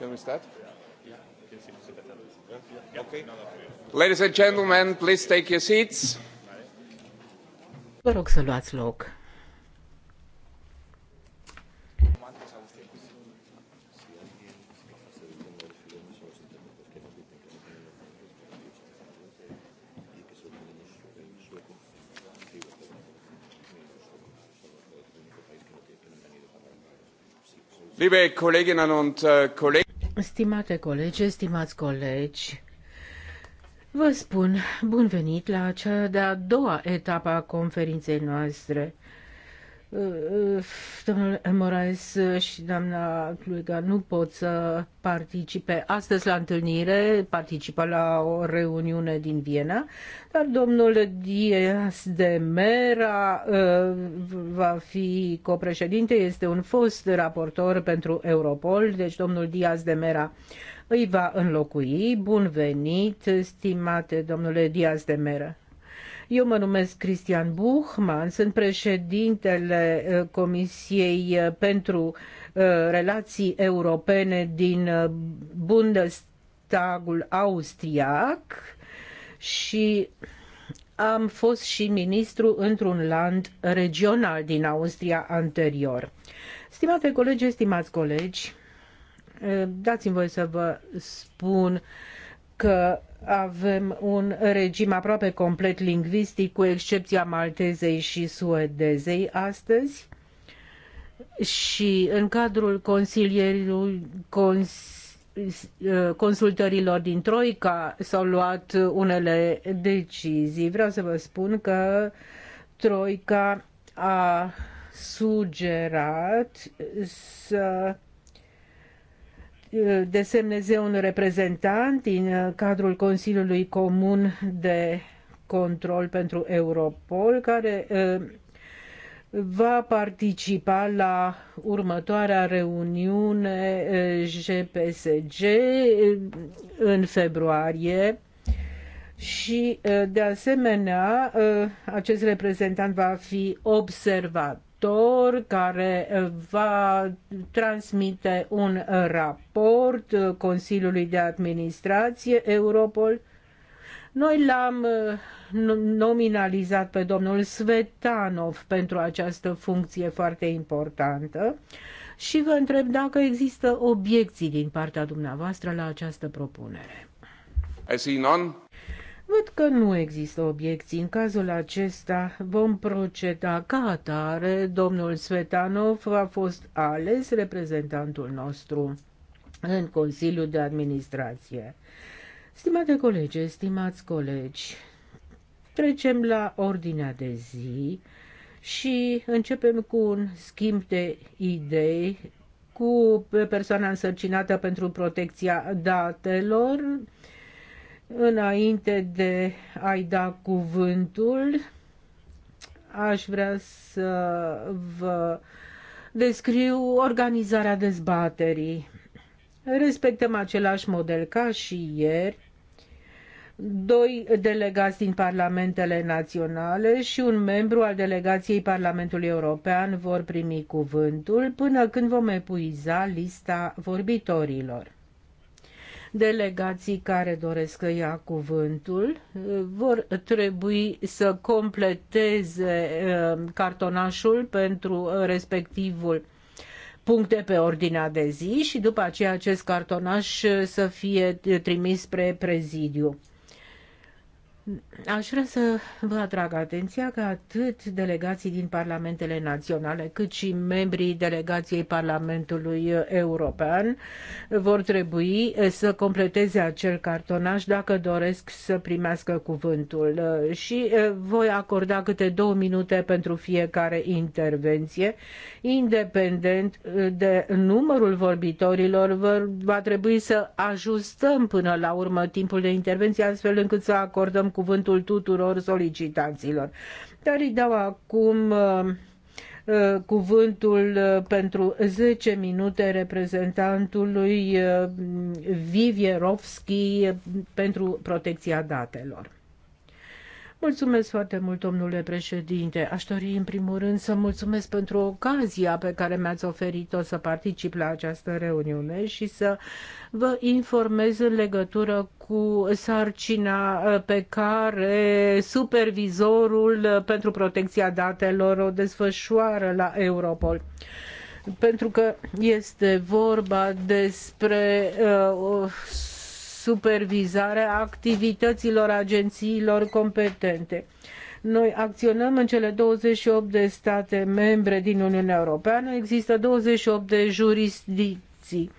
Shall we start? Okay. Ladies and gentlemen, please take your seats. Vă rog să luați loc. Liebe Kolleginnen und äh, Kollegen, Stimate colegi, stimați colegi, vă spun bun venit la cea de-a doua etapă a conferinței noastre Domnul Moraes și doamna Cluiga nu pot să participe astăzi la întâlnire, participă la o reuniune din Viena, dar domnul Diaz de Mera uh, va fi copreședinte, este un fost raportor pentru Europol, deci domnul Diaz de Mera îi va înlocui. Bun venit, stimate domnule Diaz de Mera. Eu mă numesc Cristian Buchmann, sunt președintele uh, Comisiei uh, pentru uh, Relații Europene din Bundestagul austriac și am fost și ministru într-un land regional din Austria anterior. Stimate colegi, stimați colegi, dați-mi voi să vă spun că avem un regim aproape complet lingvistic, cu excepția maltezei și suedezei astăzi. Și în cadrul consilierului, cons, uh, consultărilor din Troica s-au luat unele decizii. Vreau să vă spun că Troica a sugerat să desemneze un reprezentant din uh, cadrul Consiliului Comun de Control pentru Europol, care uh, va participa la următoarea reuniune GPSG uh, în februarie și, de asemenea, acest reprezentant va fi observat autor care uh, va transmite un raport uh, Consiliului de Administrație Europol. Noi l-am uh, nominalizat pe domnul Svetanov pentru această funcție foarte importantă și vă întreb dacă există obiecții din partea dumneavoastră la această propunere. I see none. Văd că nu există obiecții. În cazul acesta vom proceda ca atare. Domnul Svetanov a fost ales reprezentantul nostru în Consiliul de Administrație. Stimate colegi, stimați colegi, trecem la ordinea de zi și începem cu un schimb de idei cu persoana însărcinată pentru protecția datelor, Înainte de a-i da cuvântul, aș vrea să vă descriu organizarea dezbaterii. Respectăm același model ca și ieri. Doi delegați din parlamentele naționale și un membru al delegației Parlamentului European vor primi cuvântul până când vom epuiza lista vorbitorilor. Delegații care doresc să ia cuvântul uh, vor trebui să completeze uh, cartonașul pentru uh, respectivul puncte pe ordinea de zi și după aceea acest cartonaș să fie trimis spre prezidiu. Aș vrea să vă atrag atenția că atât delegații din parlamentele naționale, cât și membrii delegației Parlamentului European vor trebui să completeze acel cartonaș dacă doresc să primească cuvântul și eh, voi acorda câte două minute pentru fiecare intervenție, independent eh, de numărul vorbitorilor, va trebui să ajustăm până la urmă timpul de intervenție astfel încât să acordăm cuvântul tuturor solicitanților. Dar îi dau acum uh, uh, cuvântul uh, pentru 10 minute reprezentantului Vivierovski pentru protecția datelor. Mulțumesc foarte mult, domnule președinte. Aș dori, în primul rând, să mulțumesc pentru ocazia pe care mi-ați oferit-o să particip la această reuniune și să vă informez în legătură cu sarcina uh, pe care supervizorul uh, pentru protecția datelor o desfășoară la Europol pentru că este vorba despre uh, supervizare a activităților agențiilor competente. Noi acționăm în cele 28 de state membre din Uniunea Europeană, există 28 de jurisdicții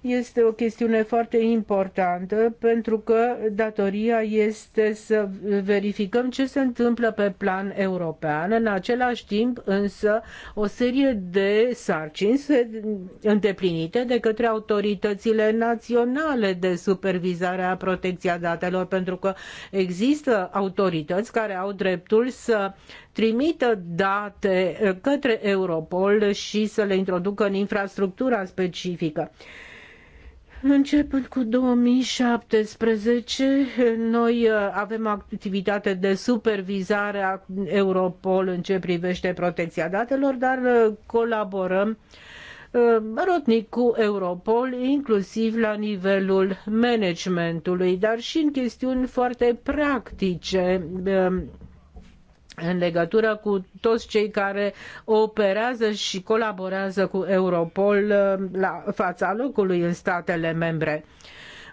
este o chestiune foarte importantă pentru că datoria este să verificăm ce se întâmplă pe plan european. În același timp, însă, o serie de sarcini se îndeplinite de către autoritățile naționale de supervizare a protecția datelor, pentru că există autorități care au dreptul să trimită date către Europol și să le introducă în infrastructura specifică. Începând cu 2017, noi uh, avem activitate de supervizare a Europol în ce privește protecția datelor, dar uh, colaborăm uh, rotnic cu Europol, inclusiv la nivelul managementului, dar și în chestiuni foarte practice în legătură cu toți cei care operează și colaborează cu Europol uh, la fața locului în statele membre.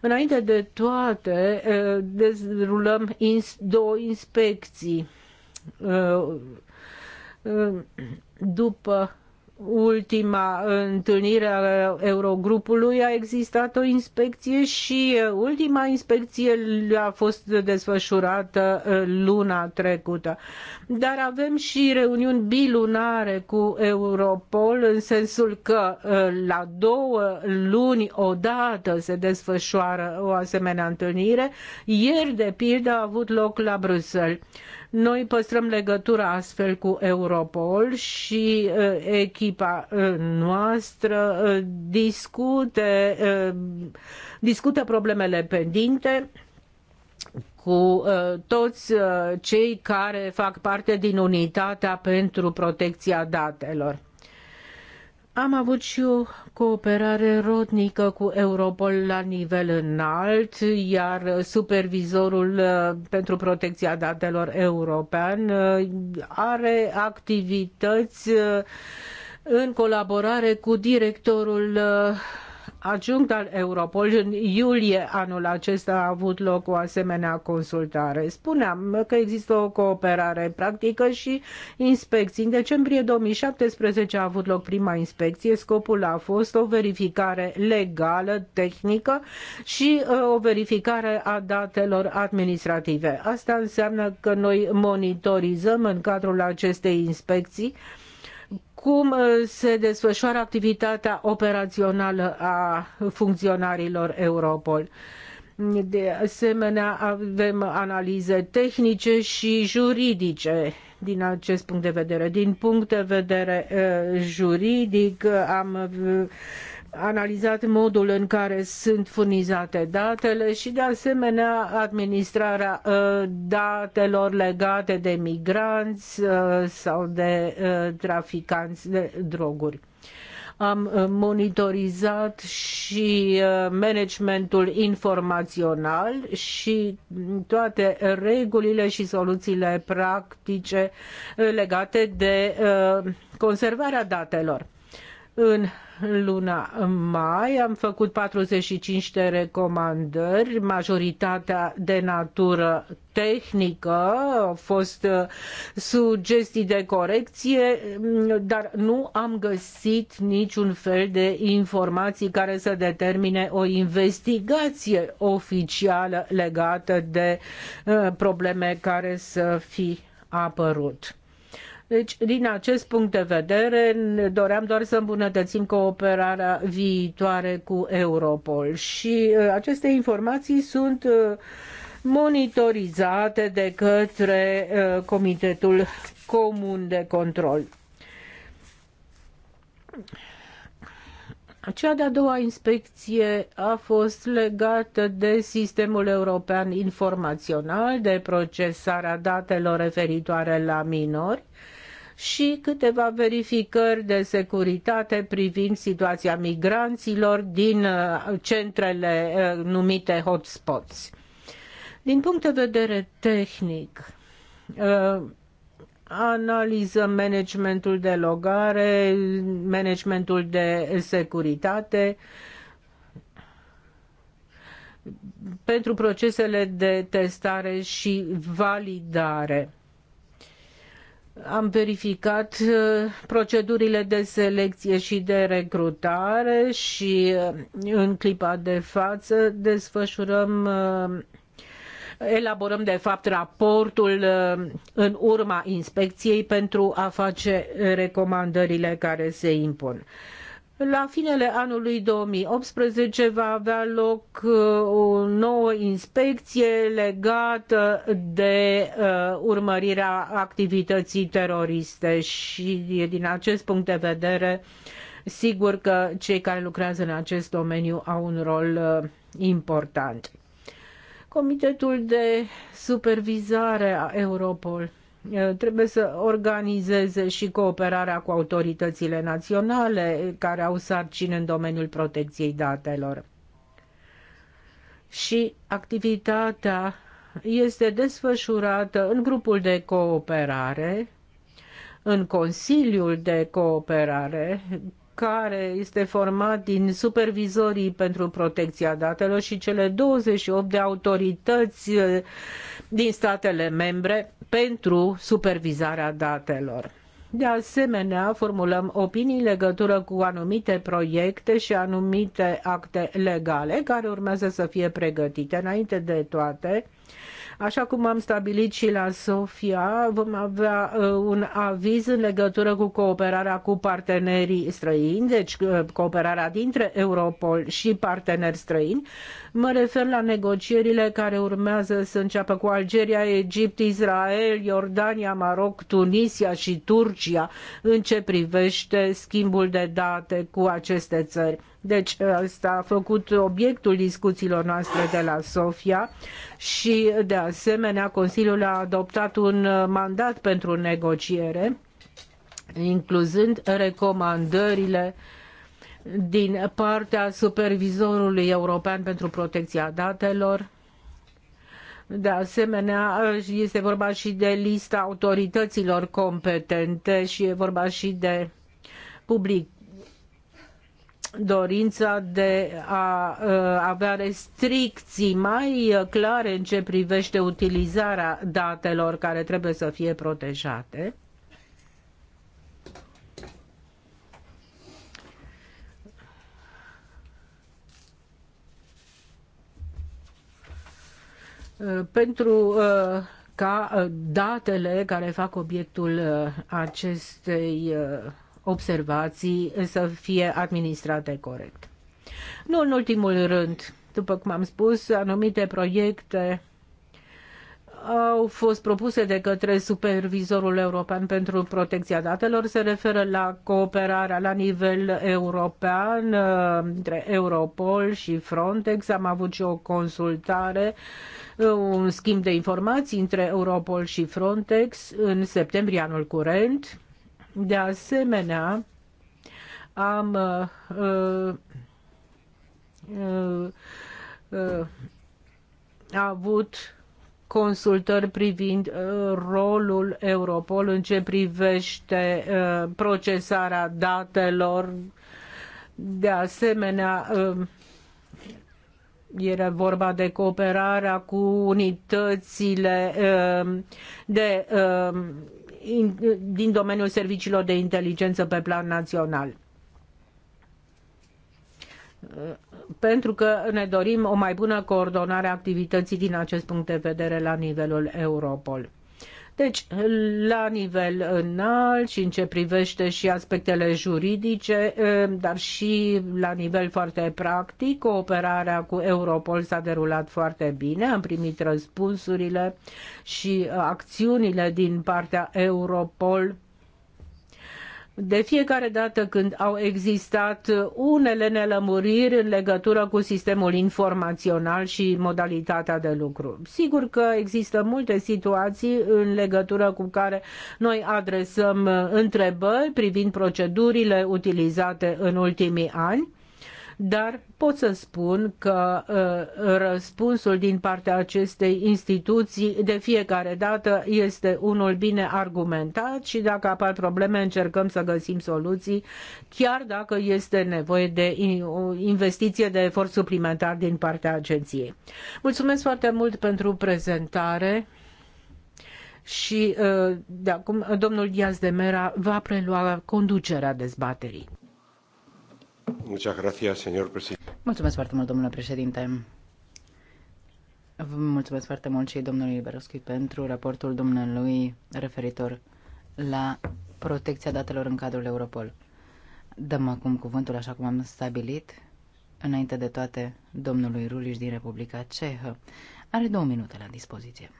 Înainte de toate, uh, dezrulăm două inspecții uh, după ultima întâlnire a Eurogrupului a existat o inspecție și ultima inspecție a fost desfășurată uh, luna trecută. Dar avem și reuniuni bilunare cu Europol în sensul că uh, la două luni odată se desfășoară o asemenea întâlnire. Ieri, de pildă, a avut loc la Bruxelles. Noi păstrăm legătura astfel cu Europol și uh, echipa uh, noastră uh, discute, discută problemele pendinte cu toți cei care fac parte din unitatea pentru protecția datelor. Am avut și o cooperare rodnică cu Europol la nivel înalt, iar supervizorul uh, pentru protecția datelor european uh, are activități uh, în colaborare cu directorul adjunct al Europol, în iulie anul acesta a avut loc o asemenea consultare. Spuneam că există o cooperare practică și inspecții. În decembrie 2017 a avut loc prima inspecție. Scopul a fost o verificare legală, tehnică și uh, o verificare a datelor administrative. Asta înseamnă că noi monitorizăm în cadrul acestei inspecții uh, cum uh, se desfășoară activitatea operațională a funcționarilor Europol. De asemenea, avem analize tehnice și juridice din acest punct de vedere. Din punct de vedere uh, juridic, am uh, analizat modul în care sunt furnizate datele și de asemenea administrarea uh, datelor legate de migranți uh, sau de uh, traficanți de droguri. Am monitorizat și managementul informațional și toate regulile și soluțiile practice legate de conservarea datelor. În luna mai am făcut 45 de recomandări, majoritatea de natură tehnică, au fost uh, sugestii de corecție, dar nu am găsit niciun fel de informații care să determine o investigație oficială legată de uh, probleme care să fi apărut. Deci, din acest punct de vedere, doream doar să îmbunătățim cooperarea viitoare cu Europol și uh, aceste informații sunt uh, monitorizate de către uh, Comitetul Comun de Control. Cea de-a doua inspecție a fost legată de sistemul european informațional, de procesarea datelor referitoare la minori și câteva verificări de securitate privind situația migranților din uh, centrele uh, numite hotspots. Din punct de vedere tehnic, uh, analizăm managementul de logare, managementul de securitate, pentru procesele de testare și validare am verificat uh, procedurile de selecție și de recrutare și uh, în clipa de față desfășurăm uh, elaborăm de fapt raportul în urma inspecției pentru a face recomandările care se impun. La finele anului 2018 va avea loc uh, o nouă inspecție legată de uh, urmărirea activității teroriste și din acest punct de vedere sigur că cei care lucrează în acest domeniu au un rol uh, important. Comitetul de Supervizare a Europol trebuie să organizeze și cooperarea cu autoritățile naționale care au sarcini în domeniul protecției datelor. Și activitatea este desfășurată în grupul de cooperare, în Consiliul de Cooperare care este format din supervizorii pentru protecția datelor și cele 28 de autorități eh, din statele membre pentru supervizarea datelor. De asemenea, formulăm opinii în legătură cu anumite proiecte și anumite acte legale care urmează să fie pregătite. Înainte de toate, Așa cum am stabilit și la Sofia, vom avea uh, un aviz în legătură cu cooperarea cu partenerii străini, deci uh, cooperarea dintre Europol și parteneri străini, Mă refer la negocierile care urmează să înceapă cu Algeria, Egipt, Israel, Iordania, Maroc, Tunisia și Turcia în ce privește schimbul de date cu aceste țări. Deci asta a făcut obiectul discuțiilor noastre de la Sofia și de asemenea Consiliul a adoptat un mandat pentru negociere, incluzând recomandările uh, din partea supervizorului european pentru protecția datelor. De asemenea, este vorba și de lista autorităților competente și e vorba și de public dorința de a uh, avea restricții mai clare în ce privește utilizarea datelor care trebuie să fie protejate. Uh, pentru uh, ca uh, datele care fac obiectul acestei observații să fie administrate corect. Nu în ultimul rând, după cum am spus, anumite proiecte au fost propuse de către Supervizorul European pentru Protecția Datelor se referă la cooperarea la nivel european uh, între Europol și Frontex. Am avut și o consultare, uh, un schimb de informații între Europol și Frontex în septembrie anul curent. De asemenea, am uh, uh, uh, uh avut consultări privind uh, rolul Europol în ce privește uh, procesarea datelor. De asemenea, um, era vorba de cooperarea cu unitățile um, de, um, din domeniul serviciilor de inteligență pe plan național pentru că ne dorim o mai bună coordonare a activității din acest punct de vedere la nivelul Europol. Deci, la nivel înalt și în ce privește și aspectele juridice, eh, dar și la nivel foarte practic, cooperarea cu Europol s-a derulat foarte bine, am primit răspunsurile și acțiunile din partea Europol de fiecare dată când au existat unele nelămuriri în legătură cu sistemul informațional și modalitatea de lucru. Sigur că există multe situații în legătură cu care noi adresăm întrebări privind procedurile utilizate în ultimii ani dar pot să spun că uh, răspunsul din partea acestei instituții de fiecare dată este unul bine argumentat și dacă apar probleme încercăm să găsim soluții, chiar dacă este nevoie de o investiție de efort suplimentar din partea agenției. Mulțumesc foarte mult pentru prezentare și uh, de acum domnul Diaz de Mera va prelua conducerea dezbaterii. Mulțumesc foarte mult, domnule președinte. Vă mulțumesc foarte mult și domnului Iberoschi pentru raportul domnului referitor la protecția datelor în cadrul Europol. Dăm acum cuvântul, așa cum am stabilit, înainte de toate, domnului Ruliș din Republica Cehă. Are două minute la dispoziție.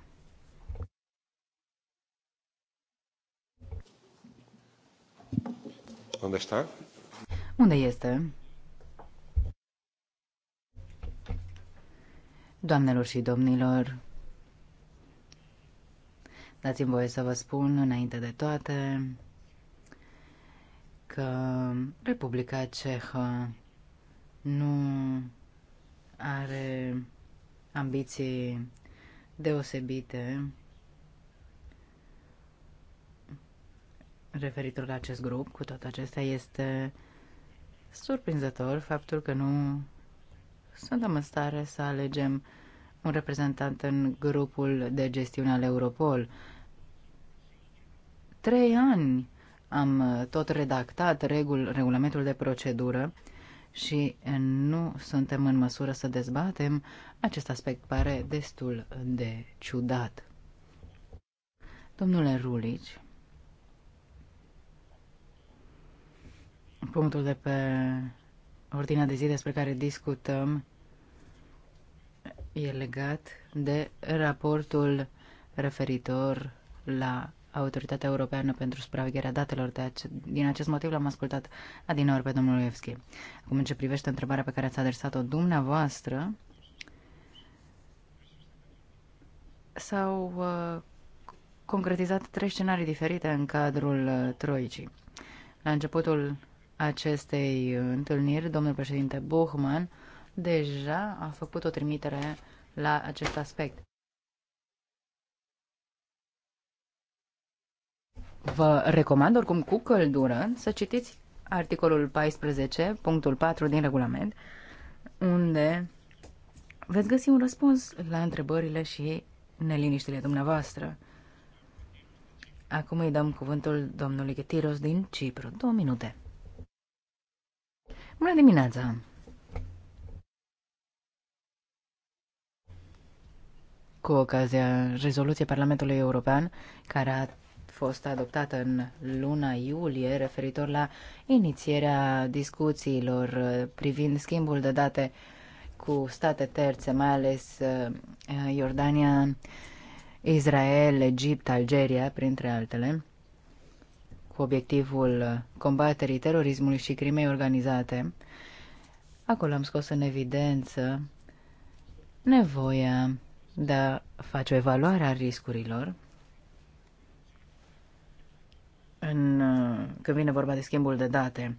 Unde está? Unde este? Doamnelor și domnilor, dați-mi voie să vă spun înainte de toate că Republica Cehă nu are ambiții deosebite referitor la acest grup. Cu toate acestea este surprinzător faptul că nu suntem în stare să alegem un reprezentant în grupul de gestiune al Europol. Trei ani am tot redactat regul, regulamentul de procedură și nu suntem în măsură să dezbatem, acest aspect pare destul de ciudat. Domnule Rulici, punctul de pe ordinea de zi despre care discutăm e legat de raportul referitor la Autoritatea Europeană pentru Supravegherea Datelor. De ace- din acest motiv l-am ascultat adineori pe domnul Evski. Acum, în ce privește întrebarea pe care ați adresat-o dumneavoastră, s-au uh, concretizat trei scenarii diferite în cadrul uh, Troicii. La începutul acestei întâlniri, domnul președinte Buchmann deja a făcut o trimitere la acest aspect. Vă recomand oricum cu căldură să citiți articolul 14, punctul 4 din regulament, unde veți găsi un răspuns la întrebările și neliniștile dumneavoastră. Acum îi dăm cuvântul domnului Getiros din Cipru. Două minute. Bună dimineața! Cu ocazia rezoluției Parlamentului European, care a fost adoptată în luna iulie, referitor la inițierea discuțiilor privind schimbul de date cu state terțe, mai ales eh, Iordania, Israel, Egipt, Algeria, printre altele cu obiectivul combaterii terorismului și crimei organizate, acolo am scos în evidență nevoia de a face o evaluare a riscurilor în, când vine vorba de schimbul de date.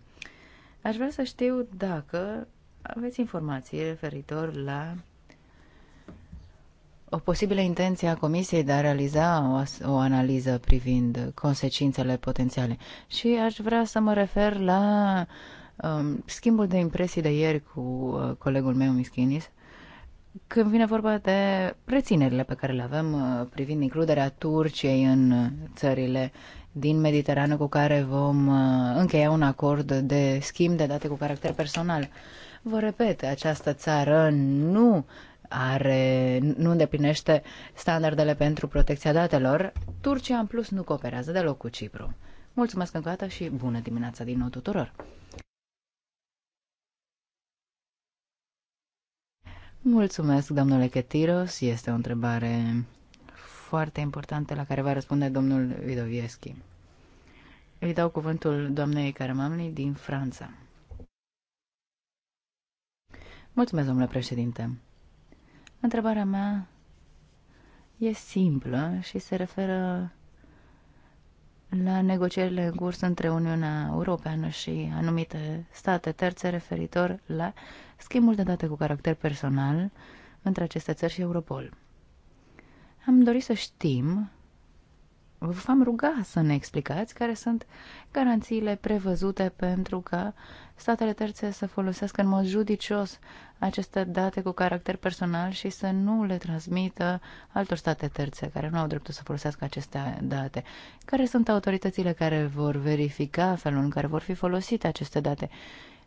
Aș vrea să știu dacă aveți informații referitor la o posibilă intenție a Comisiei de a realiza o, o analiză privind consecințele potențiale. Și aș vrea să mă refer la um, schimbul de impresii de ieri cu uh, colegul meu, Mischinis, când vine vorba de reținerile pe care le avem uh, privind includerea Turciei în țările din Mediterană cu care vom uh, încheia un acord de schimb de date cu caracter personal. Vă repet, această țară nu are, nu îndeplinește standardele pentru protecția datelor, Turcia în plus nu cooperează deloc cu Cipru. Mulțumesc încă o dată și bună dimineața din nou tuturor! Mulțumesc, domnule Chetiros. Este o întrebare foarte importantă la care va răspunde domnul Vidovieschi. Îi dau cuvântul doamnei Caramamli din Franța. Mulțumesc, domnule președinte. Întrebarea mea e simplă și se referă la negocierile în curs între Uniunea Europeană și anumite state terțe referitor la schimbul de date cu caracter personal între aceste țări și Europol. Am dorit să știm vă vom ruga să ne explicați care sunt garanțiile prevăzute pentru ca statele terțe să folosească în mod judicios aceste date cu caracter personal și să nu le transmită altor state terțe care nu au dreptul să folosească aceste date. Care sunt autoritățile care vor verifica felul în care vor fi folosite aceste date?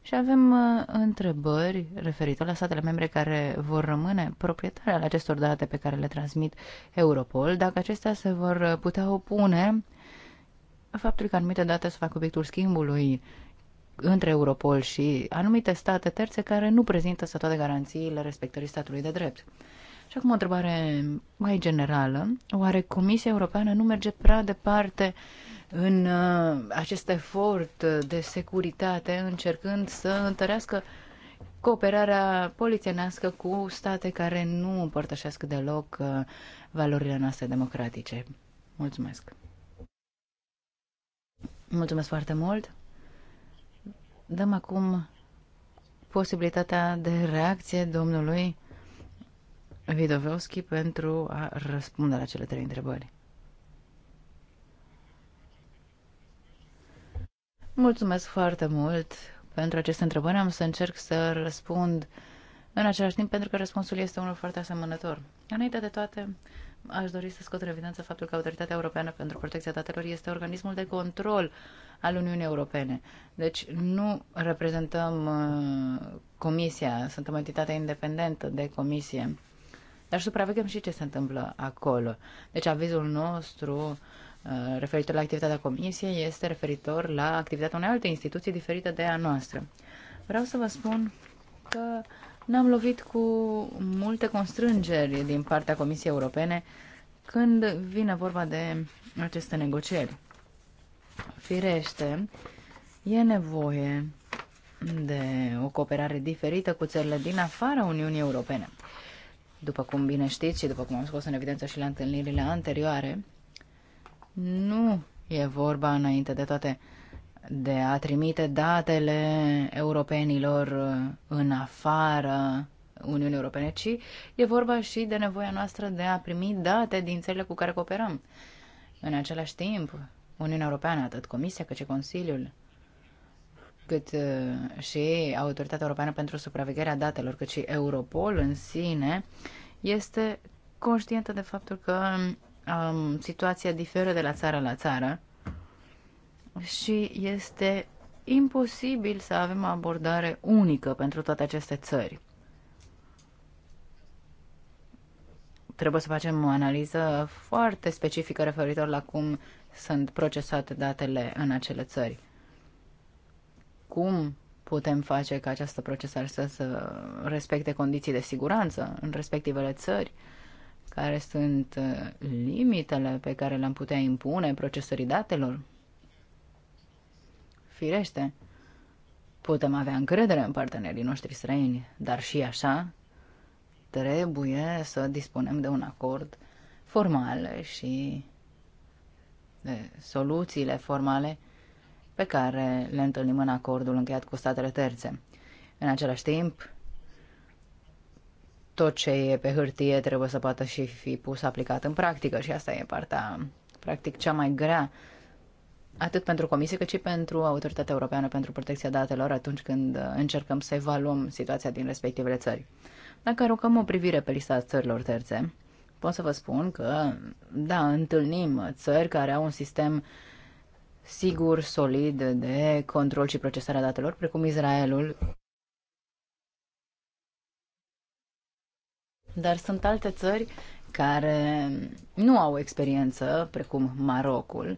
și avem uh, întrebări referitoare la statele membre care vor rămâne proprietare ale acestor date pe care le transmit Europol, dacă acestea se vor uh, putea opune faptul că anumite date să facă obiectul schimbului între Europol și anumite state terțe care nu prezintă să toate garanțiile respectării statului de drept. Și acum o întrebare mai generală. Oare Comisia Europeană nu merge prea departe uh, în uh, acest efort de securitate, încercând să întărească cooperarea polițienească cu state care nu împărtășesc deloc uh, valorile noastre democratice. Mulțumesc! Mulțumesc foarte mult! Dăm acum posibilitatea de reacție domnului Vidovski pentru a răspunde la cele trei întrebări. Mulțumesc foarte mult pentru aceste întrebări. Am să încerc să răspund în același timp, pentru că răspunsul este unul foarte asemănător. Înainte de toate, aș dori să scot în evidență faptul că Autoritatea Europeană pentru Protecția Datelor este organismul de control al Uniunii Europene. Deci nu reprezentăm uh, Comisia, suntem o entitate independentă de Comisie, dar supraveghem și ce se întâmplă acolo. Deci avizul nostru Uh, referitor la activitatea comisiei este referitor la activitatea unei alte instituții diferite de a noastră. Vreau să vă spun că ne-am lovit cu multe constrângeri din partea Comisiei Europene când vine vorba de aceste negocieri. Firește, e nevoie de o cooperare diferită cu țările din afara Uniunii Europene. După cum bine știți și după cum am scos în evidență și la întâlnirile anterioare, nu e vorba înainte de toate de a trimite datele europenilor uh, în afară Uniunii Europene, ci e vorba și de nevoia noastră de a primi date din țările cu care cooperăm. În același timp, Uniunea Europeană, atât Comisia cât și Consiliul, cât uh, și Autoritatea Europeană pentru Supravegherea Datelor, cât și Europol în sine, este conștientă de faptul că um, situația diferă de la țară la țară și este imposibil să avem o abordare unică pentru toate aceste țări. Trebuie să facem o analiză foarte specifică referitor la cum sunt procesate datele în acele țări. Cum putem face ca această procesare să, să respecte condiții de siguranță în respectivele țări? Uh, care sunt uh, limitele pe care le-am putea impune procesării datelor? Firește, putem avea încredere în partenerii noștri străini, dar și așa trebuie să dispunem de un acord formal și de soluțiile formale pe care le întâlnim în acordul încheiat cu statele terțe. În același timp, tot ce e pe hârtie trebuie să poată și fi pus aplicat în practică și asta e partea, practic, cea mai grea atât pentru Comisie cât și pentru Autoritatea Europeană pentru Protecția Datelor atunci când uh, încercăm să evaluăm situația din respectivele țări. Dacă aruncăm o privire pe lista țărilor terțe, pot să vă spun că, da, întâlnim țări care au un sistem sigur, solid de control și procesarea datelor, precum Israelul, Dar sunt alte țări care nu au experiență, precum Marocul,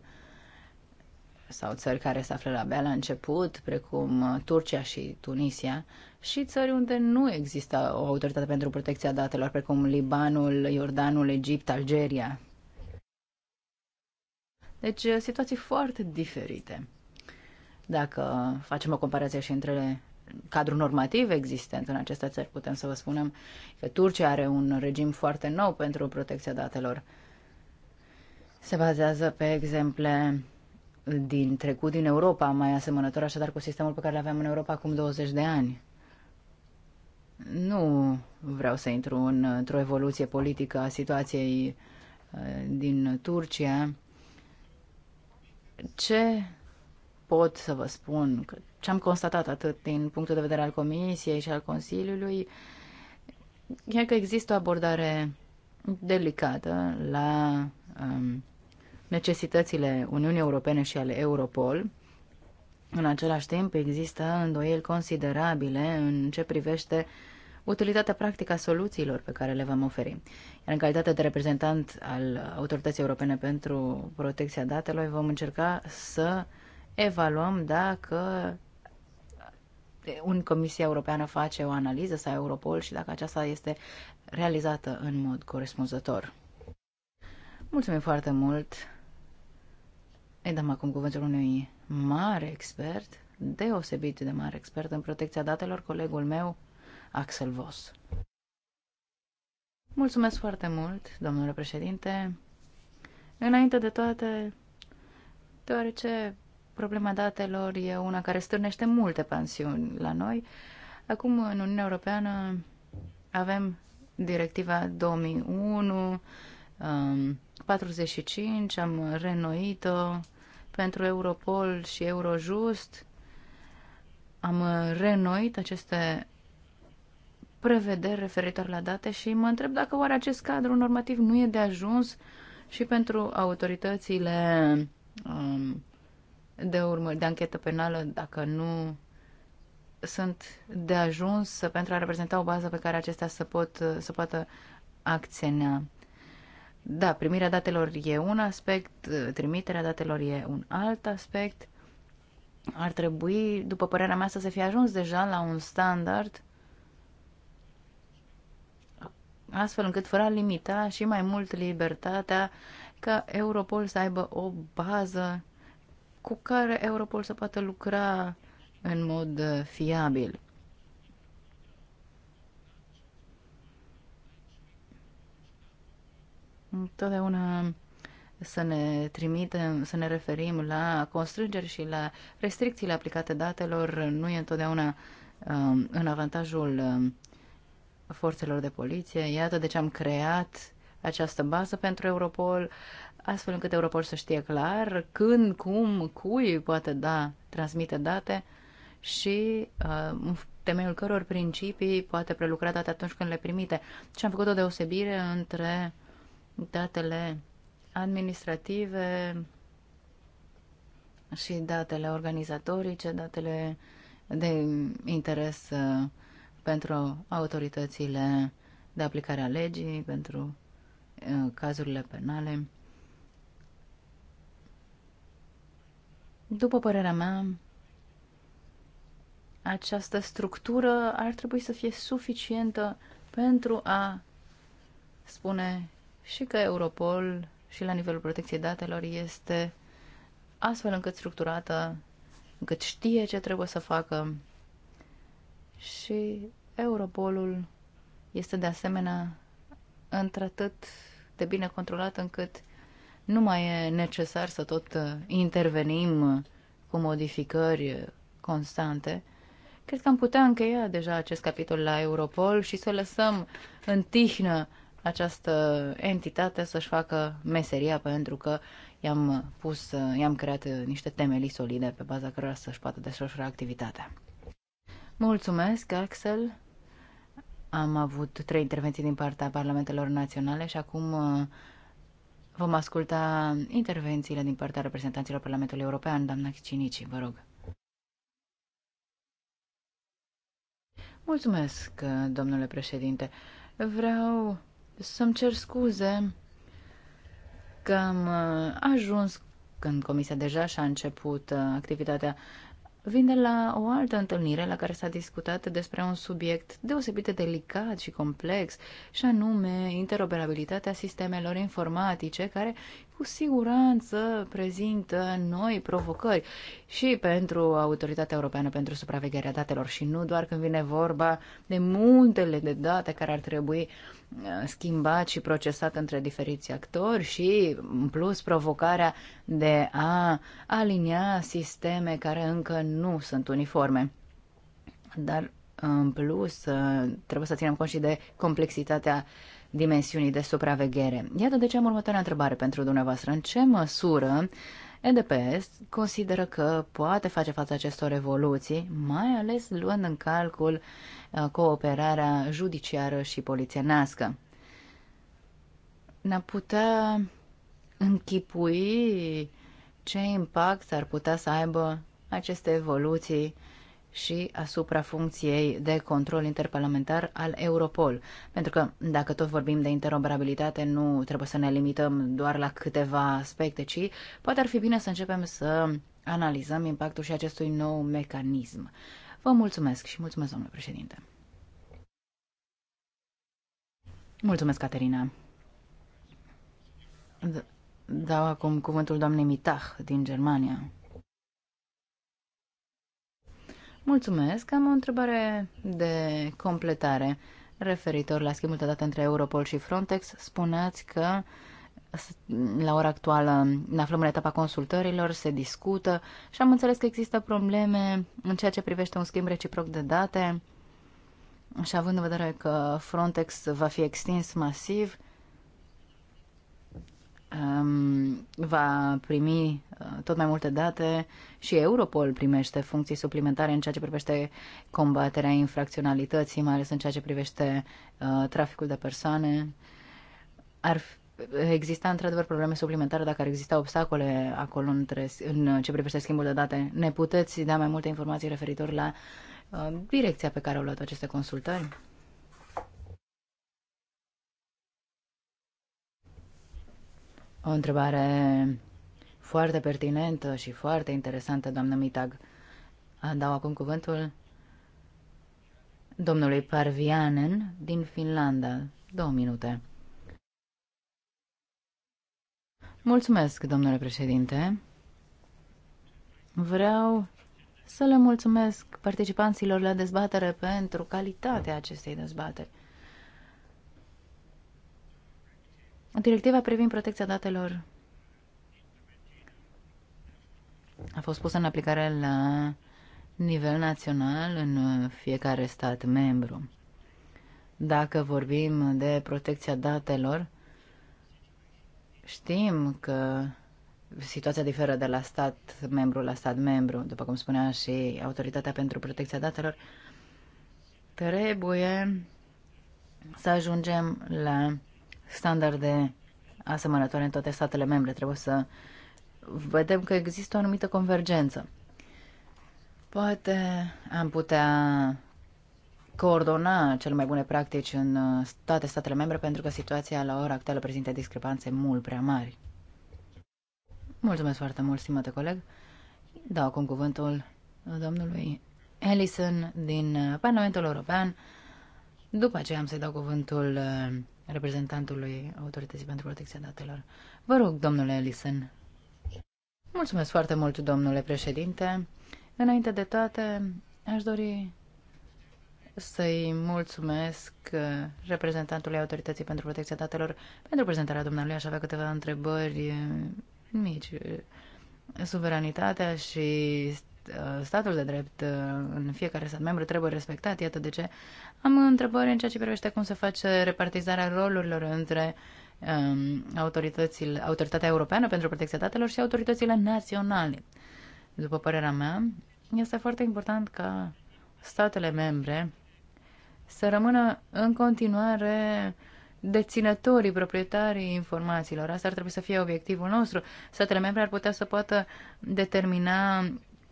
sau țări care se află abia la început, precum Turcia și Tunisia, și țări unde nu există o autoritate pentru protecția datelor, precum Libanul, Iordanul, Egipt, Algeria. Deci, situații foarte diferite. Dacă facem o comparație și între cadru normativ existent în aceste țări, putem să vă spunem că Turcia are un regim foarte nou pentru protecția datelor. Se bazează pe exemple din trecut din Europa, mai asemănător așadar cu sistemul pe care îl aveam în Europa acum 20 de ani. Nu vreau să intru în, într-o evoluție politică a situației uh, din Turcia. Ce pot să vă spun? Că ce am constatat atât din punctul de vedere al Comisiei și al Consiliului chiar că există o abordare delicată la um, necesitățile Uniunii Europene și ale Europol. În același timp, există îndoieli considerabile în ce privește utilitatea practică a soluțiilor pe care le vom oferi. Iar în calitate de reprezentant al Autorității Europene pentru Protecția Datelor, vom încerca să evaluăm dacă în Comisia Europeană face o analiză sau Europol și dacă aceasta este realizată în mod corespunzător. Mulțumim foarte mult! Îi dăm acum cuvântul unui mare expert, deosebit de mare expert în protecția datelor, colegul meu, Axel Voss. Mulțumesc foarte mult, domnule președinte. Înainte de toate, deoarece Problema datelor e una care stârnește multe pensiuni la noi. Acum, în Uniunea Europeană, avem directiva 2001, 45, um, am renoit-o pentru Europol și Eurojust. Am renoit aceste prevederi referitor la date și mă întreb dacă oare acest cadru normativ nu e de ajuns și pentru autoritățile um, de urmă, de anchetă penală, dacă nu sunt de ajuns pentru a reprezenta o bază pe care acestea să, pot, să poată acționa. Da, primirea datelor e un aspect, trimiterea datelor e un alt aspect. Ar trebui, după părerea mea, să se fie ajuns deja la un standard astfel încât fără a limita și mai mult libertatea ca Europol să aibă o bază cu care Europol să poată lucra în mod uh, fiabil. Întotdeauna să ne trimitem, să ne referim la constrângeri și la restricțiile aplicate datelor nu e întotdeauna um, în avantajul um, forțelor de poliție. Iată de ce am creat această bază pentru Europol astfel încât Europol să știe clar când, cum, cui poate da, transmite date și uh, temeiul căror principii poate prelucra date atunci când le primite. Și am făcut o deosebire între datele administrative și datele organizatorice, datele de interes uh, pentru autoritățile de aplicare a legii, pentru uh, cazurile penale. După părerea mea, această structură ar trebui să fie suficientă pentru a spune și că Europol și la nivelul protecției datelor este astfel încât structurată, încât știe ce trebuie să facă și Europolul este de asemenea într-atât de bine controlat încât nu mai e necesar să tot uh, intervenim uh, cu modificări uh, constante. Cred că am putea încheia deja acest capitol la Europol și să lăsăm în tihnă această entitate să-și facă meseria pentru că i-am pus, i-am creat niște temelii solide pe baza cărora să-și poată desfășura activitatea. Mulțumesc, Axel. Am avut trei intervenții din partea Parlamentelor Naționale și acum Vom asculta intervențiile din partea reprezentanților Parlamentului European. Doamna Chicinici, vă rog. Mulțumesc, domnule președinte. Vreau să-mi cer scuze că am ajuns când comisia deja și-a început activitatea vin de la o altă întâlnire la care s-a discutat despre un subiect deosebit de delicat și complex, și anume interoperabilitatea sistemelor informatice, care cu siguranță prezintă noi provocări și pentru Autoritatea Europeană pentru Supravegherea Datelor și nu doar când vine vorba de muntele de date care ar trebui uh, schimbat și procesat între diferiți actori și, în plus, provocarea de a alinia sisteme care încă nu sunt uniforme. Dar, în plus, uh, trebuie să ținem cont și de complexitatea uh, dimensiunii de supraveghere. Iată de ce am următoarea întrebare pentru dumneavoastră. În ce măsură EDPS consideră că poate face față acestor evoluții, mai ales luând în calcul uh, cooperarea judiciară și polițienească? Ne-a putea închipui ce impact ar putea să aibă aceste evoluții și asupra funcției de control interparlamentar al Europol. Pentru că, dacă tot vorbim de interoperabilitate, nu trebuie să ne limităm doar la câteva aspecte, ci poate ar fi bine să începem să analizăm impactul și acestui nou mecanism. Vă mulțumesc și mulțumesc, domnule președinte. Mulțumesc, Caterina. Da, dau acum cuvântul doamnei Mitach din Germania. Mulțumesc. Am o întrebare de completare referitor la schimbul de date între Europol și Frontex. Spuneați că la ora actuală ne aflăm în etapa consultărilor, se discută și am înțeles că există probleme în ceea ce privește un schimb reciproc de date și având în vedere că Frontex va fi extins masiv, va primi uh, tot mai multe date și Europol primește funcții suplimentare în ceea ce privește combaterea infracționalității, mai ales în ceea ce privește uh, traficul de persoane. Ar exista într-adevăr probleme suplimentare dacă ar exista obstacole acolo între, în ce privește schimbul de date. Ne puteți da mai multe informații referitor la uh, direcția pe care au luat aceste consultări? O întrebare foarte pertinentă și foarte interesantă, doamnă Mitag. Dau acum cuvântul domnului Parvianen din Finlanda. Două minute. Mulțumesc, domnule președinte. Vreau să le mulțumesc participanților la dezbatere pentru calitatea acestei dezbateri. Directiva privind protecția datelor a fost pusă în aplicare la nivel național în fiecare stat membru. Dacă vorbim de protecția datelor, știm că situația diferă de la stat membru la stat membru, după cum spunea și Autoritatea pentru Protecția Datelor, trebuie să ajungem la standarde asemănătoare în toate statele membre. Trebuie să vedem că există o anumită convergență. Poate am putea coordona cele mai bune practici în uh, toate statele membre pentru că situația la ora actuală prezintă discrepanțe mult prea mari. Mulțumesc foarte mult, stimate coleg. Dau acum cuvântul domnului Ellison din uh, Parlamentul European. După aceea am să-i dau cuvântul uh, reprezentantului Autorității pentru Protecția Datelor. Vă rog, domnule Ellison. Mulțumesc foarte mult, domnule președinte. Înainte de toate, aș dori să-i mulțumesc reprezentantului Autorității pentru Protecția Datelor pentru prezentarea domnului Aș avea câteva întrebări mici. Suveranitatea și Uh, statul de drept uh, în fiecare stat membru trebuie respectat. Iată de ce am întrebări în ceea ce privește cum se face repartizarea rolurilor între um, autoritățile, Autoritatea Europeană pentru Protecția Datelor și autoritățile naționale. După părerea mea, este foarte important ca statele membre să rămână în continuare deținătorii, proprietarii informațiilor. Asta ar trebui să fie obiectivul nostru. Statele membre ar putea să poată determina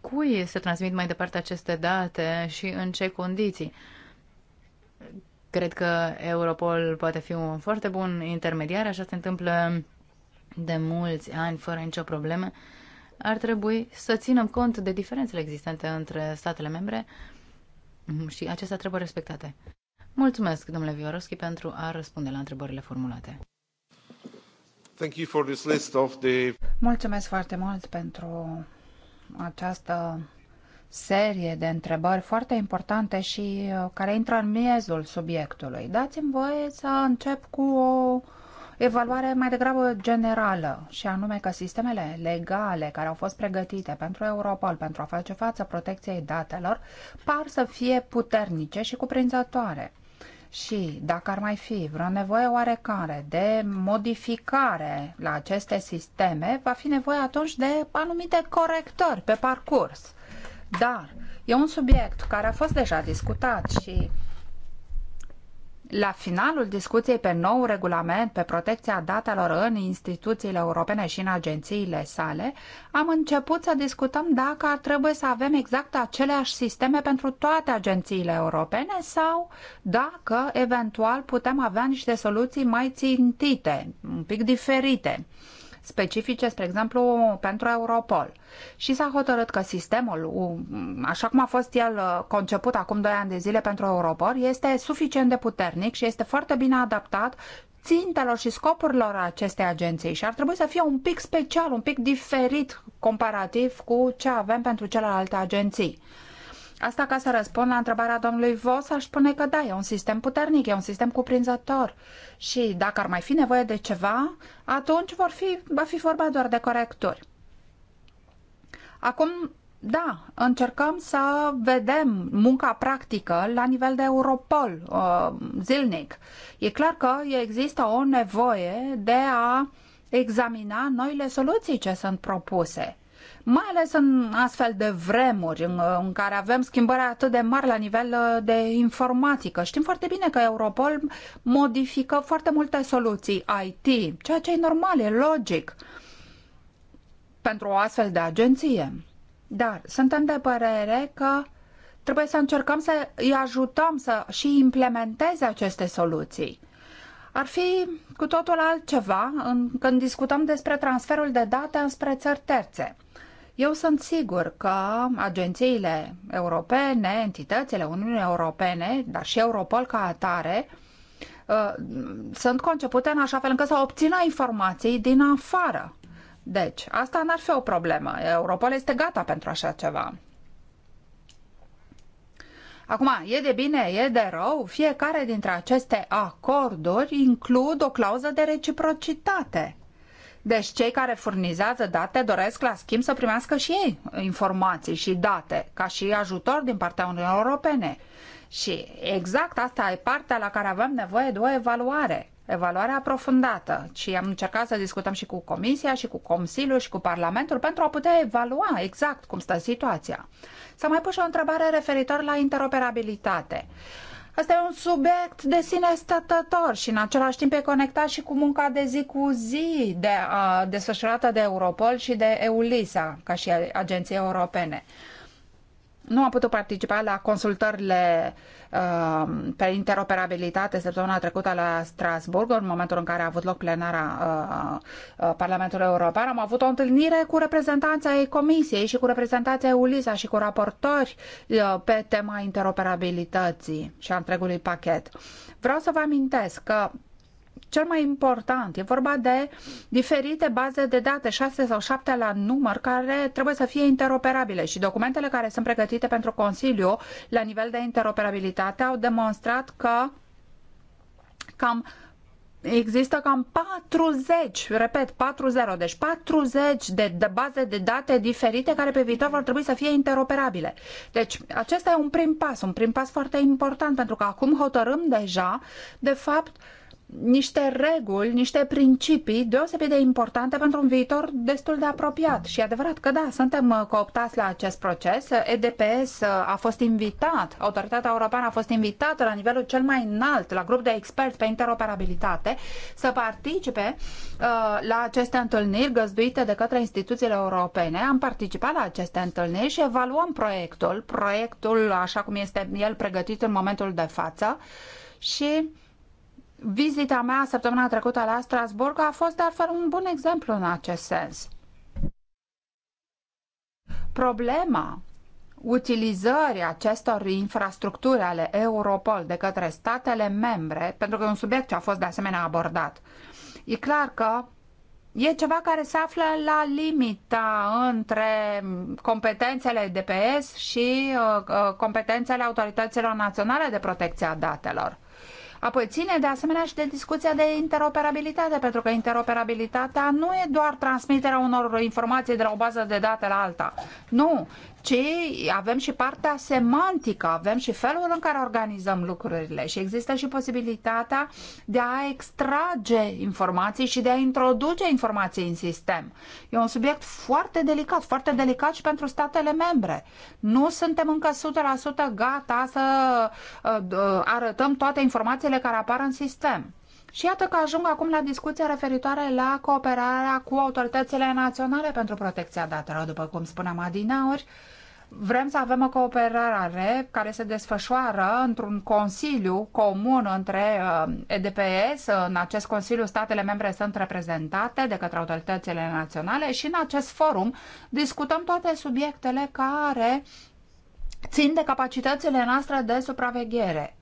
cui se transmit mai departe aceste date și în ce condiții. Cred că Europol poate fi un foarte bun intermediar, așa se întâmplă de mulți ani fără nicio problemă. Ar trebui să ținem cont de diferențele existente între statele membre și acestea trebuie respectate. Mulțumesc, domnule Vioroschi, pentru a răspunde la întrebările formulate. Thank you for this list of the. Mulțumesc foarte mult pentru această serie de întrebări foarte importante și uh, care intră în miezul subiectului. Dați-mi voie să încep cu o evaluare mai degrabă generală, și anume că sistemele legale care au fost pregătite pentru Europol pentru a face față protecției datelor par să fie puternice și cuprinzătoare. Și dacă ar mai fi vreo nevoie oarecare de modificare la aceste sisteme, va fi nevoie atunci de anumite corectori pe parcurs. Dar e un subiect care a fost deja discutat și la finalul discuției pe nou regulament pe protecția datelor în instituțiile europene și în agențiile sale, am început să discutăm dacă ar trebui să avem exact aceleași sisteme pentru toate agențiile europene sau dacă eventual putem avea niște soluții mai țintite, un pic diferite specifice, spre exemplu, pentru Europol. Și s-a hotărât că sistemul, așa cum a fost el uh, conceput acum 2 ani de zile pentru Europol, este suficient de puternic și este foarte bine adaptat țintelor și scopurilor acestei agenții și ar trebui să fie un pic special, un pic diferit comparativ cu ce avem pentru celelalte agenții. Asta ca să răspund la întrebarea domnului Vos, aș spune că da, e un sistem puternic, e un sistem cuprinzător. Și dacă ar mai fi nevoie de ceva, atunci vor fi, va fi vorba doar de corecturi. Acum, da, încercăm să vedem munca practică la nivel de Europol uh, zilnic. E clar că există o nevoie de a examina noile soluții ce sunt propuse mai ales în astfel de vremuri în, în care avem schimbări atât de mari la nivel uh, de informatică. Știm foarte bine că Europol modifică foarte multe soluții IT, ceea ce e normal, e logic pentru o astfel de agenție. Dar suntem de părere că trebuie să încercăm să îi ajutăm să și implementeze aceste soluții. Ar fi cu totul altceva în, când discutăm despre transferul de date înspre țări terțe. Eu sunt sigur că agențiile europene, entitățile Uniunii Europene, dar și Europol ca atare, uh, sunt concepute în așa fel încât să obțină informații din afară. Deci, asta n-ar fi o problemă. Europol este gata pentru așa ceva. Acum, e de bine, e de rău, fiecare dintre aceste acorduri includ o clauză de reciprocitate. Deci cei care furnizează date doresc la schimb să primească și ei informații și date ca și ajutor din partea Uniunii Europene. Și exact asta e partea la care avem nevoie de o evaluare evaluare aprofundată și am încercat să discutăm și cu Comisia și cu Consiliul și cu Parlamentul pentru a putea evalua exact cum stă situația. S-a mai pus și o întrebare referitor la interoperabilitate. Uh, Asta e un subiect de sine stătător și în același timp e conectat și cu munca de zi cu zi de, a, desfășurată de Europol și de EULISA ca și agenții europene nu am putut participa la consultările uh, pe interoperabilitate săptămâna trecută la Strasburg, în momentul în care a avut loc plenara uh, uh, Parlamentului European. Am avut o întâlnire cu reprezentanța ei Comisiei și cu reprezentanța ei ULISA și cu raportori uh, pe tema interoperabilității și a întregului pachet. Vreau să vă amintesc că cel mai important. E vorba de diferite baze de date, 6 sau 7 la număr, care trebuie să fie interoperabile și documentele care sunt pregătite pentru Consiliu la nivel de interoperabilitate au demonstrat că cam există cam 40, repet, 40, deci 40 de, de baze de date diferite care pe viitor vor trebui să fie interoperabile. Deci acesta e un prim pas, un prim pas foarte important pentru că acum hotărâm deja, de fapt, uh, niște reguli, niște principii deosebit de importante pentru un viitor destul de apropiat. Și e adevărat că da, suntem uh, cooptați la acest proces. EDPS uh, a fost invitat, Autoritatea Europeană a fost invitată la nivelul cel mai înalt, la grup de experți pe interoperabilitate, să participe uh, la aceste întâlniri găzduite de către instituțiile europene. Am participat la aceste întâlniri și evaluăm proiectul, proiectul așa cum este el pregătit în momentul de față și Vizita mea săptămâna trecută la Strasburg a fost de altfel un bun exemplu în acest sens. Problema utilizării acestor infrastructuri ale Europol de către statele membre, pentru că e un subiect ce a fost de asemenea abordat, e clar că e ceva care se află la limita între competențele DPS și uh, uh, competențele autorităților naționale de protecție a datelor. Apoi ține de asemenea și de discuția de interoperabilitate, pentru că interoperabilitatea nu e doar transmiterea unor informații de la o bază de date la alta. Nu, ci avem și partea semantică, avem și felul în care organizăm lucrurile și există și posibilitatea de a extrage informații și de a introduce informații în sistem. E un subiect foarte delicat, foarte delicat și pentru statele membre. Nu suntem încă 100% gata să uh, uh, arătăm toate informațiile care apar în sistem. Și iată că ajung acum la discuția referitoare la cooperarea cu autoritățile naționale pentru protecția datelor. După cum spuneam adinauri. vrem să avem o cooperare care se desfășoară într-un consiliu comun între uh, EDPS. În acest consiliu statele membre sunt reprezentate de către autoritățile naționale și în acest forum discutăm toate subiectele care țin de capacitățile noastre de supraveghere.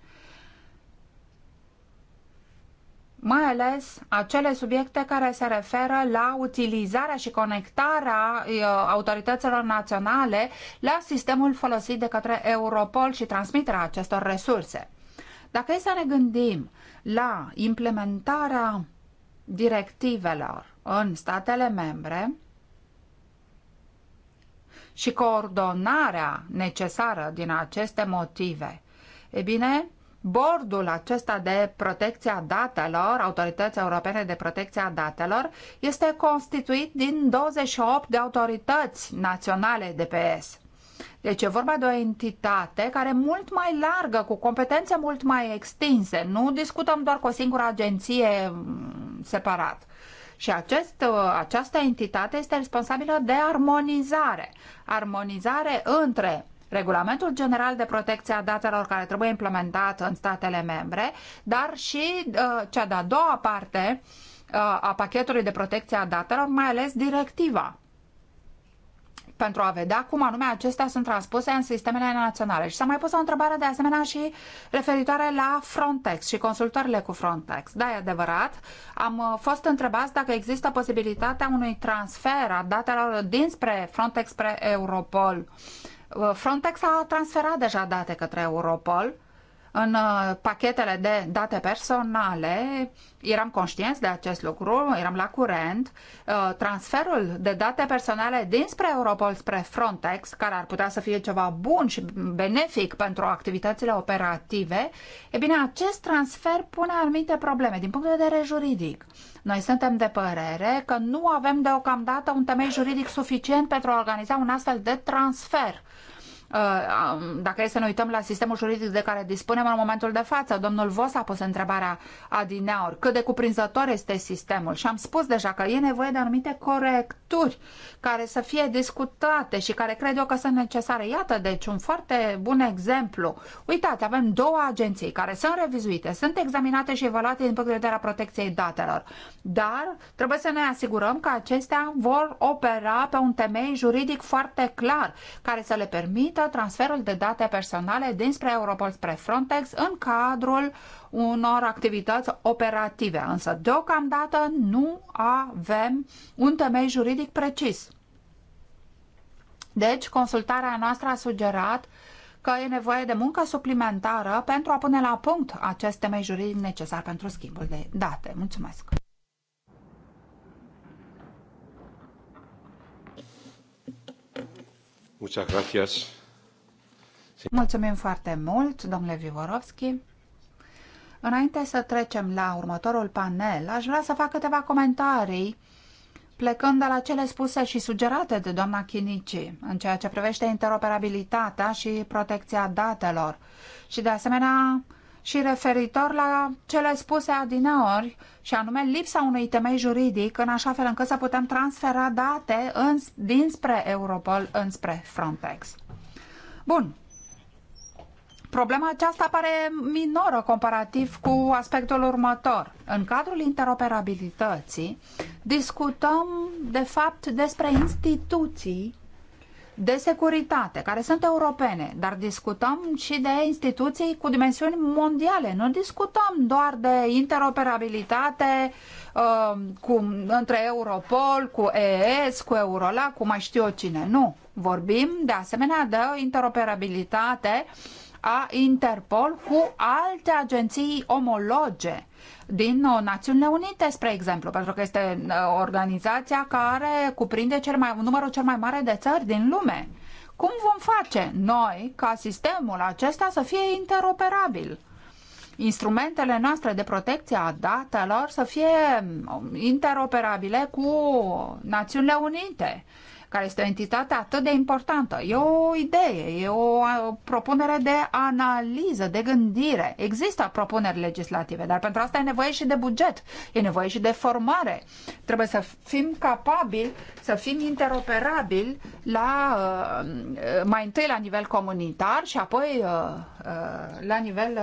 mai ales acele subiecte care se referă la utilizarea și conectarea uh, autorităților naționale la sistemul folosit de către Europol și transmiterea acestor resurse. Dacă e să ne gândim la implementarea directivelor în statele membre și coordonarea necesară din aceste motive, e bine, Bordul acesta de protecție a datelor, Autorității Europene de Protecție a Datelor, este constituit din 28 de autorități naționale de PS. Deci e vorba de o entitate care mult mai largă, cu competențe mult mai extinse. Nu discutăm doar cu o singură agenție mm, separat. Și acest, această entitate este responsabilă de armonizare. Armonizare între Regulamentul General de Protecție a Datelor care trebuie implementat în statele membre, dar și uh, cea de-a doua parte uh, a pachetului de protecție a datelor, mai ales directiva pentru a vedea cum anume acestea sunt transpuse în sistemele naționale. Și s-a mai pus o întrebare de asemenea și referitoare la Frontex și consultările cu Frontex. Da, e adevărat. Am uh, fost întrebați dacă există posibilitatea unui transfer a datelor dinspre Frontex spre Europol Frontex a transferat deja date către Europol în uh, pachetele de date personale, eram conștienți de acest lucru, eram la curent, uh, transferul de date personale dinspre Europol spre Frontex, care ar putea să fie ceva bun și benefic pentru activitățile operative, e bine, acest transfer pune anumite probleme din punct de vedere juridic. Noi suntem de părere că nu avem deocamdată un temei juridic suficient pentru a organiza un astfel de transfer Uh, um, dacă e să ne uităm la sistemul juridic de care dispunem în momentul de față, domnul Vos a pus întrebarea adineaur, cât de cuprinzător este sistemul și am spus deja că e nevoie de anumite corecturi care să fie discutate și care cred eu că sunt necesare. Iată, deci, un foarte bun exemplu. Uitați, avem două agenții care sunt revizuite, sunt examinate și evaluate din punct de vedere a protecției datelor, dar trebuie să ne asigurăm că acestea vor opera pe un temei juridic foarte clar, care să le permită permită transferul de date personale dinspre Europol spre Frontex în cadrul unor activități operative. Însă, deocamdată, nu avem un temei juridic precis. Deci, consultarea noastră a sugerat că e nevoie de muncă suplimentară pentru a pune la punct acest temei juridic necesar pentru schimbul de date. Mulțumesc! Muchas gracias. Mulțumim foarte mult, domnule Vivorovski. Înainte să trecem la următorul panel, aș vrea să fac câteva comentarii plecând de la cele spuse și sugerate de doamna Chinici în ceea ce privește interoperabilitatea și protecția datelor și de asemenea și referitor la cele spuse adineori și anume lipsa unui temei juridic în așa fel încât să putem transfera date în, dinspre Europol înspre Frontex. Bun, Problema aceasta pare minoră comparativ cu aspectul următor. În cadrul interoperabilității discutăm de fapt despre instituții de securitate, care sunt europene, dar discutăm și de instituții cu dimensiuni mondiale. Nu discutăm doar de interoperabilitate uh, cu, între Europol, cu ES, cu Eurola, cu mai știu eu cine. Nu. Vorbim de asemenea de interoperabilitate uh, a Interpol cu alte agenții omologe din uh, Națiunile Unite, spre exemplu, pentru că este uh, organizația care cuprinde cel mai, numărul cel mai mare de țări din lume. Cum vom face noi ca sistemul acesta să fie interoperabil? Instrumentele noastre de protecție a datelor să fie um, interoperabile cu Națiunile Unite care este o entitate atât de importantă. E o idee, e o propunere de analiză, de gândire. Există propuneri legislative, dar pentru asta e nevoie și de buget, e nevoie și de formare. Trebuie să fim capabili, să fim interoperabili la, uh, mai întâi la nivel comunitar și apoi uh, uh, la nivel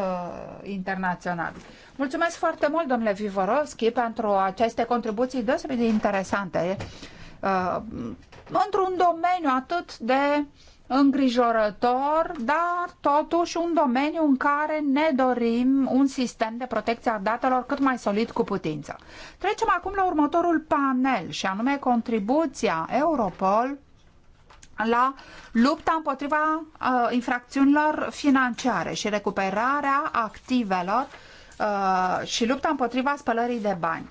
internațional. Mulțumesc foarte mult, domnule Vivorovski, pentru aceste contribuții deosebit de interesante într-un domeniu atât de îngrijorător, dar totuși un domeniu în care ne dorim un sistem de protecție a datelor cât mai solid cu putință. Trecem acum la următorul panel și anume contribuția Europol la lupta împotriva uh, infracțiunilor financiare și recuperarea activelor uh, și lupta împotriva spălării de bani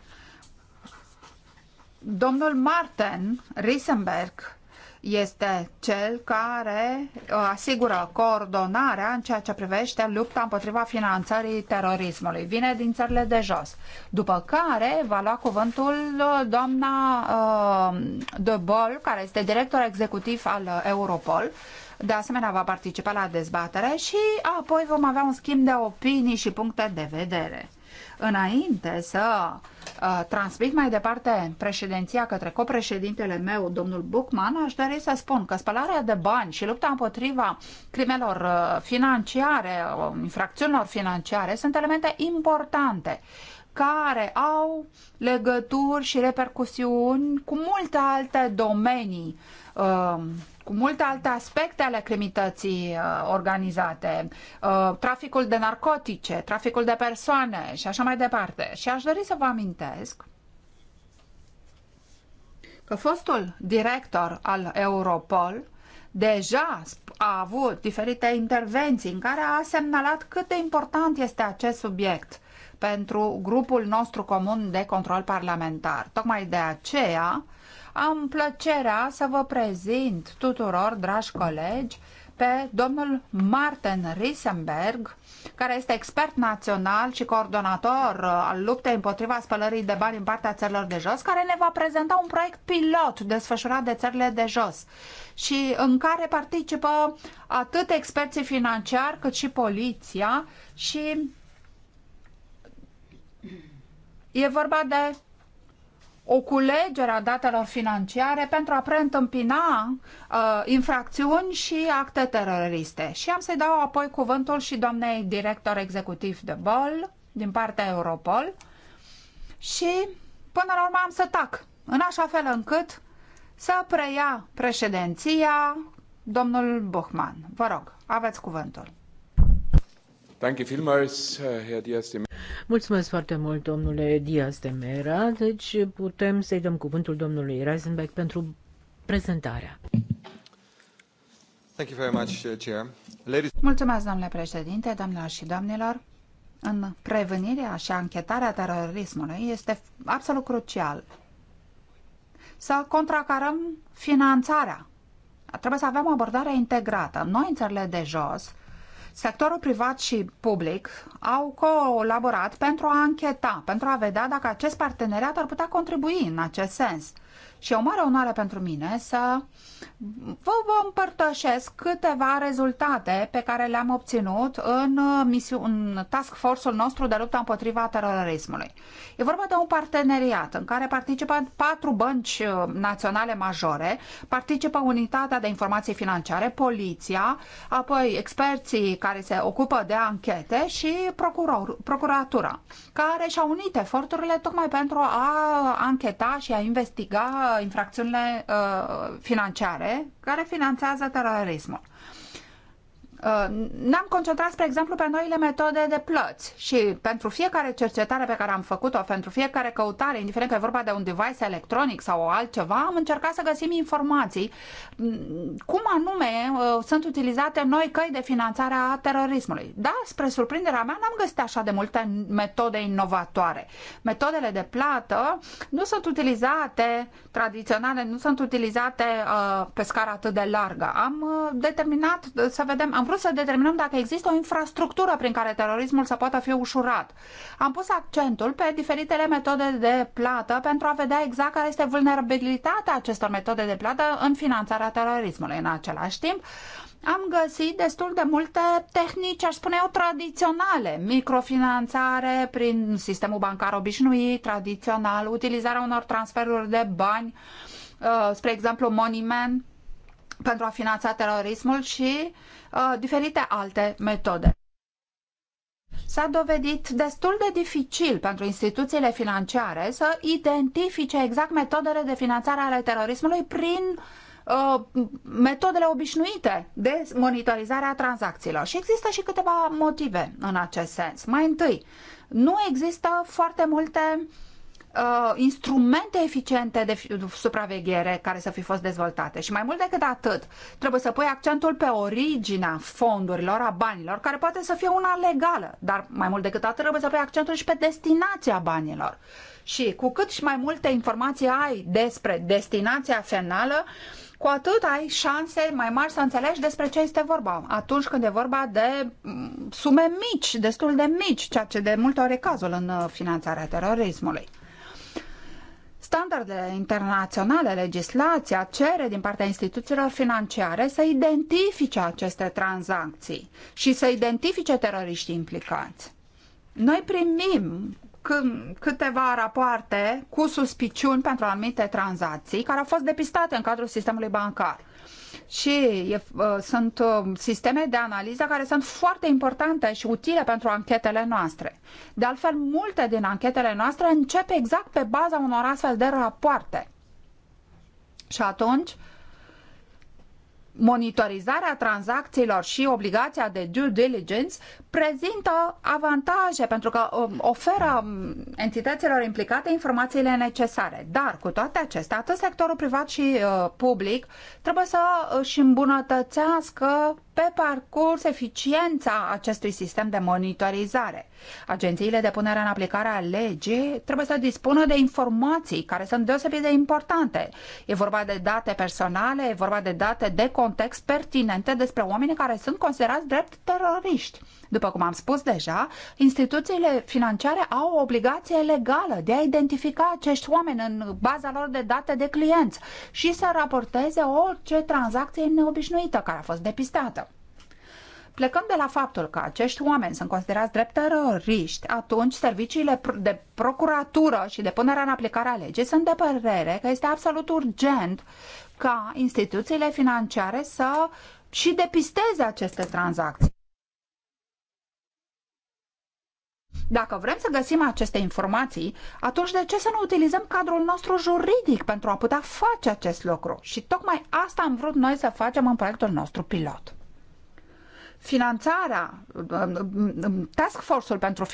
domnul Martin Risenberg este cel care uh, asigură coordonarea în ceea ce privește lupta împotriva finanțării terorismului. Vine din țările de jos. După care va lua cuvântul uh, doamna uh, De Bol, care este director executiv al uh, Europol. De asemenea, va participa la dezbatere și apoi vom avea un schimb de opinii și puncte de vedere. Înainte să uh, transmit mai departe președinția către copreședintele meu, domnul Buchman, aș dori să spun că spălarea de bani și lupta împotriva crimelor uh, financiare, uh, infracțiunilor financiare, sunt elemente importante care au legături și repercusiuni cu multe alte domenii cu multe alte aspecte ale crimității uh, organizate, uh, traficul de narcotice, traficul de persoane și așa mai departe. Și aș dori să vă amintesc că fostul director al Europol deja a avut diferite intervenții în care a semnalat cât de important este acest subiect pentru grupul nostru comun de control parlamentar. Tocmai de aceea am plăcerea să vă prezint tuturor, dragi colegi, pe domnul Martin Risenberg, care este expert național și coordonator uh, al luptei împotriva spălării de bani în partea țărilor de jos, care ne va prezenta un proiect pilot desfășurat de țările de jos și în care participă atât experții financiari cât și poliția și E vorba de o culegere a datelor financiare pentru a preîntâmpina uh, infracțiuni și acte teroriste. Și am să-i dau apoi cuvântul și doamnei director executiv de BOL din partea Europol și până la urmă am să tac, în așa fel încât să preia președinția domnul Buchman. Vă rog, aveți cuvântul. Mulțumesc foarte mult, domnule Diaz de Mera. Deci putem să-i dăm cuvântul domnului Reisenbeck pentru prezentarea. Thank you very much, uh, Chair. Ladies... Mulțumesc, domnule președinte, doamnelor și domnilor. În prevenirea și anchetarea terorismului este absolut crucial să contracarăm finanțarea. Trebuie să avem o abordare integrată. Noi, în țările de jos, Sectorul privat și public au colaborat pentru a ancheta, pentru a vedea dacă acest parteneriat ar putea contribui în acest sens și e o mare onoare pentru mine să vă, vă împărtășesc câteva rezultate pe care le-am obținut în, uh, misiu- în task force-ul nostru de luptă împotriva terorismului. E vorba de un parteneriat în care participă patru bănci uh, naționale majore, participă unitatea de informații financiare, poliția, apoi experții care se ocupă de anchete și procuror, procuratura, care și-au unit eforturile tocmai pentru a ancheta și a investiga infracțiunile uh, financiare care finanțează terorismul. Uh, Uh, ne-am concentrat, spre exemplu, pe noile metode de plăți și pentru fiecare cercetare pe care am făcut-o, pentru fiecare căutare, indiferent că e vorba de un device electronic sau altceva, am încercat să găsim informații mm, cum anume uh, sunt utilizate noi căi de finanțare a terorismului. Da, spre surprinderea mea, n-am găsit așa de multe metode inovatoare. Metodele de plată nu sunt utilizate, tradiționale, nu sunt utilizate uh, pe scară atât de largă. Am uh, determinat să vedem, am vrut vrut să determinăm dacă există o infrastructură prin care terorismul să poată fi ușurat. Am pus accentul pe diferitele metode de plată pentru a vedea exact care este vulnerabilitatea acestor metode de plată în finanțarea terorismului. În același timp, am găsit destul de multe tehnici, aș spune eu, tradiționale. Microfinanțare prin sistemul bancar obișnuit, tradițional, utilizarea unor transferuri de bani, uh, spre exemplu Moneyman, pentru a finanța terorismul și uh, diferite alte metode. S-a dovedit destul de dificil pentru instituțiile financiare să identifice exact metodele de finanțare ale terorismului prin uh, metodele obișnuite de monitorizare a tranzacțiilor. Și există și câteva motive în acest sens. Mai întâi, nu există foarte multe uh, instrumente eficiente de supraveghere care să fi fost dezvoltate. Și mai mult decât atât, trebuie să pui accentul pe originea fondurilor, a banilor, care poate să fie una legală, dar mai mult decât atât trebuie să pui accentul și pe destinația banilor. Și cu cât și mai multe informații ai despre destinația finală, cu atât ai șanse mai mari să înțelegi despre ce este vorba atunci când e vorba de mm, sume mici, destul de mici, ceea ce de multe ori e cazul în uh, finanțarea terorismului. Standardele internaționale, legislația cere din partea instituțiilor financiare să identifice aceste tranzacții și să identifice teroriștii implicați. Noi primim câteva rapoarte cu suspiciuni pentru anumite tranzacții care au fost depistate în cadrul sistemului bancar și e, uh, sunt um, sisteme de analiză care sunt foarte importante și utile pentru anchetele noastre. De altfel, multe din anchetele noastre încep exact pe baza unor astfel de rapoarte. Și atunci, monitorizarea tranzacțiilor și obligația de due diligence prezintă avantaje pentru că um, oferă um, entităților implicate informațiile necesare. Dar, cu toate acestea, atât sectorul privat și uh, public trebuie să uh, își îmbunătățească pe parcurs eficiența acestui sistem de monitorizare. Agențiile de punere în aplicare a legii trebuie să dispună de informații care sunt deosebit de importante. E vorba de date personale, e vorba de date de context pertinente despre oameni care sunt considerați drept teroriști. După cum am spus deja, instituțiile financiare au o obligație legală de a identifica acești oameni în baza lor de date de clienți și să raporteze orice tranzacție neobișnuită care a fost depistată. Plecând de la faptul că acești oameni sunt considerați drept teroriști, atunci serviciile de procuratură și de punere în aplicare a legii sunt de părere că este absolut urgent ca instituțiile financiare să și depisteze aceste tranzacții. Dacă vrem să găsim aceste informații, atunci de ce să nu utilizăm cadrul nostru juridic pentru a putea face acest lucru? Și tocmai asta am vrut noi să facem în proiectul nostru pilot finanțarea, um, um, task force-ul pentru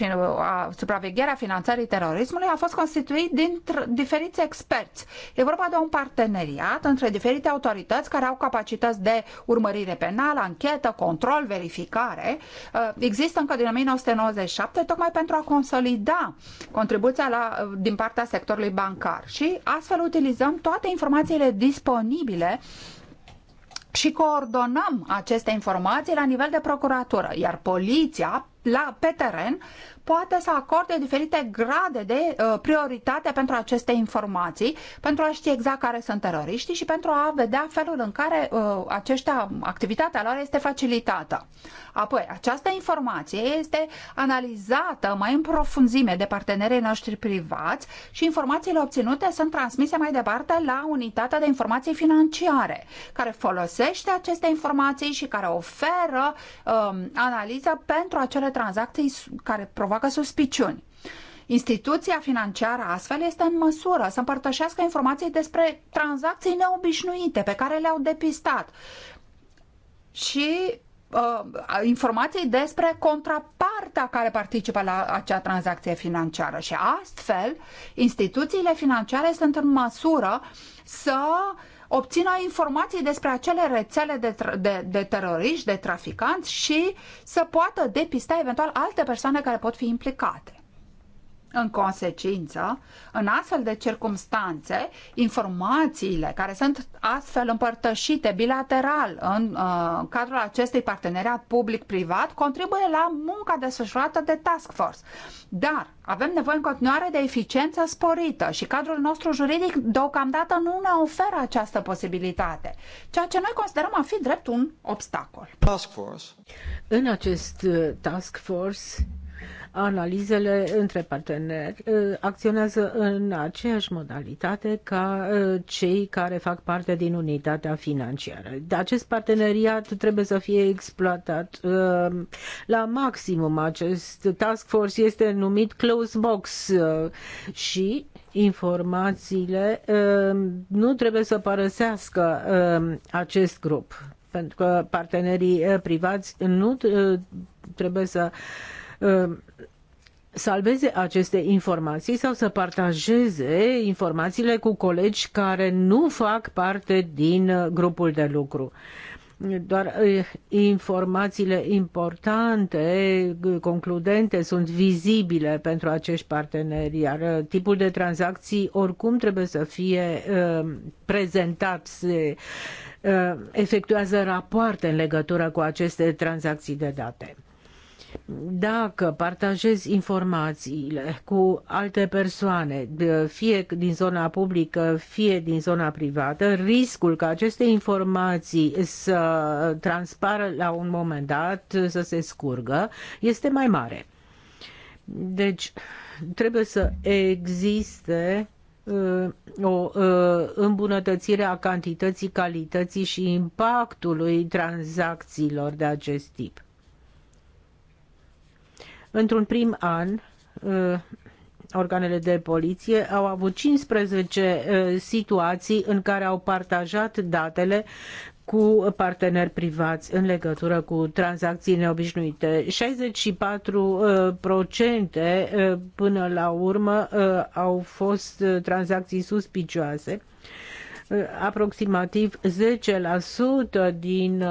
supravegherea finanțării terorismului a fost constituit din diferiți experți. E vorba de un parteneriat între diferite autorități care au capacități de urmărire penală, anchetă, control, verificare. Uh, există încă din 1997 tocmai pentru a consolida contribuția la, uh, din partea sectorului bancar și astfel utilizăm toate informațiile disponibile și coordonăm aceste informații la nivel de procuratură, iar poliția la, pe teren poate să acorde diferite grade de uh, prioritate pentru aceste informații, pentru a ști exact care sunt teroriștii și pentru a vedea felul în care uh, aceștia, activitatea lor este facilitată. Apoi, această informație este analizată mai în profunzime de partenerii noștri privați și informațiile obținute sunt transmise mai departe la unitatea de informații financiare, care folosește aceste informații și care oferă um, analiză pentru acele tranzacții care provoacă facă suspiciuni. Instituția financiară astfel este în măsură să împărtășească informații despre tranzacții neobișnuite pe care le-au depistat și uh, informații despre contrapartea care participă la acea tranzacție financiară și astfel instituțiile financiare sunt în măsură să uh, obțină informații despre acele rețele de, de, de teroriști, de traficanți și să poată depista eventual alte persoane care pot fi implicate. În consecință, în astfel de circumstanțe, informațiile care sunt astfel împărtășite bilateral în uh, cadrul acestui parteneriat public-privat contribuie la munca desfășurată de task force. Dar avem nevoie în continuare de eficiență sporită și cadrul nostru juridic deocamdată nu ne oferă această posibilitate, ceea ce noi considerăm a fi drept un obstacol. Task force. În acest uh, task force analizele între parteneri uh, acționează în aceeași modalitate ca uh, cei care fac parte din unitatea financiară. Acest parteneriat trebuie să fie exploatat uh, la maximum. Acest task force este numit close box și informațiile nu trebuie să părăsească acest grup pentru că partenerii privați nu trebuie să salveze aceste informații sau să partajeze informațiile cu colegi care nu fac parte din uh, grupul de lucru. Doar uh, informațiile importante, concludente, sunt vizibile pentru acești parteneri, iar uh, tipul de tranzacții oricum trebuie să fie prezentat, se efectuează rapoarte în legătură cu aceste tranzacții de date. Dacă partajezi informațiile cu alte persoane, fie din zona publică, fie din zona privată, riscul ca aceste informații să transpară la un moment dat, să se scurgă, este mai mare. Deci, trebuie să existe uh, o uh, îmbunătățire a cantității, calității și impactului tranzacțiilor de acest tip. Într-un prim an, uh, organele de poliție au avut 15 uh, situații în care au partajat datele cu parteneri privați în legătură cu tranzacții neobișnuite. 64% uh, până la urmă au fost tranzacții suspicioase. Aproximativ 10% din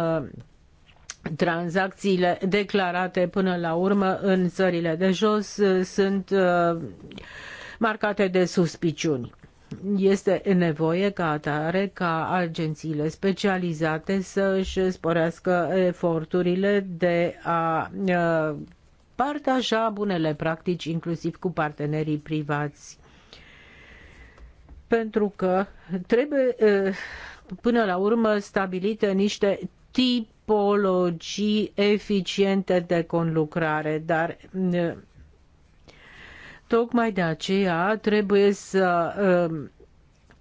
tranzacțiile declarate până la urmă în țările de jos uh, sunt uh, marcate de suspiciuni. Este nevoie ca atare ca agențiile specializate să își sporească eforturile de a uh, partaja bunele practici inclusiv cu partenerii privați. Pentru că trebuie până la urmă stabilite niște tipuri tipologii eficiente de conlucrare, dar tocmai de aceea trebuie să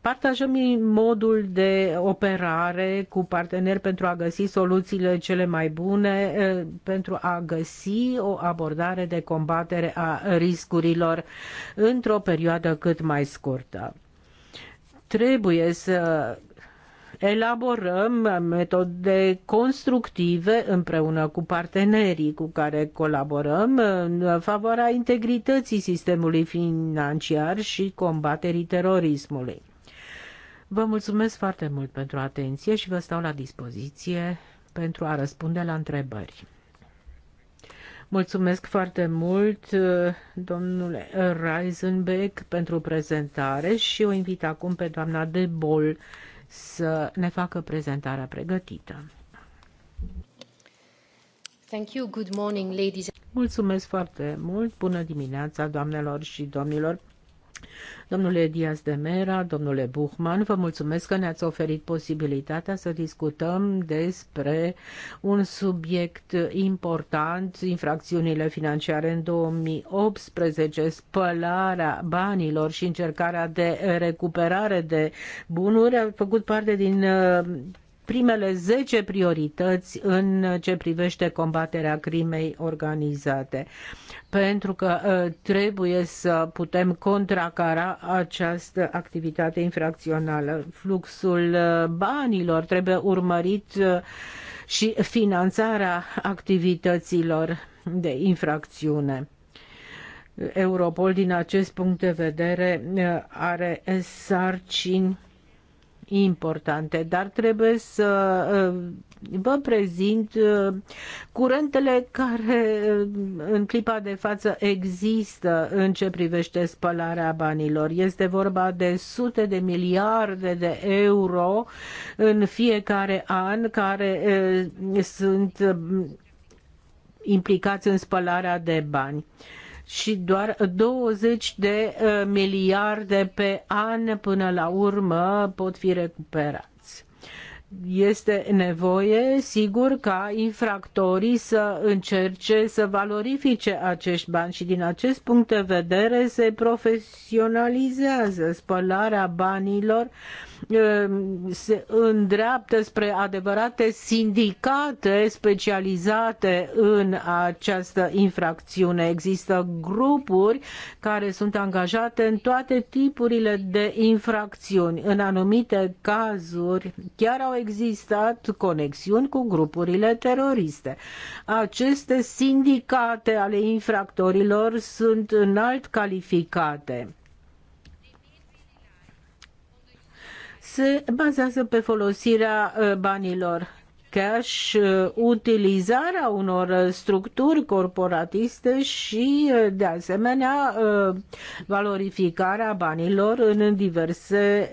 partajăm modul de operare cu parteneri pentru a găsi soluțiile cele mai bune, pentru a găsi o abordare de combatere a riscurilor într-o perioadă cât mai scurtă. Trebuie să elaborăm metode constructive împreună cu partenerii cu care colaborăm în favoarea integrității sistemului financiar și combaterii terorismului. Vă mulțumesc foarte mult pentru atenție și vă stau la dispoziție pentru a răspunde la întrebări. Mulțumesc foarte mult, domnule Reisenbeck, pentru prezentare și o invit acum pe doamna De Bol să ne facă prezentarea pregătită. Thank you. Good morning, ladies. Mulțumesc foarte mult. Bună dimineața, doamnelor și domnilor. Domnule Diaz de Mera, domnule Buchman, vă mulțumesc că ne-ați oferit posibilitatea să discutăm despre un subiect important, infracțiunile financiare în 2018, spălarea banilor și încercarea de recuperare de bunuri. A făcut parte din uh, primele 10 priorități în ce privește combaterea crimei organizate. Pentru că uh, trebuie să putem contracara această activitate infracțională. Fluxul uh, banilor trebuie urmărit uh, și finanțarea activităților de infracțiune. Europol, din acest punct de vedere, are sarcini importante, dar trebuie să uh, vă prezint uh, curentele care uh, în clipa de față există în ce privește spălarea banilor. Este vorba de sute de miliarde de euro în fiecare an care sunt implicați în spălarea de bani și doar 20 de uh, miliarde pe an până la urmă pot fi recuperați. Este nevoie, sigur, ca infractorii să încerce să valorifice acești bani și din acest punct de vedere se profesionalizează spălarea banilor uh, Ehm, se îndreaptă spre adevărate sindicate specializate în această infracțiune. Există grupuri care sunt angajate în toate tipurile de infracțiuni. În anumite cazuri chiar au existat conexiuni cu grupurile teroriste. Aceste sindicate ale infractorilor sunt înalt calificate se bazează pe folosirea uh, banilor cash, uh, utilizarea unor uh, structuri corporatiste și, de asemenea, valorificarea banilor în diverse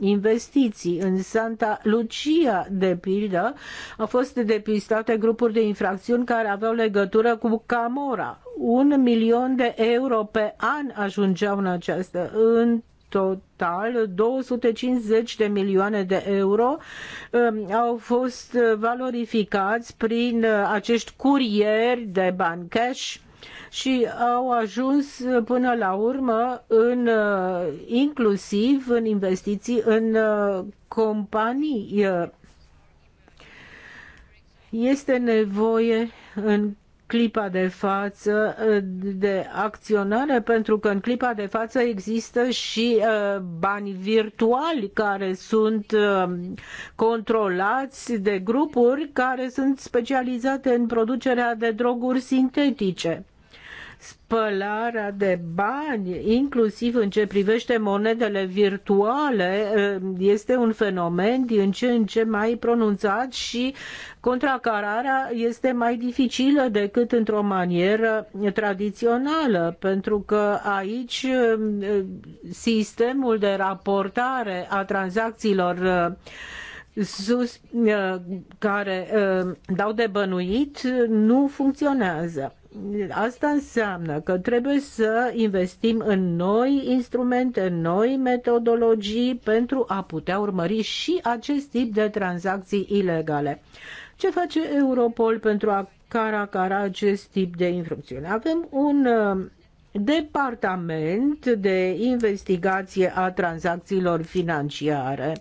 investiții. În Santa Lucia, de pildă, au fost depistate grupuri de infracțiuni care aveau legătură cu Camora. Un milion de euro pe an ajungeau în această în total 250 de milioane de euro um, au fost uh, valorificați prin uh, acești curieri de bani cash și au ajuns uh, până la urmă în, inclusiv în investiții în companii. Este nevoie în clipa de față uh, de acționare, pentru că în clipa de față există și uh, bani virtuali care sunt uh, controlați de grupuri care sunt specializate în producerea de droguri sintetice spălarea de bani, inclusiv în ce privește monedele virtuale, eh, este un fenomen din ce în ce mai pronunțat și contracararea este mai dificilă decât într-o manieră tradițională, pentru că aici eh, sistemul de raportare a tranzacțiilor eh, sus, care dau de bănuit nu funcționează. Asta înseamnă că trebuie să investim în noi instrumente, în noi metodologii pentru a putea urmări și acest tip de tranzacții ilegale. Ce face Europol pentru a caracara acest tip de infracțiune? Avem un uh, departament de investigație a tranzacțiilor financiare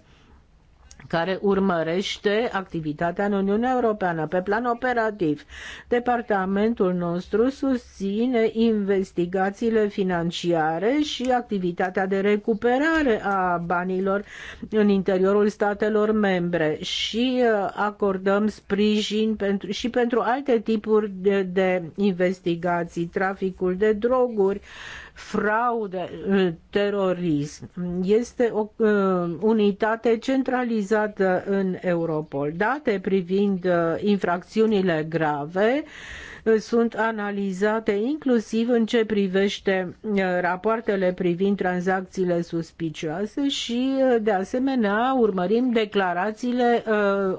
care urmărește activitatea în Uniunea Europeană. Pe plan operativ, departamentul nostru susține investigațiile financiare și activitatea de recuperare a banilor în interiorul statelor membre și uh, acordăm sprijin pentru, și pentru alte tipuri de, de investigații, traficul de droguri, fraude, uh, terorism. Este o uh, unitate centralizată în Europol. Date privind uh, infracțiunile grave sunt analizate inclusiv în ce privește rapoartele privind tranzacțiile suspicioase și de asemenea urmărim declarațiile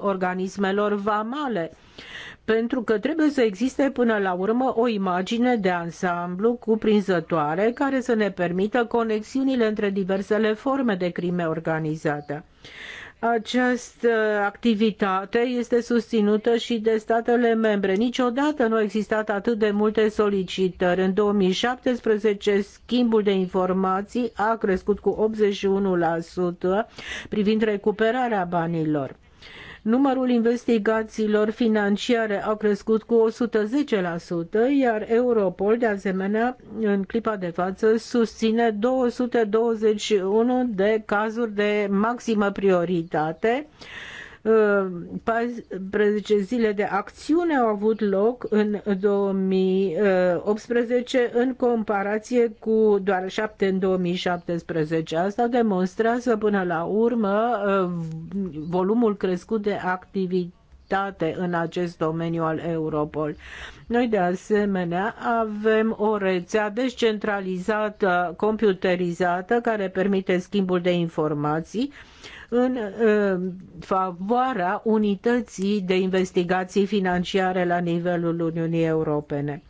organismelor vamale pentru că trebuie să existe până la urmă o imagine de ansamblu cuprinzătoare care să ne permită conexiunile între diversele forme de crime organizate. Această activitate este susținută și de statele membre. Niciodată nu au existat atât de multe solicitări. În 2017, schimbul de informații a crescut cu 81% privind recuperarea banilor. Numărul investigațiilor financiare a crescut cu 110%, iar Europol, de asemenea, în clipa de față, susține 221 de cazuri de maximă prioritate. 14 zile de acțiune au avut loc în 2018 în comparație cu doar 7 în 2017. Asta demonstrează până la urmă uh, volumul crescut de activități activitate în acest domeniu al Europol. Noi de asemenea avem o rețea descentralizată, computerizată, care permite schimbul de informații în uh, favoarea unității de investigații financiare la nivelul Uniunii Europene.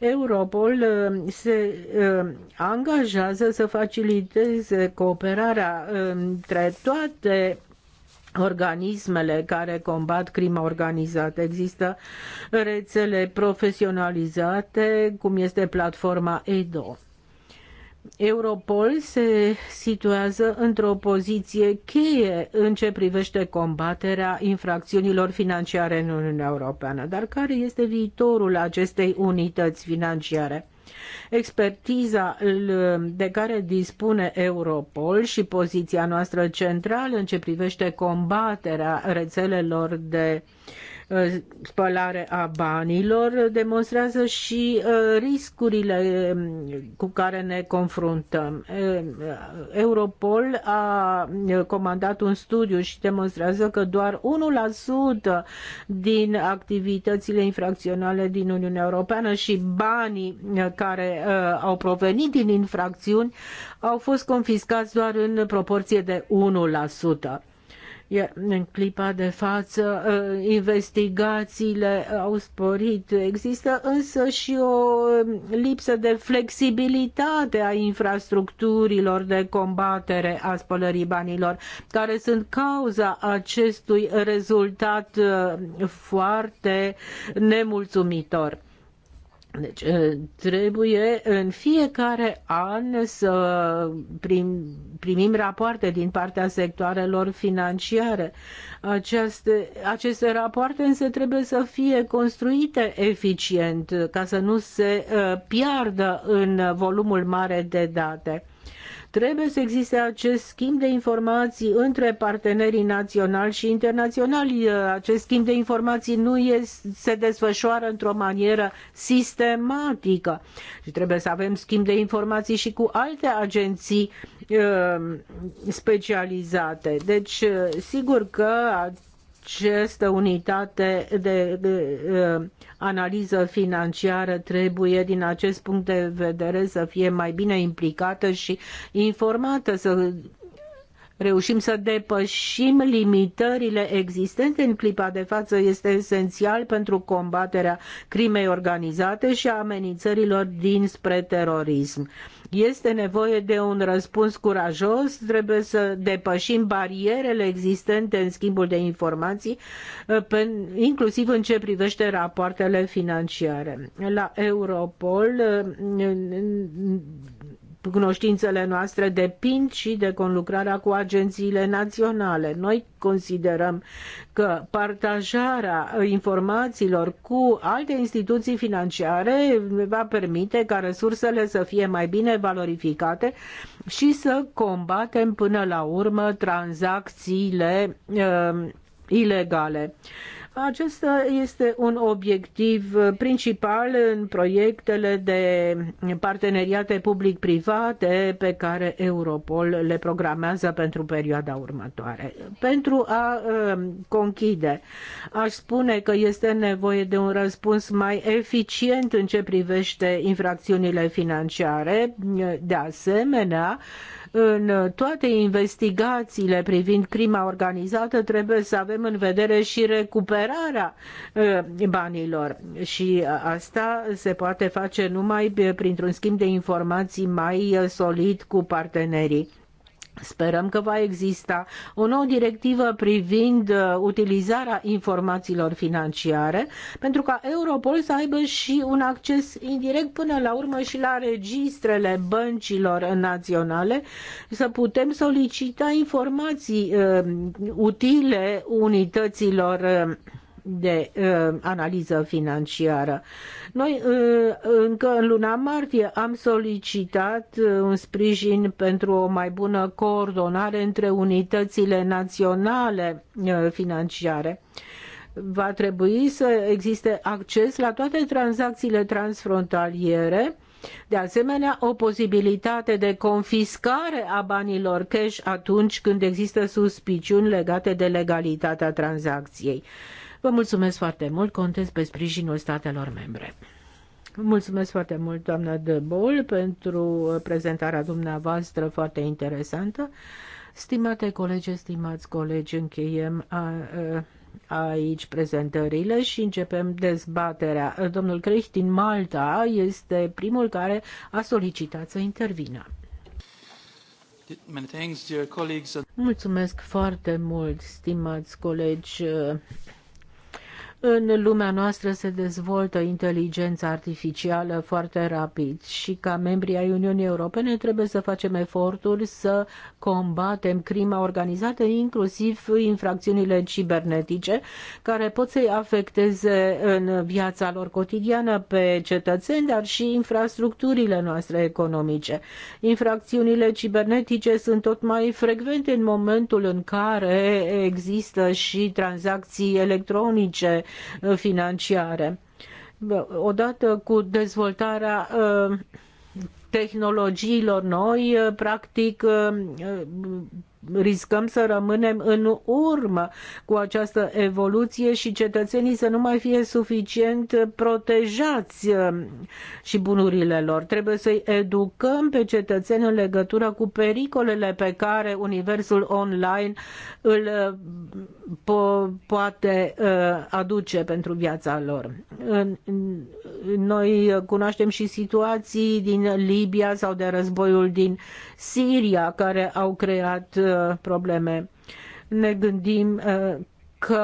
Europol uh, se uh, angajează să faciliteze cooperarea între toate organismele care combat crima organizată. Există rețele profesionalizate, cum este platforma EDO. Europol se situează într-o poziție cheie în ce privește combaterea infracțiunilor financiare în Uniunea Europeană. Dar care este viitorul acestei unități financiare? Expertiza de care dispune Europol și poziția noastră centrală în ce privește combaterea rețelelor de uh, Uh, spălare a banilor demonstrează și uh, riscurile um, cu care ne confruntăm. Uh, Europol a comandat un studiu și demonstrează că doar 1% din activitățile infracționale din Uniunea Europeană și banii care au provenit din infracțiuni au fost confiscați doar în proporție de 1% în clipa de față uh, investigațiile au sporit. Există însă și o um, lipsă de flexibilitate a infrastructurilor de combatere a spălării banilor, care sunt cauza acestui rezultat uh, foarte nemulțumitor. Deci uh, trebuie în fiecare an să prim, primim rapoarte din partea sectoarelor financiare. Aceste, aceste rapoarte însă trebuie să fie construite eficient ca să nu se uh, piardă în volumul mare de date. Trebuie să existe acest schimb de informații între partenerii naționali și internaționali. Acest schimb de informații nu este, se desfășoară într-o manieră sistematică. Și trebuie să avem schimb de informații și cu alte agenții uh, specializate. Deci, uh, sigur că această unitate de, de uh, analiză financiară trebuie, din acest punct de vedere, să fie mai bine implicată și informată, să reușim să depășim limitările existente în clipa de față este esențial pentru combaterea crimei organizate și a amenințărilor dinspre terorism. Este nevoie de un răspuns curajos, trebuie să depășim barierele existente în schimbul de informații, uh, inclusiv în ce privește rapoartele financiare. La Europol uh, cunoștințele noastre depind și de conlucrarea cu agențiile naționale. Noi considerăm că partajarea informațiilor cu alte instituții financiare va permite ca resursele să fie mai bine valorificate și să combatem până la urmă tranzacțiile uh, ilegale. Uh, acesta este un obiectiv principal în proiectele de parteneriate public-private pe care Europol le programează pentru perioada următoare. Pentru a um, conchide, aș spune că este nevoie de un răspuns mai eficient în ce privește infracțiunile financiare. De asemenea, în toate investigațiile privind crima organizată trebuie să avem în vedere și recuperarea uh, banilor și asta se poate face numai uh, printr-un schimb de informații mai uh, solid cu partenerii. Sperăm că va exista o nouă directivă privind uh, utilizarea informațiilor financiare pentru ca Europol să aibă și un acces indirect până la urmă și la registrele băncilor naționale, să putem solicita informații uh, utile unităților uh, de uh, analiză financiară. Noi uh, încă în luna martie am solicitat uh, un sprijin pentru o mai bună coordonare între unitățile naționale uh, financiare. Va trebui să existe acces la toate tranzacțiile transfrontaliere de asemenea, o posibilitate de confiscare a banilor cash atunci când există suspiciuni legate de legalitatea tranzacției. Vă mulțumesc foarte mult, contez pe sprijinul statelor membre. Mulțumesc foarte mult, doamna De Bol, pentru prezentarea dumneavoastră foarte interesantă. Stimate colegi, stimați colegi, încheiem a, a, aici prezentările și începem dezbaterea. Domnul Creș din Malta este primul care a solicitat să intervină. Mulțumesc foarte mult, stimați colegi în lumea noastră se dezvoltă inteligența artificială foarte rapid și ca membri ai Uniunii Europene trebuie să facem eforturi să combatem crima organizată, inclusiv infracțiunile cibernetice, care pot să-i afecteze în viața lor cotidiană pe cetățeni, dar și infrastructurile noastre economice. Infracțiunile cibernetice sunt tot mai frecvente în momentul în care există și tranzacții electronice financiare. Odată cu dezvoltarea uh, tehnologiilor noi, uh, practic uh, riscăm să rămânem în urmă cu această evoluție și cetățenii să nu mai fie suficient protejați uh, și bunurile lor. Trebuie să-i educăm pe cetățeni în legătură cu pericolele pe care universul online îl uh, po- poate uh, aduce pentru viața lor. Noi cunoaștem și situații din Libia sau de războiul din Siria care au creat Uh, probleme. Ne gândim uh, că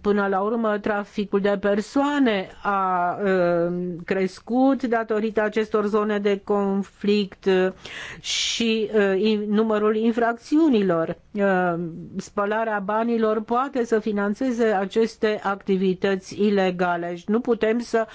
până la urmă traficul de persoane a uh, crescut datorită acestor zone de conflict și numărul infracțiunilor. Spălarea banilor poate să financeze aceste activități ilegale și nu putem să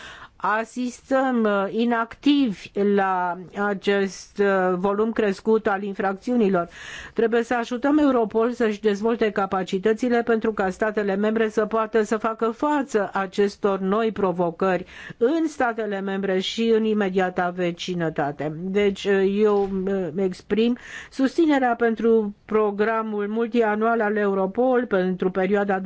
asistăm uh, inactivi la acest uh, volum crescut al infracțiunilor. Trebuie să ajutăm Europol să-și dezvolte capacitățile pentru ca statele membre să poată să facă față acestor noi provocări în statele membre și în imediata vecinătate. Deci uh, eu exprim susținerea pentru programul multianual al Europol pentru perioada 2019-2021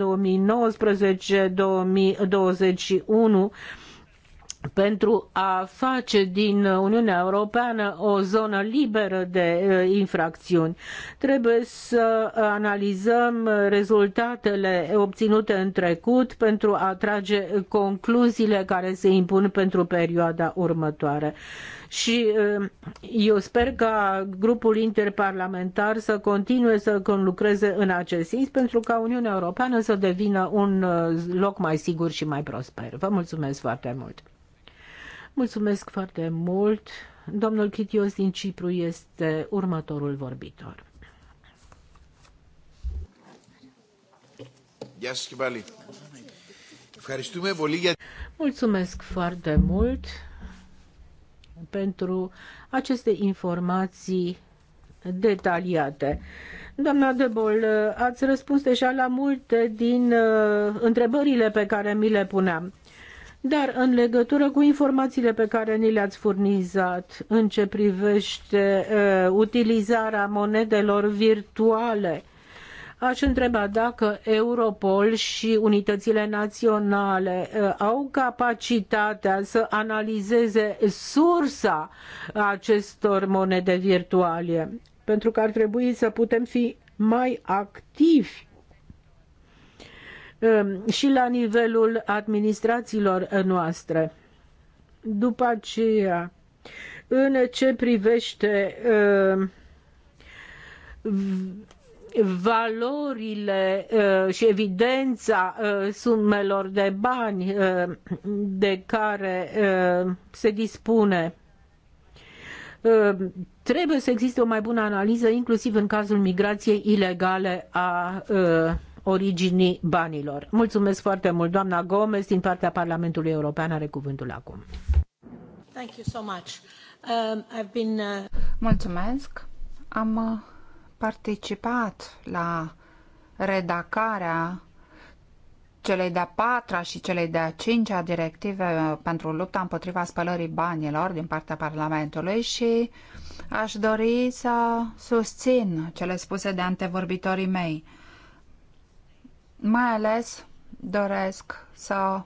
pentru a face din Uniunea Europeană o zonă liberă de uh, infracțiuni. Trebuie să analizăm rezultatele obținute în trecut pentru a trage concluziile care se impun pentru perioada următoare. Și uh, eu sper ca grupul interparlamentar să continue să conlucreze în acest sens pentru ca Uniunea Europeană să devină un uh, loc mai sigur și mai prosper. Vă mulțumesc foarte mult! Mulțumesc foarte mult. Domnul Chitios din Cipru este următorul vorbitor. Γεια σας Mulțumesc foarte mult pentru aceste informații detaliate. Doamna Debol, ați răspuns deja la multe din uh, întrebările pe care mi le puneam. Dar în legătură cu informațiile pe care ni le-ați furnizat în ce privește uh, utilizarea monedelor virtuale, aș întreba dacă Europol și unitățile naționale au capacitatea să analizeze sursa acestor monede virtuale, pentru că ar trebui să putem fi mai activi Um, și la nivelul administrațiilor noastre. După aceea, în ce privește um, valorile uh, și evidența uh, sumelor de bani uh, de care se dispune. Trebuie să existe o mai bună analiză, inclusiv în cazul migrației ilegale a originii banilor. Mulțumesc foarte mult, doamna Gomez, din partea Parlamentului European, are cuvântul acum. Thank you so much. Uh, I've been, uh... Mulțumesc. Am uh, participat la redacarea celei de-a patra și celei de-a cincea directive uh, pentru lupta împotriva spălării banilor din partea Parlamentului și aș dori să susțin cele spuse de antevorbitorii mei. Mai ales doresc să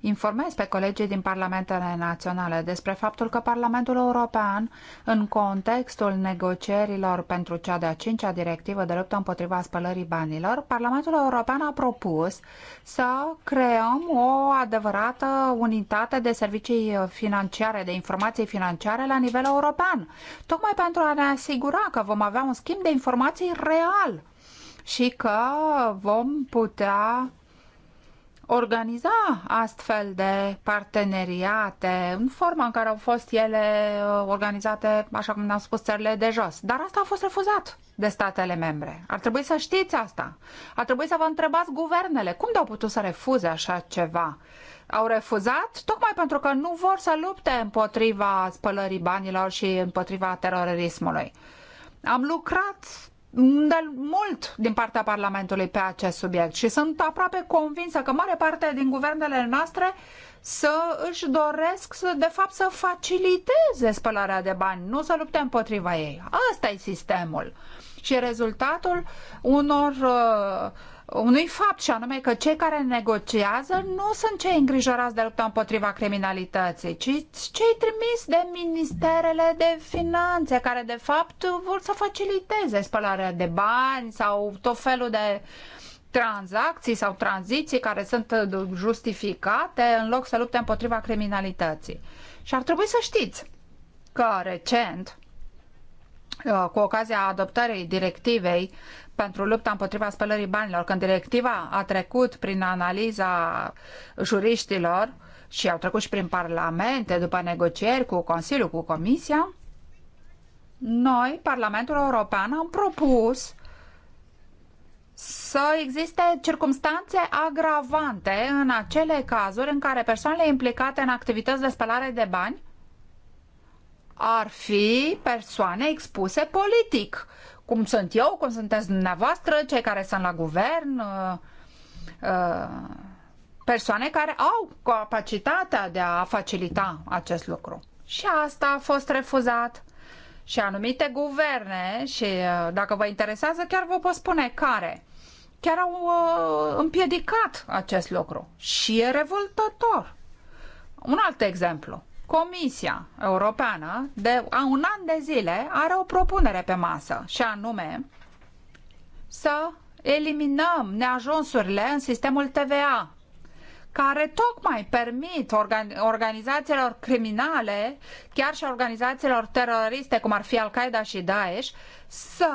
informez pe colegii din parlamentele naționale despre faptul că Parlamentul European, în contextul negocierilor pentru cea de-a cincea directivă de luptă împotriva spălării banilor, Parlamentul European a propus să creăm o adevărată unitate de servicii financiare, de informații financiare la nivel european, tocmai pentru a ne asigura că vom avea un schimb de informații real și că vom putea organiza astfel de parteneriate în forma în care au fost ele uh, organizate, așa cum ne-au spus țările de jos. Dar asta a fost refuzat de statele membre. Ar trebui să știți asta. Ar trebui să vă întrebați guvernele cum de-au putut să refuze așa ceva. Au refuzat tocmai pentru că nu vor să lupte împotriva spălării banilor și împotriva terorismului. Am lucrat dar mult din partea Parlamentului pe acest subiect și sunt aproape convinsă că mare parte din guvernele noastre să își doresc să, de fapt să faciliteze spălarea de bani, nu să lupte împotriva ei. Asta e sistemul. Și rezultatul unor uh, unui fapt și anume că cei care negociază nu sunt cei îngrijorați de lupta împotriva criminalității, ci cei trimiși de ministerele de finanțe care de fapt vor să faciliteze spălarea de bani sau tot felul de tranzacții sau tranziții care sunt justificate în loc să lupte împotriva criminalității. Și ar trebui să știți că recent uh, cu ocazia adoptării directivei pentru lupta împotriva spălării banilor, când directiva a trecut prin analiza juriștilor și au trecut și prin parlamente, după negocieri cu Consiliul, cu Comisia, noi, Parlamentul European, am propus să existe circumstanțe agravante în acele cazuri în care persoanele implicate în activități de spălare de bani ar fi persoane expuse politic cum sunt eu, cum sunteți dumneavoastră, cei care sunt la guvern, uh, uh, persoane care au capacitatea de a facilita acest lucru. Și asta a fost refuzat. Și anumite guverne, și uh, dacă vă interesează, chiar vă pot spune care, chiar au împiedicat acest lucru. Și e revoltător. Un alt exemplu. Comisia Europeană de un an de zile are o propunere pe masă și anume să eliminăm neajunsurile în sistemul TVA care tocmai permit organizațiilor criminale, chiar și organizațiilor teroriste, cum ar fi Al-Qaeda și Daesh, să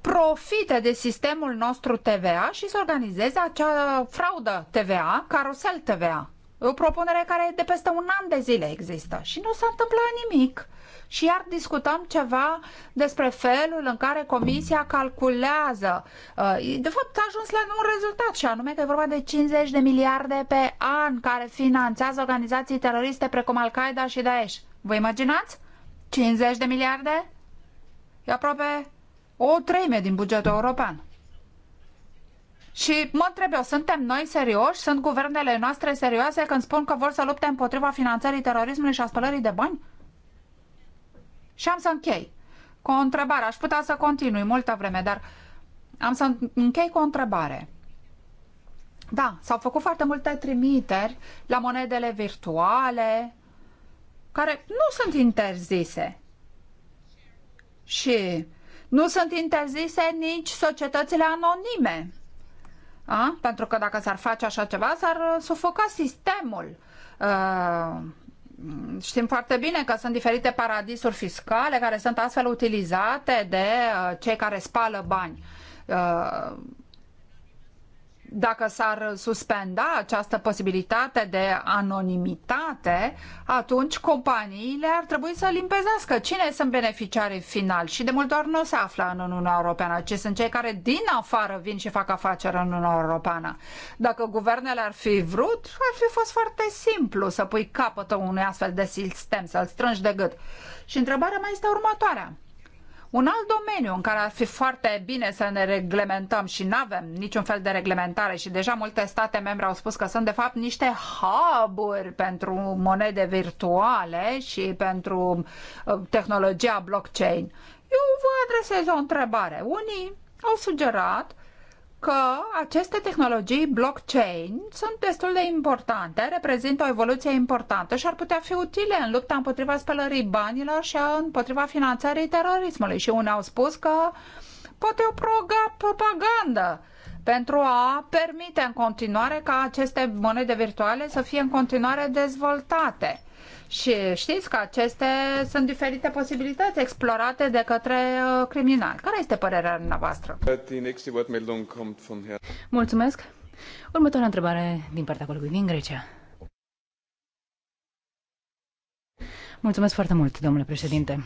profite de sistemul nostru TVA și să organizeze acea fraudă TVA, carusel TVA. O propunere care de peste un an de zile există și nu s-a întâmplat nimic. Și iar discutăm ceva despre felul în care comisia calculează. Uh, de fapt, a ajuns la un rezultat și anume că e vorba de 50 de miliarde pe an care finanțează organizații teroriste precum Al-Qaeda și Daesh. Vă imaginați? 50 de miliarde? E aproape o treime din bugetul european. Și mă întreb eu, suntem noi serioși? Sunt guvernele noastre serioase când spun că vor să lupte împotriva finanțării terorismului și a spălării de bani? Și am să închei cu o întrebare. Aș putea să continui multă vreme, dar am să închei cu o întrebare. Da, s-au făcut foarte multe trimiteri la monedele virtuale, care nu sunt interzise. Și nu sunt interzise nici societățile anonime. A? Pentru că dacă s-ar face așa ceva, s-ar sufoca sistemul. A... știm foarte bine că sunt diferite paradisuri fiscale care sunt astfel utilizate de cei care spală bani dacă s-ar suspenda această posibilitate de anonimitate, atunci companiile ar trebui să limpezească cine sunt beneficiarii final și de multe ori nu se află în Uniunea Europeană, ci sunt cei care din afară vin și fac afaceri în Uniunea Europeană. Dacă guvernele ar fi vrut, ar fi fost foarte simplu să pui capăt unui astfel de sistem, să-l strângi de gât. Și întrebarea mea este următoarea un alt domeniu în care ar fi foarte bine să ne reglementăm și nu avem niciun fel de reglementare și deja multe state membre au spus că sunt de fapt niște hub-uri pentru monede virtuale și pentru uh, tehnologia blockchain. Eu vă adresez o întrebare. Unii au sugerat că aceste tehnologii blockchain sunt destul de importante, reprezintă o evoluție importantă și ar putea fi utile în lupta împotriva spălării banilor și împotriva finanțării terorismului. Și unii au spus că poate o propagandă pentru a permite în continuare ca aceste monede virtuale să fie în continuare dezvoltate. Și știți că aceste sunt diferite posibilități explorate de către uh, criminali. Care este părerea noastră? Mulțumesc. Următoarea întrebare din partea colegului din Grecia. Mulțumesc foarte mult, domnule președinte.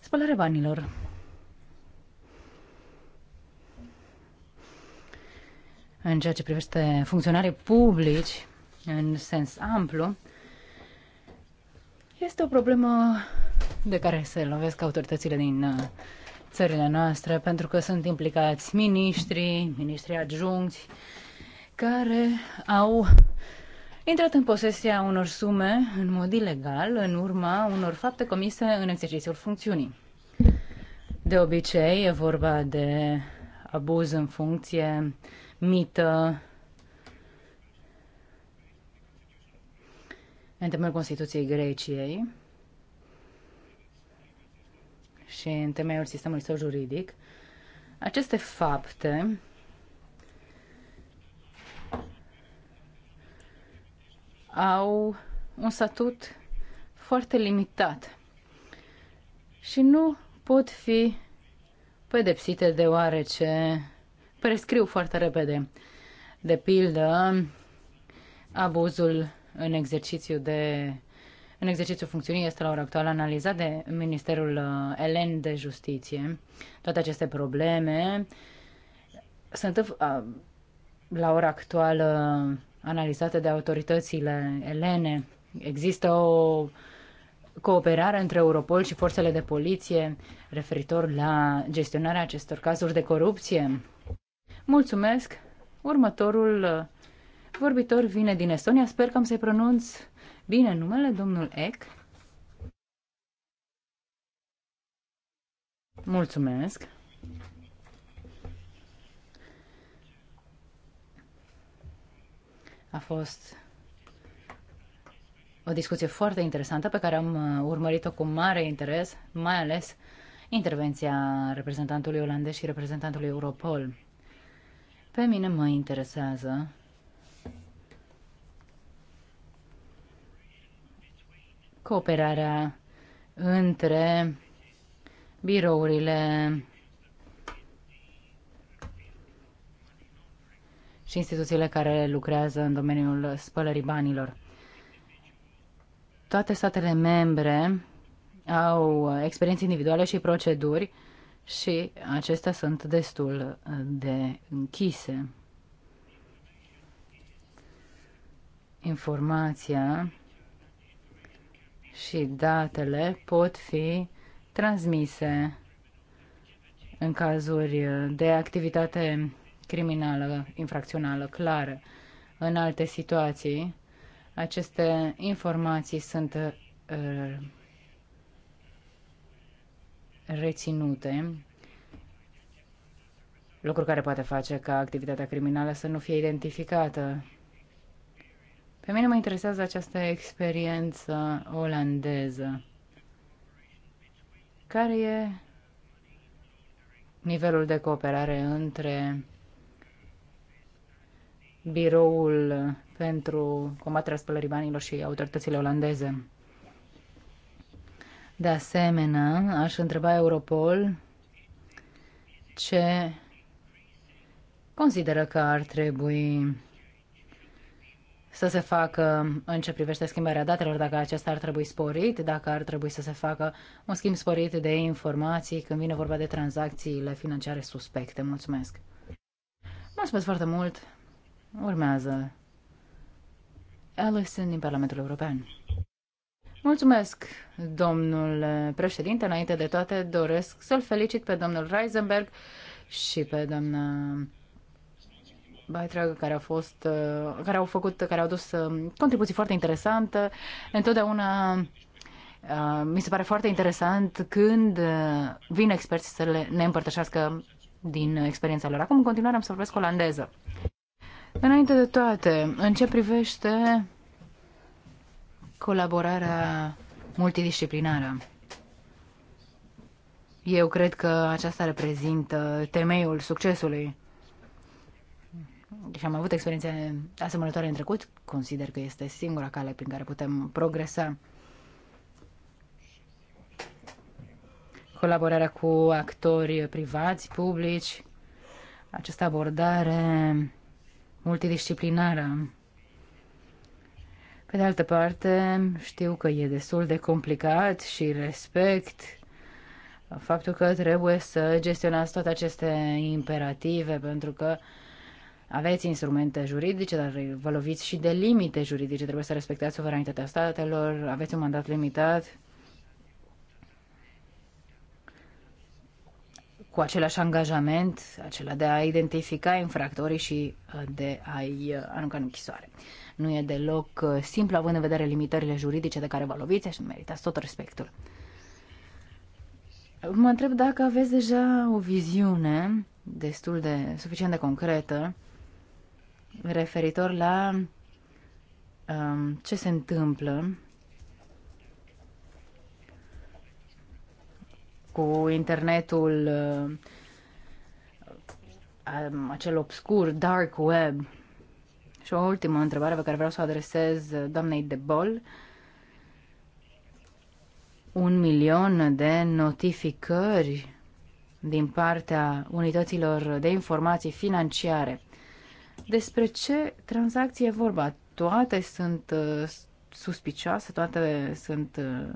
Spălarea banilor. În ceea ce privește funcționarii publici, în sens amplu, este o problemă de care se lovesc autoritățile din uh, țările noastre, pentru că sunt implicați miniștri, miniștri adjuncți, care au intrat în posesia unor sume în mod ilegal în urma unor fapte comise în exercițiul funcțiunii. De obicei e vorba de abuz în funcție, mită, în temeiul Constituției Greciei și în temeiul sistemului său juridic, aceste fapte au un statut foarte limitat și nu pot fi pedepsite deoarece prescriu foarte repede. De pildă, abuzul în exercițiu de în exercițiu funcțiunii este la ora actuală analizat de Ministerul uh, Elen de Justiție. Toate aceste probleme sunt uh, la ora actuală analizate de autoritățile elene. Există o cooperare între Europol și forțele de poliție referitor la gestionarea acestor cazuri de corupție. Mulțumesc! Următorul uh, vorbitor vine din Estonia. Sper că am să-i pronunț bine numele, domnul Eck. Mulțumesc. A fost o discuție foarte interesantă pe care am uh, urmărit-o cu mare interes, mai ales intervenția reprezentantului olandez și reprezentantului Europol. Pe mine mă interesează cooperarea între birourile și instituțiile care lucrează în domeniul spălării banilor. Toate statele membre au experiențe individuale și proceduri și acestea sunt destul de închise. Informația și datele pot fi transmise în cazuri de activitate criminală, infracțională clară. În alte situații, aceste informații sunt uh, reținute, lucru care poate face ca activitatea criminală să nu fie identificată. Pe mine mă interesează această experiență olandeză. Care e nivelul de cooperare între biroul pentru combaterea spălării banilor și autoritățile olandeze? De asemenea, aș întreba Europol ce consideră că ar trebui să se facă în ce privește schimbarea datelor, dacă acesta ar trebui sporit, dacă ar trebui să se facă un schimb sporit de informații când vine vorba de tranzacțiile financiare suspecte. Mulțumesc! Mulțumesc foarte mult! Urmează Alison din Parlamentul European. Mulțumesc, domnul președinte. Înainte de toate, doresc să-l felicit pe domnul Reisenberg și pe doamna Baitrag, care, a fost, uh, care au făcut, care au dus uh, contribuții foarte interesante. Întotdeauna uh, mi se pare foarte interesant când vin experți să le, ne împărtășească din experiența lor. Acum, în continuare, am să vorbesc olandeză. Înainte de toate, în ce privește colaborarea multidisciplinară. Eu cred că aceasta reprezintă temeiul succesului și deci am avut experiențe asemănătoare în trecut, consider că este singura cale prin care putem progresa. Colaborarea cu actori privați, publici, această abordare multidisciplinară. Pe de altă parte, știu că e destul de complicat și respect faptul că trebuie să gestionați toate aceste imperative, pentru că uh, aveți instrumente juridice, dar vă loviți și de limite juridice, trebuie să respectați suveranitatea statelor, aveți un mandat limitat. cu același angajament, acela de a identifica infractorii și uh, de a-i uh, arunca în închisoare. Nu e deloc uh, simplu, având în vedere limitările juridice de care vă loviți și meritați tot respectul. Mă întreb dacă aveți deja o viziune destul de suficient de concretă referitor la um, ce se întâmplă cu internetul uh, um, acel obscur dark web. Și o ultimă întrebare pe care vreau să o adresez doamnei de Bol. Un milion de notificări din partea unităților de informații financiare despre ce tranzacție e vorba. Toate sunt uh, suspicioase, toate sunt uh,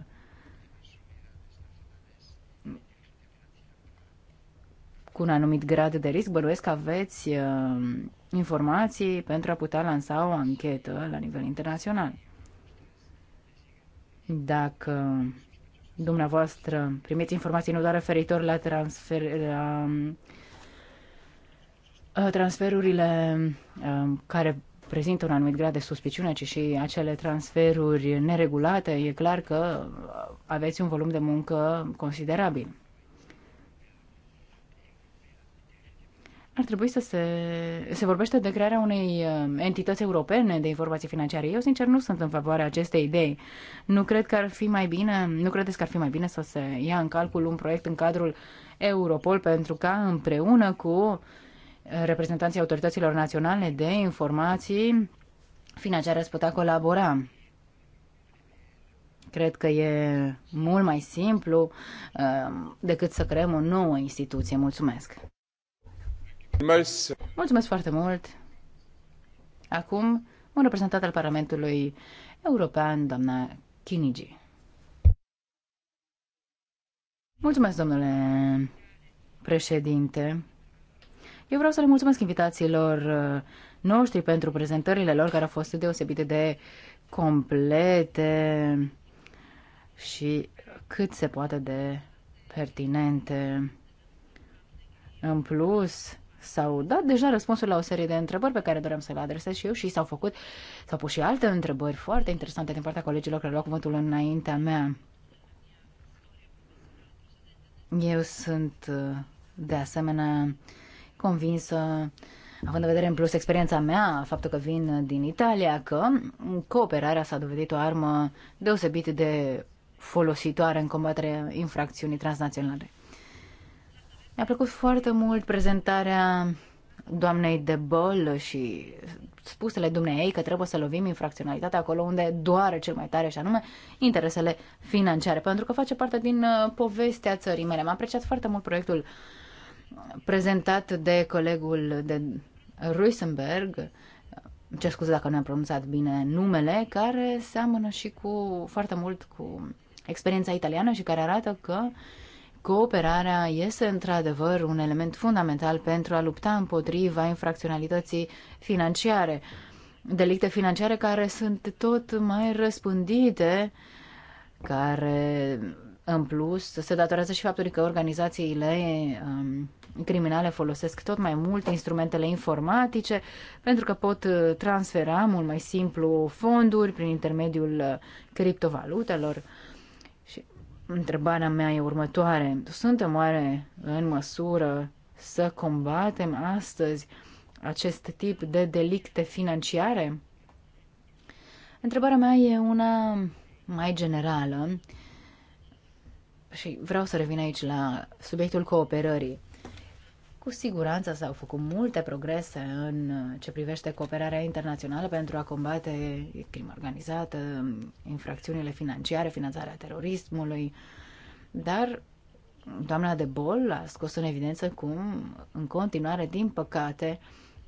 cu un anumit grad de risc. Bănuiesc că aveți uh, informații pentru a putea lansa o anchetă la nivel internațional. Dacă dumneavoastră primiți informații nu doar referitor la transfer, uh, Uh, transferurile um, care prezintă un anumit grad de suspiciune, ci și acele transferuri neregulate, e clar că uh, aveți un volum de muncă considerabil. Ar trebui să se... Se vorbește de crearea unei uh, entități europene de informații financiare. Eu, sincer, nu sunt în favoarea acestei idei. Nu cred că ar fi mai bine... Nu credeți că ar fi mai bine să se ia în calcul un proiect în cadrul Europol pentru ca împreună cu uh, reprezentanții autorităților naționale de informații, financiare ați putea colabora. Cred că e mult mai simplu uh, decât să creăm o nouă instituție. Mulțumesc! Mulțumesc, Mulțumesc foarte mult! Acum, un reprezentant al Parlamentului European, doamna Kinigi. Mulțumesc, domnule președinte. Eu vreau să le mulțumesc invitațiilor uh, noștri pentru prezentările lor care au fost deosebite de complete și cât se poate de pertinente. În plus, s-au dat deja răspunsuri la o serie de întrebări pe care doream să le adresez și eu și s-au făcut, s-au pus și alte întrebări foarte interesante din partea colegilor care luat cuvântul înaintea mea. Eu sunt uh, de asemenea convinsă, având în vedere în plus experiența mea, faptul că vin din Italia, că cooperarea s-a dovedit o armă deosebit de folositoare în combaterea infracțiunii transnaționale. Mi-a plăcut foarte mult prezentarea doamnei de Băl și spusele dumneei că trebuie să lovim infracționalitatea acolo unde doare cel mai tare și anume interesele financiare, pentru că face parte din uh, povestea țării mele. M-a apreciat foarte mult proiectul prezentat de colegul de Ruisenberg, ce scuze dacă nu am pronunțat bine numele, care seamănă și cu foarte mult cu experiența italiană și care arată că cooperarea este într-adevăr un element fundamental pentru a lupta împotriva infracționalității financiare. Delicte financiare care sunt tot mai răspândite, care în plus se datorează și faptului că organizațiile um, criminale folosesc tot mai mult instrumentele informatice pentru că pot uh, transfera mult mai simplu fonduri prin intermediul uh, criptovalutelor. Și întrebarea mea e următoare. Suntem oare în măsură să combatem astăzi acest tip de delicte financiare? Întrebarea mea e una mai generală și vreau să revin aici la subiectul cooperării. Cu siguranță s-au făcut multe progrese în uh, ce privește cooperarea internațională pentru a combate crima organizată, infracțiunile financiare, finanțarea terorismului, dar doamna de Bol a scos în evidență cum, în continuare, din păcate,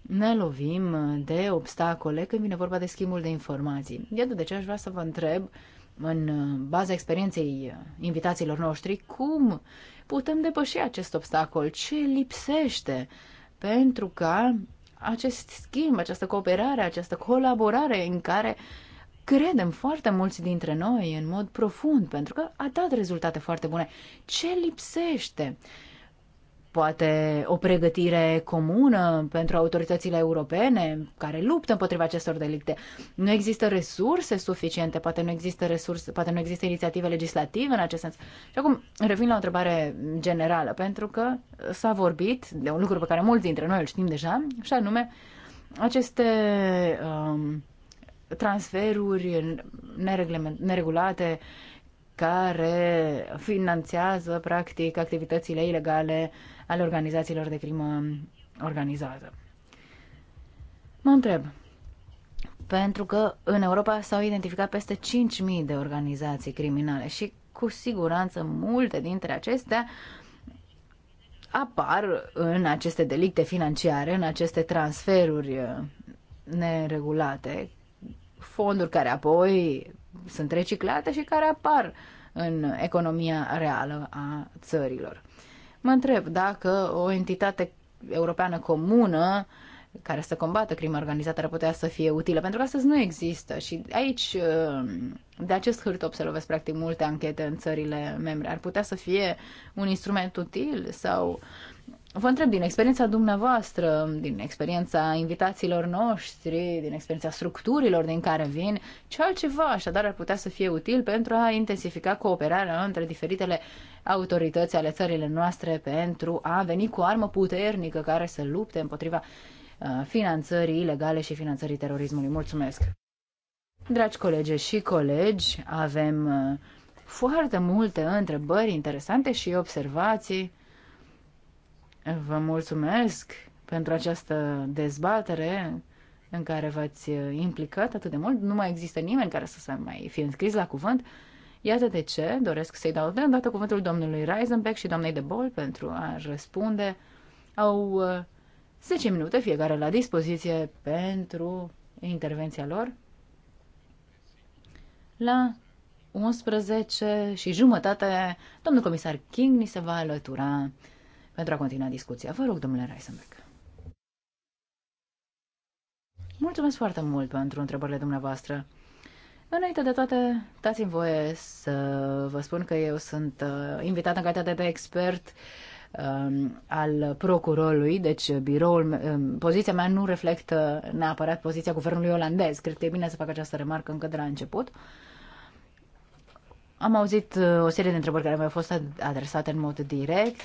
ne lovim de obstacole când vine vorba de schimbul de informații. Iată de ce aș vrea să vă întreb uh, în uh, baza experienței uh, invitațiilor noștri, cum putem depăși acest obstacol, ce lipsește pentru ca acest schimb, această cooperare, această colaborare în care credem foarte mulți dintre noi în mod profund, pentru că a dat rezultate foarte bune. Ce lipsește? poate o pregătire comună pentru autoritățile europene care luptă împotriva acestor delicte. Nu există resurse suficiente, poate nu există resurse, poate nu există inițiative legislative în acest sens. Și acum revin la o întrebare generală, pentru că s-a vorbit de un lucru pe care mulți dintre noi îl știm deja, și anume aceste um, transferuri neregulate care finanțează practic activitățile ilegale uh, ale organizațiilor de crimă organizată. Mă întreb, pentru că în Europa s-au identificat peste 5.000 de organizații criminale și cu siguranță multe dintre acestea apar în aceste delicte financiare, în aceste transferuri uh, neregulate, fonduri care apoi sunt reciclate și care apar în economia reală a țărilor. Mă întreb dacă o entitate europeană comună care să combată crima organizată ar putea să fie utilă, pentru că astăzi nu există și aici um, de acest hârtop se lovesc practic multe anchete în țările membre. Ar putea să fie un instrument util sau Vă întreb din experiența dumneavoastră, din experiența invitațiilor noștri, din experiența structurilor din care vin, ce altceva așadar ar putea să fie util pentru a intensifica cooperarea între diferitele autorități ale țările noastre pentru a veni cu o armă puternică care să lupte împotriva uh, finanțării ilegale și finanțării terorismului. Mulțumesc! Dragi colegi și colegi, avem uh, foarte multe întrebări interesante și observații. Vă mulțumesc pentru această dezbatere în care v-ați uh, implicat atât de mult. Nu mai există nimeni care să se mai fi înscris la cuvânt. Iată de ce doresc să-i dau de îndată cuvântul domnului Reisenbeck și doamnei de Bol pentru a răspunde. Au 10 uh, minute fiecare la dispoziție pentru intervenția lor. La 11 și jumătate, domnul comisar King ni se va alătura pentru a continua discuția. Vă rog, domnule Reisenbeck. Mulțumesc foarte mult pentru întrebările dumneavoastră. Înainte de toate, dați-mi voie să vă spun că eu sunt uh, invitat în calitate de expert um, al procurorului, deci biroul, um, poziția mea nu reflectă neapărat poziția guvernului olandez. Cred că e bine să fac această remarcă încă de la început. Am auzit uh, o serie de întrebări care mi-au fost adresate în mod direct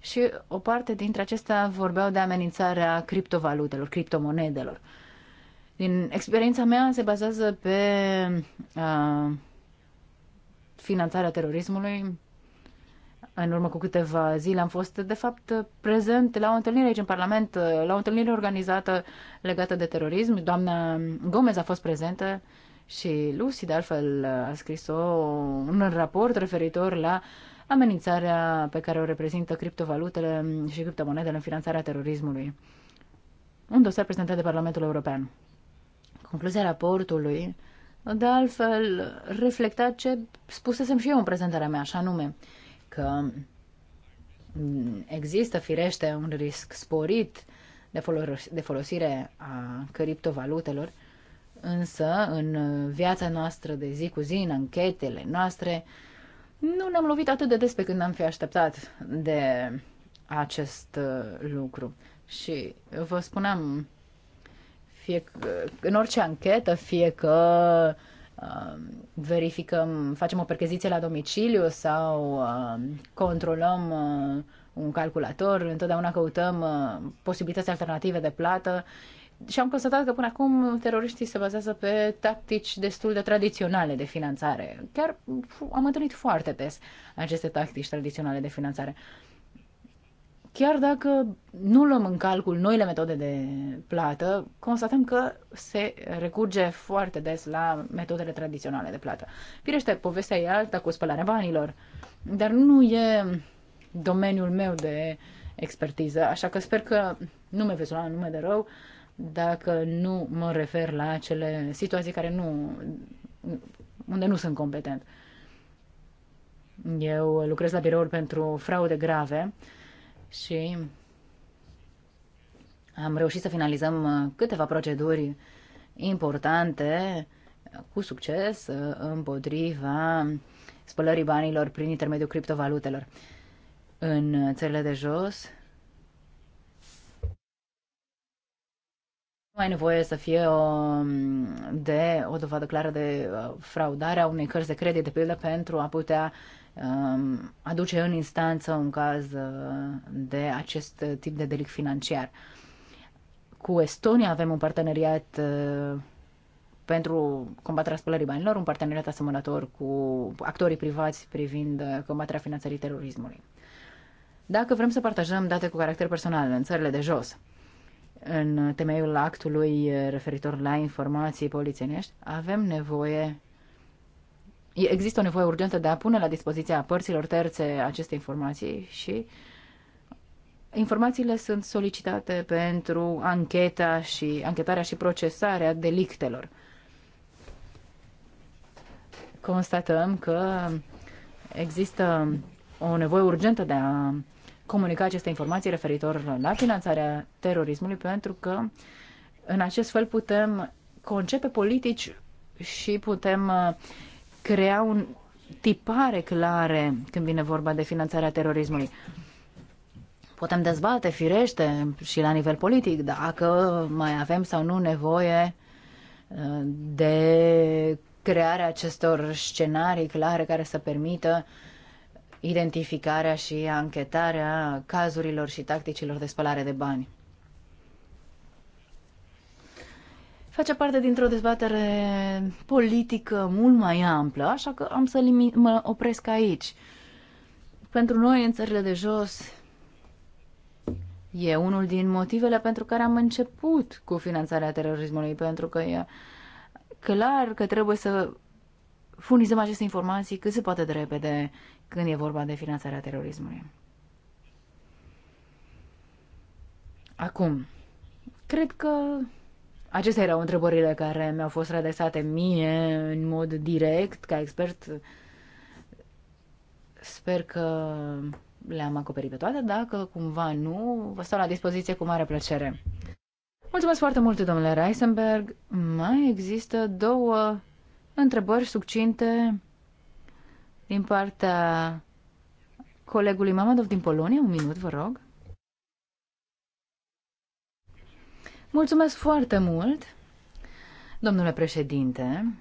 și o parte dintre acestea vorbeau de amenințarea criptovalutelor, criptomonedelor. Din experiența mea se bazează pe uh, finanțarea terorismului. În urmă cu câteva zile am fost, de fapt, prezent la o întâlnire aici în Parlament, la o întâlnire organizată legată de terorism. Doamna Gomez a fost prezentă și Lucy, de altfel, a scris o, un raport referitor la amenințarea pe care o reprezintă criptovalutele și criptomonedele în finanțarea terorismului. Un dosar prezentat de Parlamentul European. Concluzia raportului, de altfel, reflecta ce spusesem și eu în prezentarea mea, așa nume, că există firește un risc sporit de, folos- de folosire a criptovalutelor, însă în viața noastră de zi cu zi, în anchetele noastre, nu ne-am lovit atât de des pe când am fi așteptat de acest lucru. Și vă spuneam fie că, în orice anchetă, fie că um, verificăm, facem o percheziție la domiciliu sau um, controlăm uh, un calculator, întotdeauna căutăm uh, posibilități alternative de plată și am constatat că până acum teroriștii se bazează pe tactici destul de tradiționale de finanțare. Chiar am întâlnit foarte des aceste tactici tradiționale de finanțare. Uh, Chiar dacă nu luăm în calcul noile metode de plată, constatăm că se recurge foarte des la metodele tradiționale de plată. Firește, povestea e alta cu spălarea banilor, dar nu e domeniul meu de expertiză, așa că sper că nu mă veți lua nume de rău dacă nu mă refer la acele situații care nu, unde nu sunt competent. Eu lucrez la birouri pentru fraude grave și am reușit să finalizăm uh, câteva proceduri importante uh, cu succes uh, împotriva spălării banilor prin intermediul criptovalutelor. În țările de jos nu mai nevoie să fie o, um, de o dovadă clară de fraudare a unei cărți de credit, de pildă, pentru a putea Um, aduce în instanță un caz uh, de acest tip de delict financiar. Cu Estonia avem un parteneriat uh, pentru combaterea spălării banilor, un parteneriat asemănător cu actorii privați privind uh, combaterea finanțării terorismului. Dacă vrem să partajăm date cu caracter personal în țările de jos, în temeiul actului referitor la informații polițienești, avem nevoie există o nevoie urgentă de a pune la dispoziția părților terțe aceste informații și informațiile sunt solicitate pentru ancheta și anchetarea și procesarea delictelor. Constatăm că există o nevoie urgentă de a comunica aceste informații referitor la finanțarea terorismului pentru că în acest fel putem concepe politici și putem uh, crea un tipare clare când vine vorba de finanțarea terorismului. Putem dezbate, firește, și la nivel politic, dacă mai avem sau nu nevoie uh, de crearea acestor scenarii clare care să permită identificarea și anchetarea cazurilor și tacticilor de spălare de bani. face parte dintr-o dezbatere politică mult mai amplă, așa că am să limi- mă opresc aici. Pentru noi, în țările de jos, e unul din motivele pentru care am început cu finanțarea terorismului, pentru că e clar că trebuie să furnizăm aceste informații cât se poate de repede când e vorba de finanțarea terorismului. Acum, cred că Acestea erau întrebările care mi-au fost adresate mie în mod direct, ca expert. Sper că le-am acoperit pe toate. Dacă cumva nu, vă stau la dispoziție cu mare plăcere. Mulțumesc foarte mult, domnule Reisenberg. Mai există două întrebări succinte din partea colegului Mamadov din Polonia. Un minut, vă rog. Mulțumesc foarte mult, domnule președinte.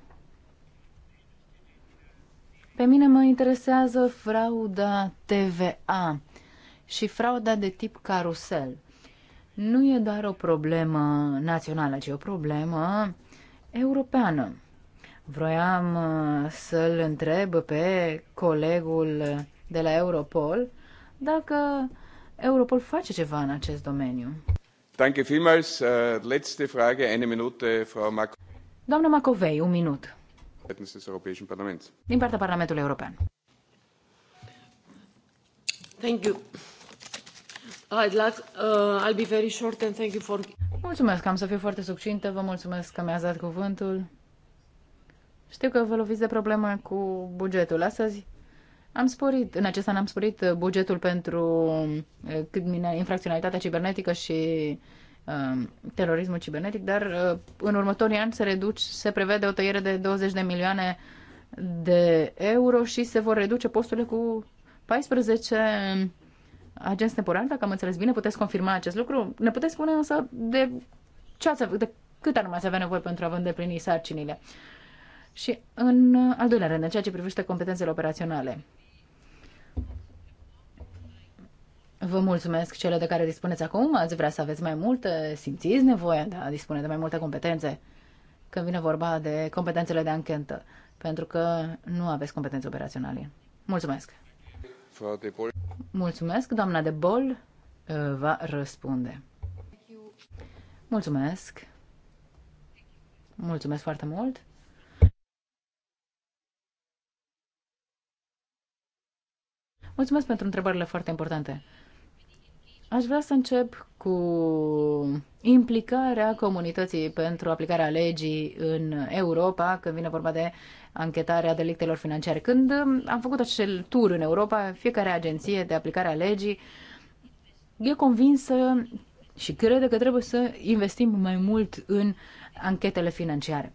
Pe mine mă interesează frauda TVA și frauda de tip carusel. Nu e doar o problemă națională, ci o problemă europeană. Vroiam uh, să-l întreb pe colegul de la Europol dacă Europol face ceva în acest domeniu. Danke vielmals. Äh, letzte Frage, eine Minute, Frau Doamna Macovei, un minut. Din partea Parlamentului European. Thank you. I'd like, uh, I'll be very short and thank you for... Mulțumesc, am să fiu foarte succintă, vă mulțumesc că mi-ați dat cuvântul. Știu că vă loviți de probleme cu bugetul. Astăzi am sporit, în acest an am sporit uh, bugetul pentru uh, infracționalitatea cibernetică și um, terorismul cibernetic, dar uh, în următorii ani se reduce, se prevede o tăiere de 20 de milioane de euro și se vor reduce posturile cu 14 um, agenți temporari, dacă am înțeles bine, puteți confirma acest lucru. Ne puteți spune însă de, ce ați, de cât anume ați avea nevoie pentru a vă îndeplini sarcinile. Și în al doilea rând, în ceea ce privește competențele operaționale, Vă mulțumesc cele de care dispuneți acum. Ați vrea să aveți mai multe, simțiți nevoia de a dispune de mai multe competențe când vine vorba de competențele de anchetă, pentru că nu aveți competențe operaționale. Mulțumesc! Mulțumesc, doamna de Bol uh, va răspunde. Mulțumesc! Mulțumesc foarte mult! Mulțumesc pentru întrebările foarte importante. Aș vrea să încep cu implicarea comunității pentru aplicarea legii în Europa, când vine vorba de anchetarea delictelor financiare. Când am făcut acel tur în Europa, fiecare agenție de aplicare a legii e convinsă și crede că trebuie să investim mai mult în anchetele financiare.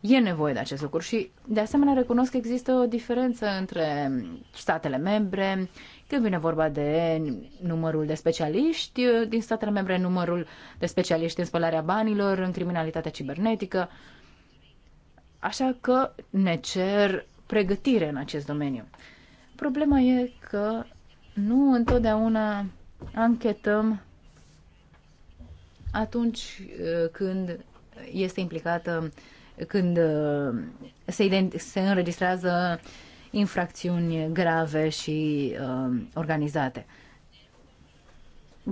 E nevoie de acest lucru și, de asemenea, recunosc că există o diferență între statele membre, când vine vorba de numărul de specialiști uh, din statele membre, numărul de specialiști în spălarea banilor, în criminalitatea cibernetică. Așa că ne cer pregătire în acest domeniu. Problema e că nu întotdeauna anchetăm atunci uh, când este implicată, când uh, se, se înregistrează uh, infracțiuni grave și uh, organizate.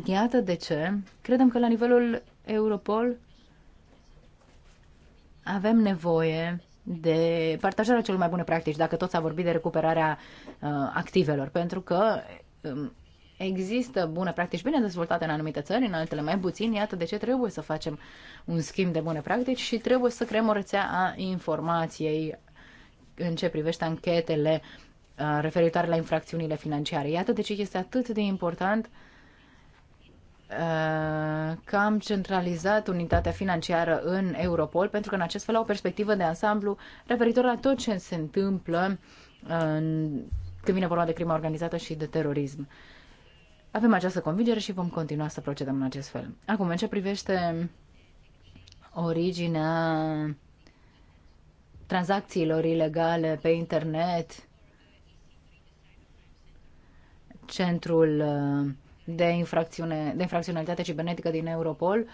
Iată de ce credem că la nivelul Europol avem nevoie de partajarea celor mai bune practici, dacă tot s-a vorbit de recuperarea uh, activelor, pentru că um, există bune practici bine dezvoltate în anumite țări, în altele mai puțin, iată de ce trebuie să facem un schimb de bune practici și trebuie să creăm o rețea a informației în ce privește anchetele uh, referitoare la infracțiunile financiare. Iată de ce este atât de important uh, că am centralizat unitatea financiară în Europol, pentru că în acest fel au o perspectivă de ansamblu referitor la tot ce se întâmplă uh, în, când vine vorba de crimă organizată și de terorism. Avem această convingere și vom continua să procedăm în acest fel. Acum, în ce privește originea tranzacțiilor ilegale pe internet, Centrul uh, de, infracțiune, de infracționalitate cibernetică din Europol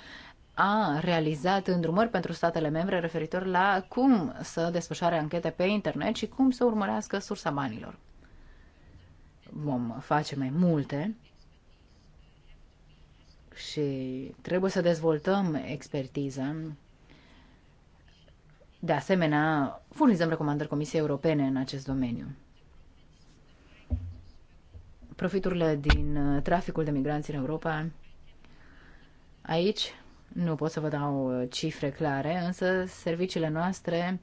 a realizat îndrumări pentru statele membre referitor la cum să desfășoare anchete pe internet și cum să urmărească sursa banilor. Vom face mai multe și trebuie să dezvoltăm expertiza de asemenea, furnizăm recomandări Comisiei Europene în acest domeniu. Profiturile din uh, traficul de migranți în Europa. Aici nu pot să vă dau uh, cifre clare, însă serviciile noastre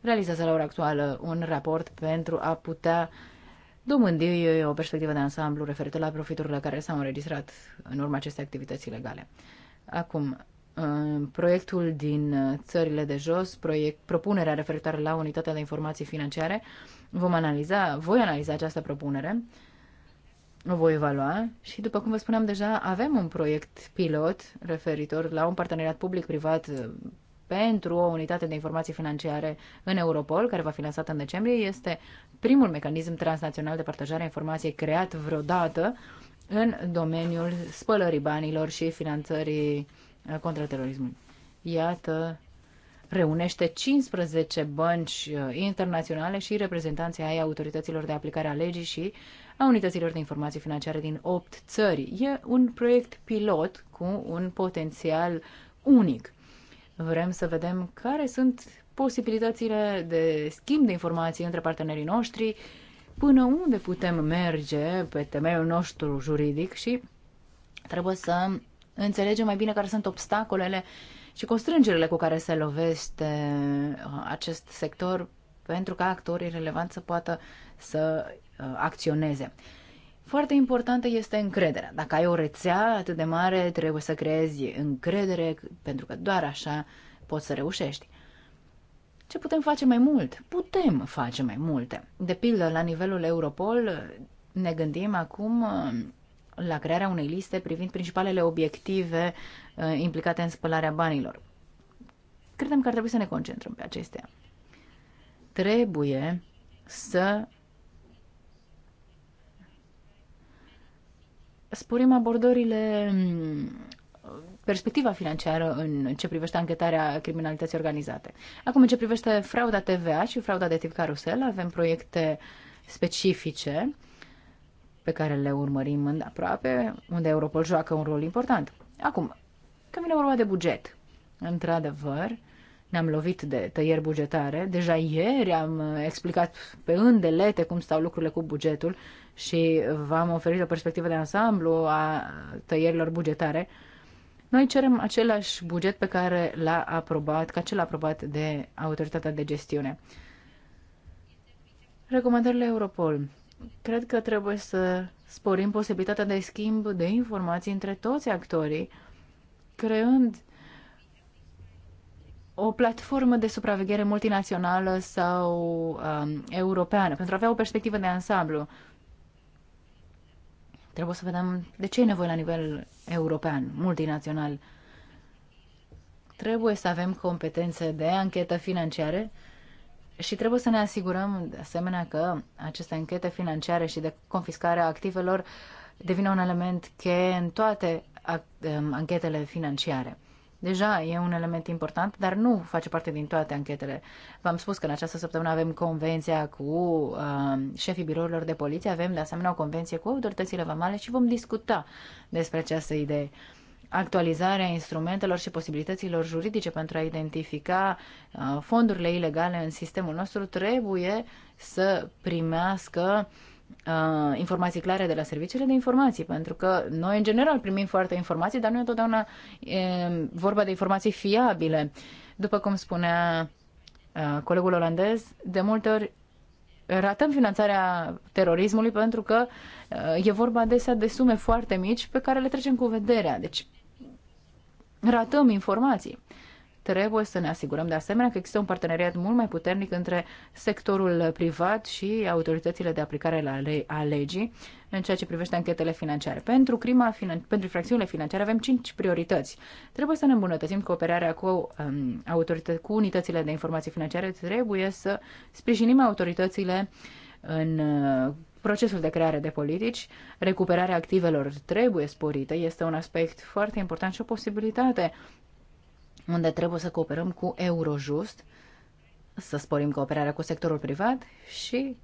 realizează la ora actuală un raport pentru a putea domândi uh, o perspectivă de ansamblu referitor la profiturile care s-au înregistrat în urma acestei activități ilegale. Acum, proiectul din uh, țările de jos, proiect, propunerea referitoare la unitatea de informații financiare. Vom analiza, voi analiza această propunere, o voi evalua și, după cum vă spuneam deja, avem un proiect pilot referitor la un parteneriat public-privat uh, pentru o unitate de informații financiare în Europol, care va fi lansată în decembrie. Este primul mecanism transnațional de partajare a informației creat vreodată în domeniul spălării banilor și finanțării Uh, contra terorismului. Iată, reunește 15 bănci uh, internaționale și reprezentanții ai autorităților de aplicare a legii și a unităților de informații financiare din 8 țări. E un proiect pilot cu un potențial unic. Vrem să vedem care sunt posibilitățile de schimb de informații între partenerii noștri, până unde putem merge pe temeiul nostru juridic și trebuie să înțelege mai bine care sunt obstacolele și constrângerile cu care se lovește uh, acest sector pentru ca actorii relevanți să poată să uh, acționeze. Foarte importantă este încrederea. Dacă ai o rețea atât de mare, trebuie să creezi încredere, pentru că doar așa poți să reușești. Ce putem face mai mult? Putem face mai multe. De pildă, la nivelul Europol, ne gândim acum uh, la crearea unei liste privind principalele obiective uh, implicate în spălarea banilor. Credem că ar trebui să ne concentrăm pe acestea. Trebuie să sporim abordările, mm, perspectiva financiară în ce privește anchetarea criminalității organizate. Acum, în ce privește frauda TVA și frauda de tip carusel, avem proiecte specifice pe care le urmărim aproape unde Europol joacă un rol important. Acum, când vine vorba de buget, într-adevăr, ne-am lovit de tăieri bugetare. Deja ieri am explicat pe îndelete cum stau lucrurile cu bugetul și v-am oferit o perspectivă de ansamblu a tăierilor bugetare. Noi cerem același buget pe care l-a aprobat, ca cel aprobat de autoritatea de gestiune. Recomandările Europol. Cred că trebuie să sporim posibilitatea de schimb de informații între toți actorii, creând o platformă de supraveghere multinațională sau um, europeană, pentru a avea o perspectivă de ansamblu. Trebuie să vedem de ce e nevoie la nivel european, multinațional. Trebuie să avem competențe de anchetă financiară. Și trebuie să ne asigurăm, de asemenea, că aceste închete financiare și de confiscare a activelor devine un element cheie în toate um, anchetele financiare. Deja e un element important, dar nu face parte din toate anchetele. V-am spus că în această săptămână avem convenția cu uh, șefii birourilor de poliție, avem de asemenea o convenție cu autoritățile vamale și vom discuta despre această idee. Uh, actualizarea instrumentelor și posibilităților juridice pentru a identifica uh, fondurile ilegale în sistemul nostru trebuie să primească uh, informații clare de la serviciile de informații, pentru că noi, în general, primim foarte informații, dar nu e întotdeauna vorba de informații fiabile. După cum spunea uh, colegul olandez, de multe ori ratăm finanțarea terorismului pentru că e vorba adesea de sume foarte mici pe care le trecem cu vederea. Deci ratăm informații. Trebuie să ne asigurăm de asemenea că există un parteneriat mult mai puternic între sectorul privat și autoritățile de aplicare a legii în ceea ce privește anchetele financiare. Pentru, crima finan- pentru infracțiunile financiare avem cinci priorități. Trebuie să ne îmbunătățim cooperarea cu, um, autorită- cu unitățile de informații financiare, trebuie să sprijinim autoritățile în uh, procesul de creare de politici, recuperarea activelor trebuie sporită, este un aspect foarte important și o posibilitate unde trebuie să cooperăm cu Eurojust, să sporim cooperarea cu sectorul privat și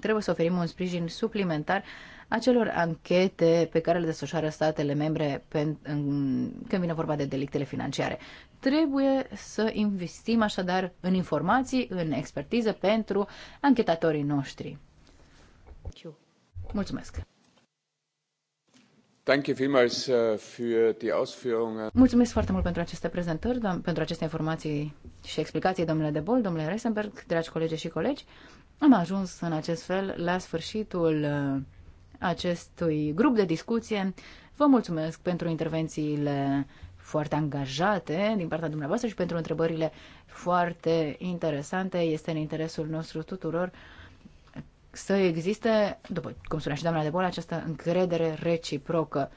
trebuie să oferim un sprijin suplimentar acelor anchete pe care le desfășoară statele membre când vine vorba de delictele financiare. Trebuie să investim așadar în informații, în expertiză pentru anchetatorii noștri. Mulțumesc! Uh, mulțumesc foarte mult pentru aceste prezentări, pentru aceste informații și explicații, domnule De Bol, domnule Reisenberg, dragi colegi și colegi. Am ajuns în acest fel la sfârșitul uh, acestui grup de discuție. Vă mulțumesc pentru intervențiile foarte angajate din partea dumneavoastră și pentru întrebările foarte interesante. Este în interesul nostru tuturor să existe, după cum spunea și doamna de Bola, această încredere reciprocă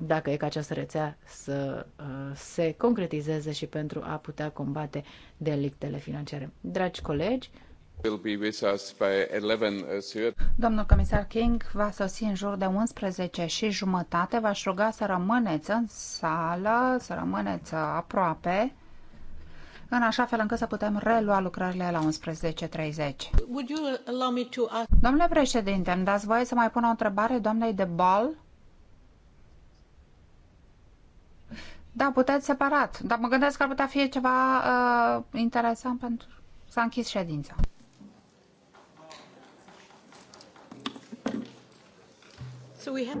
dacă e ca această rețea să uh, se concretizeze și pentru a putea combate delictele financiare. Dragi colegi, will be with us by 11. Uh, Domnul comisar King va sosi în jur de 11 și jumătate. V-aș ruga să rămâneți în sală, să rămâneți aproape în așa fel încât să putem relua lucrările la 11.30. Domnule președinte, îmi dați voie să mai pun o întrebare doamnei de bal? Da, puteți separat, dar mă gândesc că ar putea fi ceva uh, interesant pentru... S-a închis ședința. So we have...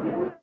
Thank you.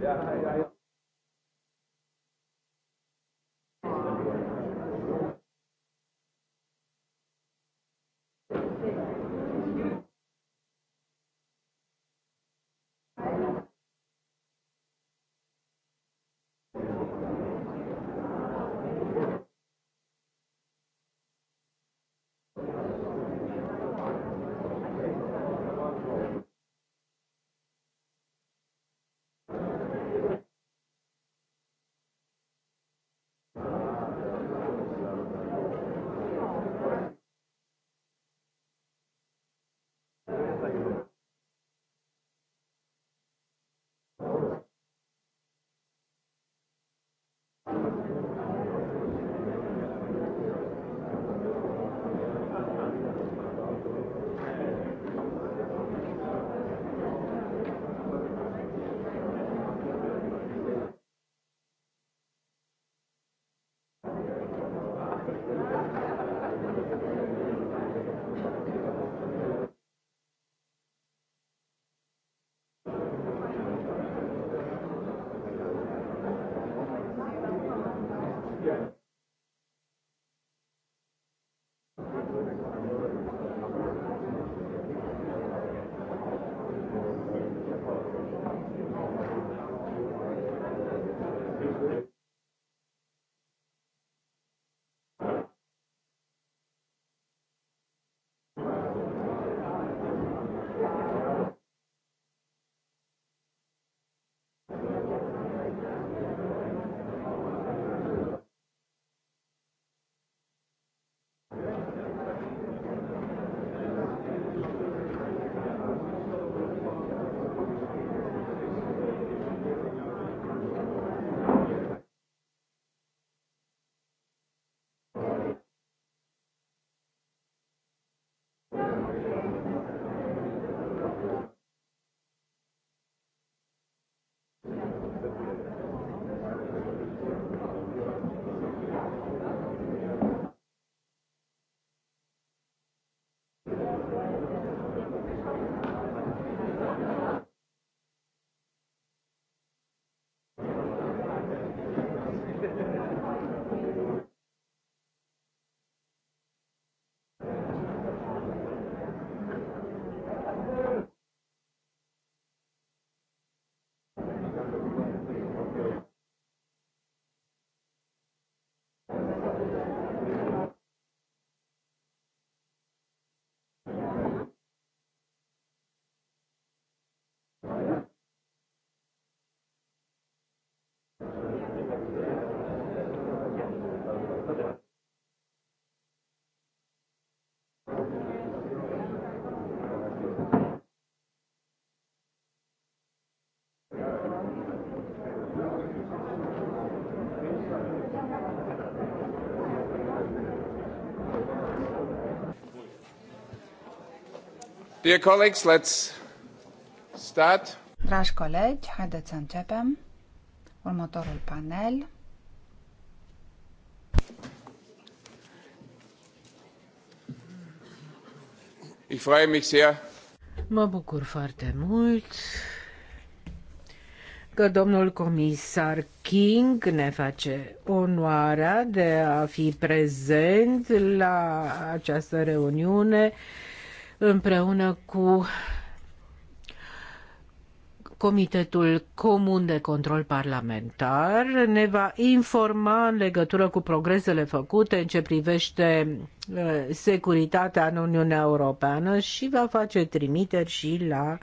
Yeah, yeah, yeah. Dragi colegi, haideți să începem următorul panel. Ich freue mich sehr. Mă bucur foarte mult că domnul comisar King ne face onoarea de a fi prezent la această reuniune împreună cu Comitetul Comun de Control Parlamentar ne va informa în legătură cu progresele făcute în ce privește uh, securitatea în Uniunea Europeană și va face trimiteri și la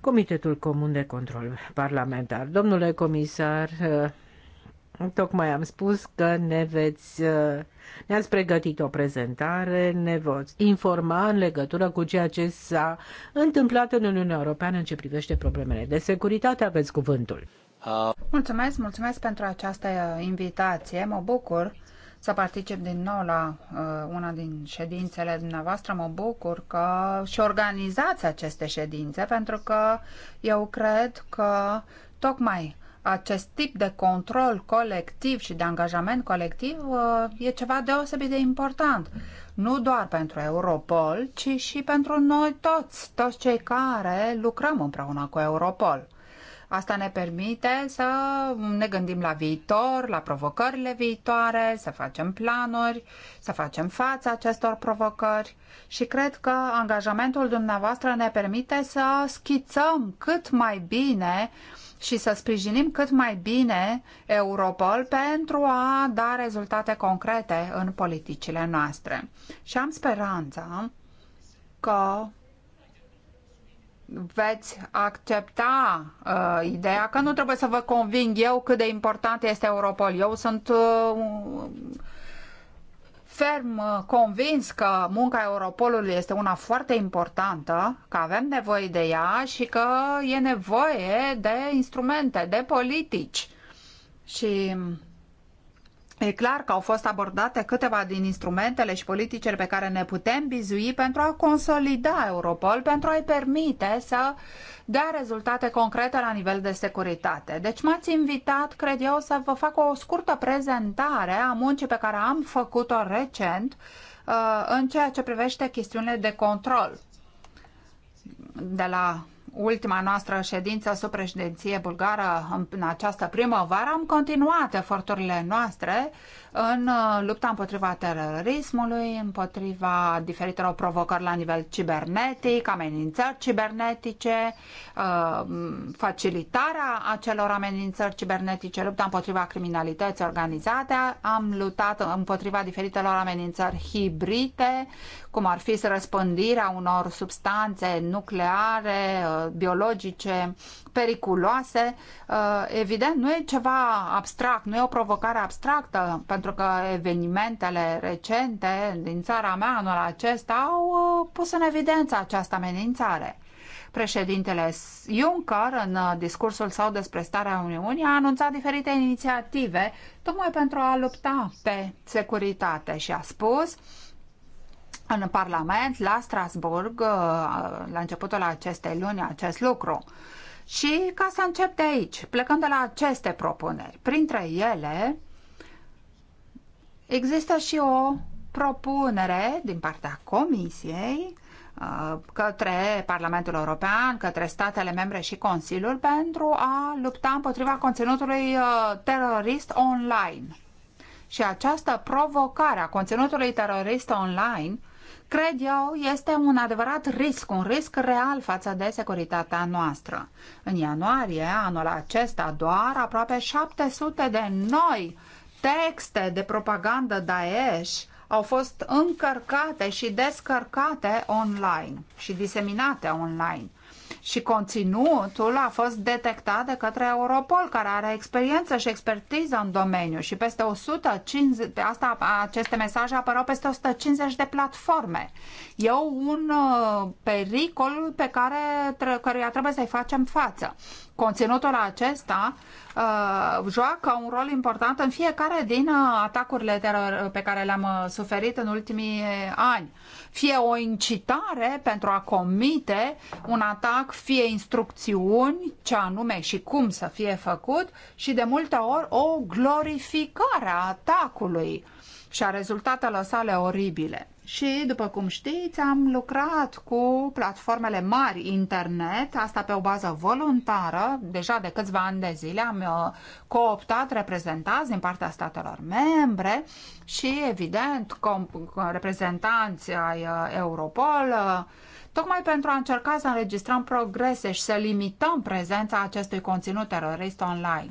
Comitetul Comun de Control Parlamentar. Domnule comisar, uh, Tocmai am spus că ne veți, uh, ne-ați pregătit o prezentare, ne voți informa în legătură cu ceea ce s-a întâmplat în Uniunea Europeană în ce privește problemele de securitate. Aveți cuvântul. Uh. Mulțumesc, mulțumesc pentru această invitație. Mă bucur să particip din nou la uh, una din ședințele dumneavoastră. Mă bucur că și organizați aceste ședințe pentru că eu cred că tocmai acest tip de control colectiv și de angajament colectiv uh, e ceva deosebit de important. Nu doar pentru Europol, ci și pentru noi toți, toți cei care lucrăm împreună cu Europol. Asta ne permite să ne gândim la viitor, la provocările viitoare, să facem planuri, să facem față acestor provocări și cred că angajamentul dumneavoastră ne permite să schițăm cât mai bine uh, și să sprijinim cât mai bine Europol pentru a da rezultate concrete în politicile noastre. Și am speranța că veți accepta uh, ideea că nu trebuie să vă conving eu cât de important este Europol. Eu sunt uh, ferm uh, convins că munca Europolului este una foarte importantă, că avem nevoie de ea și că e nevoie de instrumente, de politici. Și E clar că au fost abordate câteva din instrumentele și politicile pe care ne putem bizui pentru a consolida Europol, pentru a-i permite să dea rezultate concrete la nivel de securitate. Deci m-ați invitat, cred eu, să vă fac o scurtă prezentare a muncii pe care am făcut-o recent uh, în ceea ce privește chestiunile de control de la ultima noastră ședință sub președinție bulgară în această primăvară, am continuat eforturile noastre în uh, lupta împotriva terorismului, împotriva diferitelor provocări la nivel cibernetic, amenințări cibernetice, uh, facilitarea acelor amenințări cibernetice, lupta împotriva criminalității organizate. Am luptat împotriva diferitelor amenințări hibride, cum ar fi răspândirea unor substanțe nucleare, uh, biologice, periculoase, uh, evident, nu e ceva abstract, nu e o provocare abstractă, pentru că evenimentele recente din țara mea anul acesta au uh, pus în evidență această amenințare. Președintele Juncker, în uh, discursul său despre starea Uniunii, a anunțat diferite inițiative tocmai pentru a lupta pe securitate și a spus în Parlament, la Strasburg, la începutul acestei luni, acest lucru. Și ca să încep de aici, plecând de la aceste propuneri, printre ele există și o propunere din partea Comisiei uh, către Parlamentul European, către statele membre și Consiliul pentru a lupta împotriva conținutului uh, terorist online. Și această provocare a conținutului terorist online cred eu, este un adevărat risc, un risc real față de securitatea noastră. În ianuarie, anul acesta doar, aproape 700 de noi texte de propagandă Daesh au fost încărcate și descărcate online și diseminate online și conținutul a fost detectat de către Europol, care are experiență și expertiză în domeniu și peste 150, asta, aceste mesaje apărau peste 150 de platforme. E un uh, pericol pe care căruia trebuie să-i facem față. Conținutul acesta uh, joacă un rol important în fiecare din uh, atacurile teror pe care le-am uh, suferit în ultimii uh, ani. Uh, fie o incitare pentru a comite un atac, fie instrucțiuni, ce anume și cum să fie făcut și de multe ori o glorificare a atacului și a rezultatele sale oribile. Și, după cum știți, am lucrat cu platformele mari internet, asta pe o bază voluntară, deja de câțiva ani de zile am uh, cooptat reprezentanți din partea statelor membre și, evident, reprezentanți ai uh, Europol, uh, tocmai pentru a încerca să înregistrăm progrese și să limităm prezența acestui conținut terorist online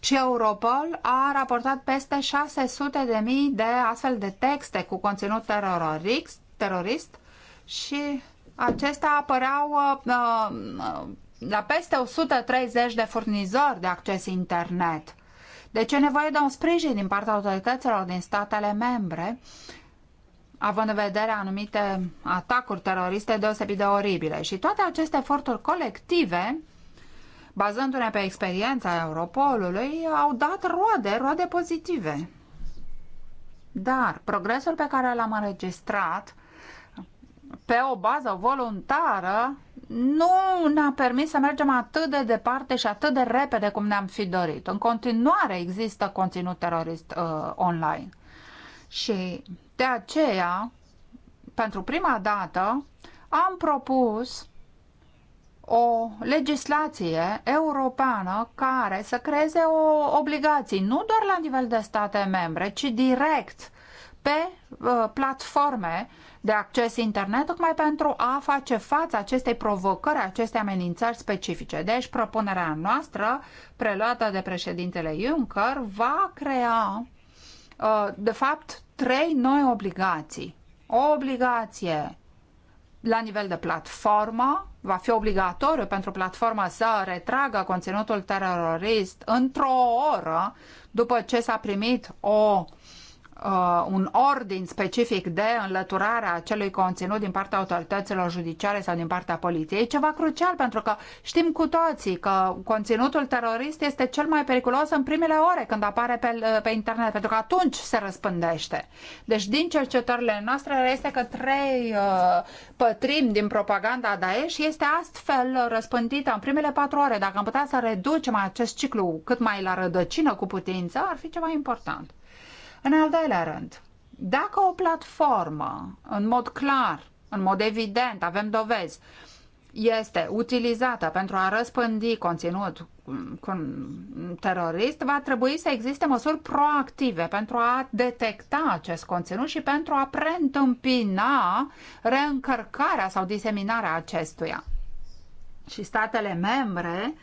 și Europol a raportat peste 600 de mii de astfel de texte cu conținut terorist, terorist și acestea apăreau uh, uh, la peste 130 de furnizori de acces internet. Deci e nevoie de un sprijin din partea autorităților din statele membre, având în vedere anumite atacuri teroriste deosebit de oribile. Și toate aceste eforturi colective bazându-ne pe experiența Europolului, au dat roade, roade pozitive. Dar progresul pe care l-am înregistrat pe o bază voluntară nu ne-a permis să mergem atât de departe și atât de repede cum ne-am fi dorit. În continuare există conținut terorist uh, online. Și de aceea, pentru prima dată, am propus o legislație europeană care să creeze o obligație, nu doar la nivel de state membre, ci direct pe uh, platforme de acces internet, tocmai pentru a face față acestei provocări, acestei amenințări specifice. Deci, propunerea noastră, preluată de președintele Juncker, va crea, uh, de fapt, trei noi obligații. O obligație la nivel de platformă, va fi obligatoriu pentru platforma să retragă conținutul terorist într-o oră după ce s-a primit o uh, un ordin specific de înlăturare a acelui conținut din partea autorităților judiciare sau din partea poliției, e ceva crucial pentru că știm cu toții că conținutul terorist este cel mai periculos în primele ore când apare pe, uh, pe internet, pentru că atunci se răspândește. Deci din cercetările noastre este că trei uh, pătrim din propaganda Daesh este astfel răspândită în primele patru ore. Dacă am putea să reducem acest ciclu cât mai la rădăcină cu putință, ar fi ceva important. În al doilea rând, dacă o platformă, în mod clar, în mod evident, avem dovezi, este utilizată pentru a răspândi conținut terorist, va trebui să existe măsuri proactive pentru a detecta acest conținut și pentru a preîntâmpina reîncărcarea sau diseminarea acestuia. Și statele membre